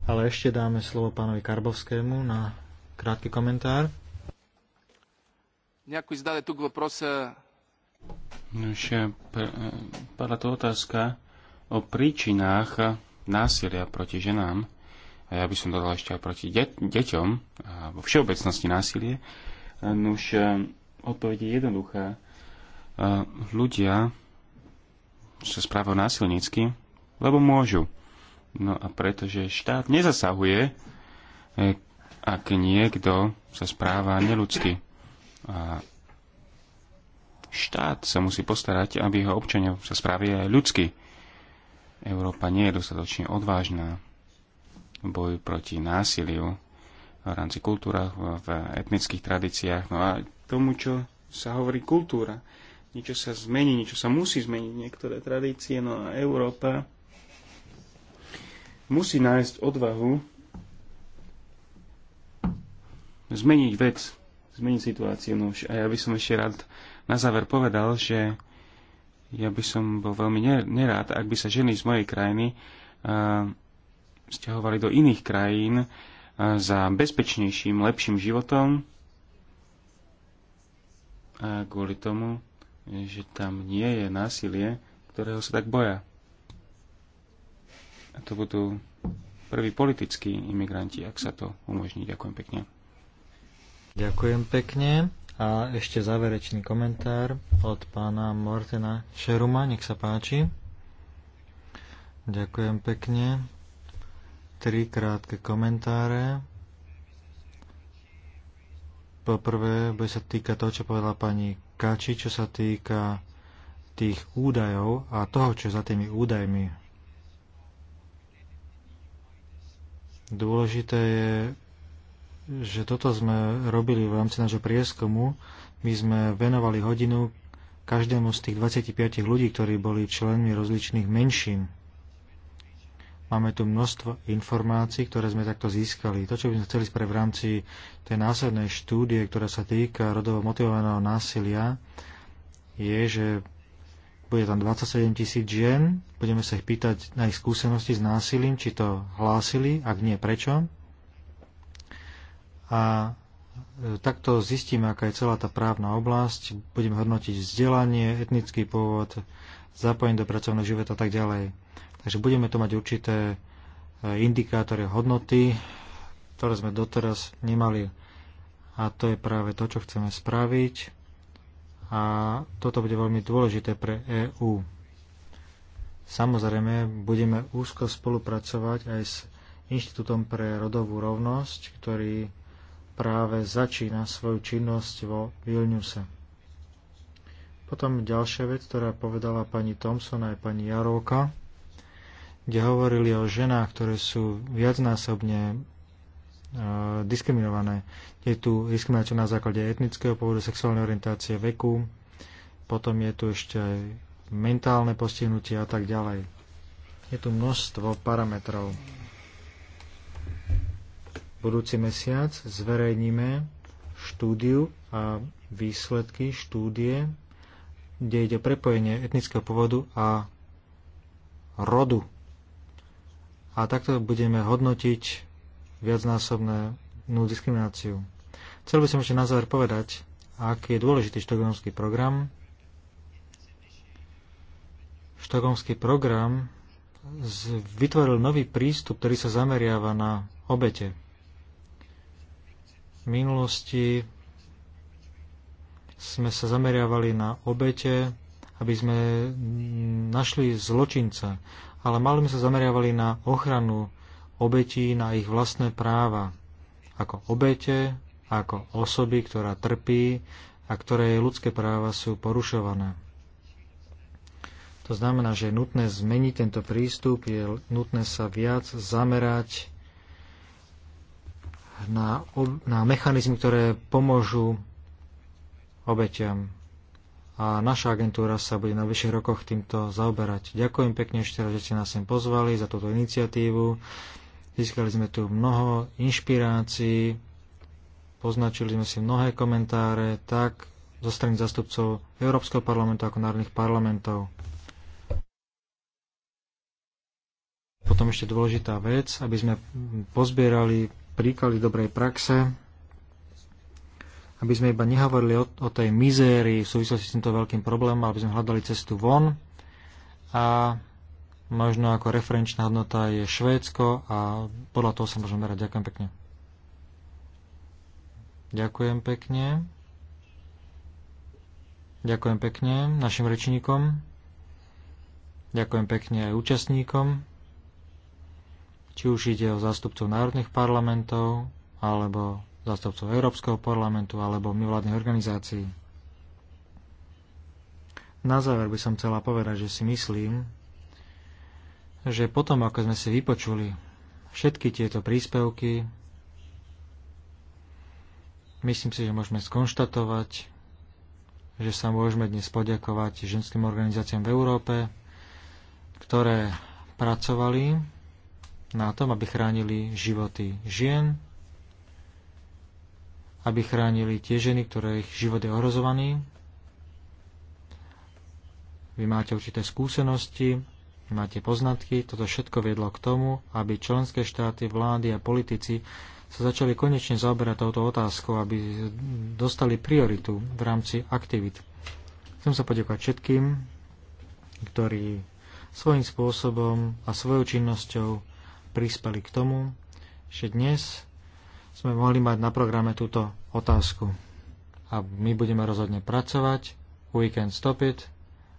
ale ešte dáme slovo pánovi Karbovskému na krátky komentár. Nejakú zdále tu e, prosa... Ešte padla tu otázka o príčinách násilia proti ženám, a ja by som dodal ešte aj proti de- deťom, a vo všeobecnosti násilie, e, Nuž, e, Odpoveď je jednoduchá. E, ľudia sa správajú násilnícky, lebo môžu. No a pretože štát nezasahuje, e, ak niekto sa správa neludsky. A štát sa musí postarať, aby jeho občania sa správili aj ľudsky. Európa nie je dostatočne odvážna v boji proti násiliu v rámci kultúrach, v etnických tradíciách. No a tomu, čo sa hovorí kultúra. Niečo sa zmení, niečo sa musí zmeniť, niektoré tradície, no a Európa musí nájsť odvahu zmeniť vec, zmeniť situáciu. No a ja by som ešte rád na záver povedal, že ja by som bol veľmi nerád, ak by sa ženy z mojej krajiny uh, stiahovali do iných krajín uh, za bezpečnejším, lepším životom, a kvôli tomu, že tam nie je násilie, ktorého sa tak boja. A to budú prví politickí imigranti, ak sa to umožní. Ďakujem pekne. Ďakujem pekne. A ešte záverečný komentár od pána Mortena Šeruma. Nech sa páči. Ďakujem pekne. Tri krátke komentáre. Poprvé bude sa týka toho, čo povedala pani Kači, čo sa týka tých údajov a toho, čo je za tými údajmi. Dôležité je, že toto sme robili v rámci nášho prieskumu. My sme venovali hodinu každému z tých 25 ľudí, ktorí boli členmi rozličných menšín. Máme tu množstvo informácií, ktoré sme takto získali. To, čo by sme chceli spraviť v rámci tej následnej štúdie, ktorá sa týka rodovo motivovaného násilia, je, že bude tam 27 tisíc žien, budeme sa ich pýtať na ich skúsenosti s násilím, či to hlásili, ak nie, prečo. A e, takto zistíme, aká je celá tá právna oblasť, budeme hodnotiť vzdelanie, etnický pôvod, zapojenie do pracovného života a tak ďalej. Takže budeme tu mať určité e, indikátory hodnoty, ktoré sme doteraz nemali. A to je práve to, čo chceme spraviť. A toto bude veľmi dôležité pre EÚ. Samozrejme, budeme úzko spolupracovať aj s Inštitútom pre rodovú rovnosť, ktorý práve začína svoju činnosť vo Vilniuse. Potom ďalšia vec, ktorá povedala pani Thompson aj pani Jarovka, kde hovorili o ženách, ktoré sú viacnásobne e, diskriminované. Je tu diskriminácia na základe etnického pôvodu, sexuálnej orientácie, veku, potom je tu ešte aj mentálne postihnutie a tak ďalej. Je tu množstvo parametrov. Budúci mesiac zverejníme štúdiu a výsledky štúdie, kde ide prepojenie etnického pôvodu a rodu a takto budeme hodnotiť nú diskrimináciu. Chcel by som ešte na záver povedať, aký je dôležitý štokholmský program. Štokholmský program vytvoril nový prístup, ktorý sa zameriava na obete. V minulosti sme sa zameriavali na obete, aby sme našli zločinca ale mali sme sa zameriavali na ochranu obetí, na ich vlastné práva ako obete, ako osoby, ktorá trpí a ktoré jej ľudské práva sú porušované. To znamená, že je nutné zmeniť tento prístup, je nutné sa viac zamerať na, na mechanizmy, ktoré pomôžu obetiam a naša agentúra sa bude na vyšších rokoch týmto zaoberať. Ďakujem pekne ešte raz, že ste nás sem pozvali za túto iniciatívu. Získali sme tu mnoho inšpirácií, poznačili sme si mnohé komentáre, tak zo strany zastupcov Európskeho parlamentu ako národných parlamentov. Potom ešte dôležitá vec, aby sme pozbierali príklady dobrej praxe aby sme iba nehovorili o, o tej mizérii v súvislosti s týmto veľkým problémom, aby sme hľadali cestu von. A možno ako referenčná hodnota je Švédsko a podľa toho sa môžeme merať. Ďakujem pekne. Ďakujem pekne. Ďakujem pekne našim rečníkom. Ďakujem pekne aj účastníkom, či už ide o zástupcov národných parlamentov alebo zástupcov Európskeho parlamentu alebo mimovládnych organizácií. Na záver by som chcela povedať, že si myslím, že potom, ako sme si vypočuli všetky tieto príspevky, myslím si, že môžeme skonštatovať, že sa môžeme dnes poďakovať ženským organizáciám v Európe, ktoré pracovali na tom, aby chránili životy žien aby chránili tie ženy, ktoré ich život je ohrozovaný. Vy máte určité skúsenosti, máte poznatky, toto všetko viedlo k tomu, aby členské štáty, vlády a politici sa začali konečne zaoberať touto otázkou, aby dostali prioritu v rámci aktivít. Chcem sa poďakovať všetkým, ktorí svojím spôsobom a svojou činnosťou prispeli k tomu, že dnes sme mohli mať na programe túto otázku. A my budeme rozhodne pracovať, we can stop it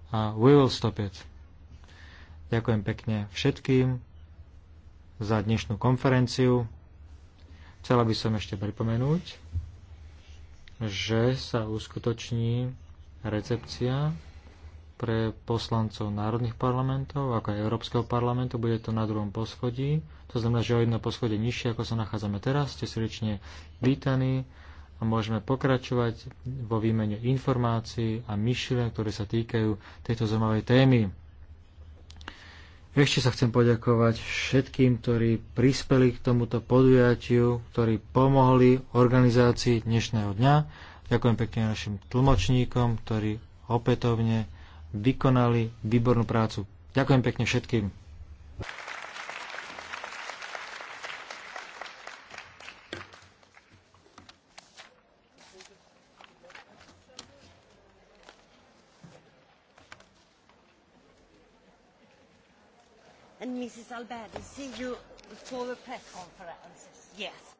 a we will stop it. Ďakujem pekne všetkým za dnešnú konferenciu. Chcela by som ešte pripomenúť, že sa uskutoční recepcia pre poslancov národných parlamentov, ako aj Európskeho parlamentu, bude to na druhom poschodí. To znamená, že o jedno poschodie nižšie, ako sa nachádzame teraz. Ste srdečne vítaní a môžeme pokračovať vo výmene informácií a myšlien, ktoré sa týkajú tejto zaujímavej témy. Ešte sa chcem poďakovať všetkým, ktorí prispeli k tomuto podujatiu, ktorí pomohli organizácii dnešného dňa. Ďakujem pekne našim tlmočníkom, ktorí opätovne vykonali výbornú prácu. Ďakujem pekne všetkým. And Mrs. Alberti, see you for the press conference. Yes.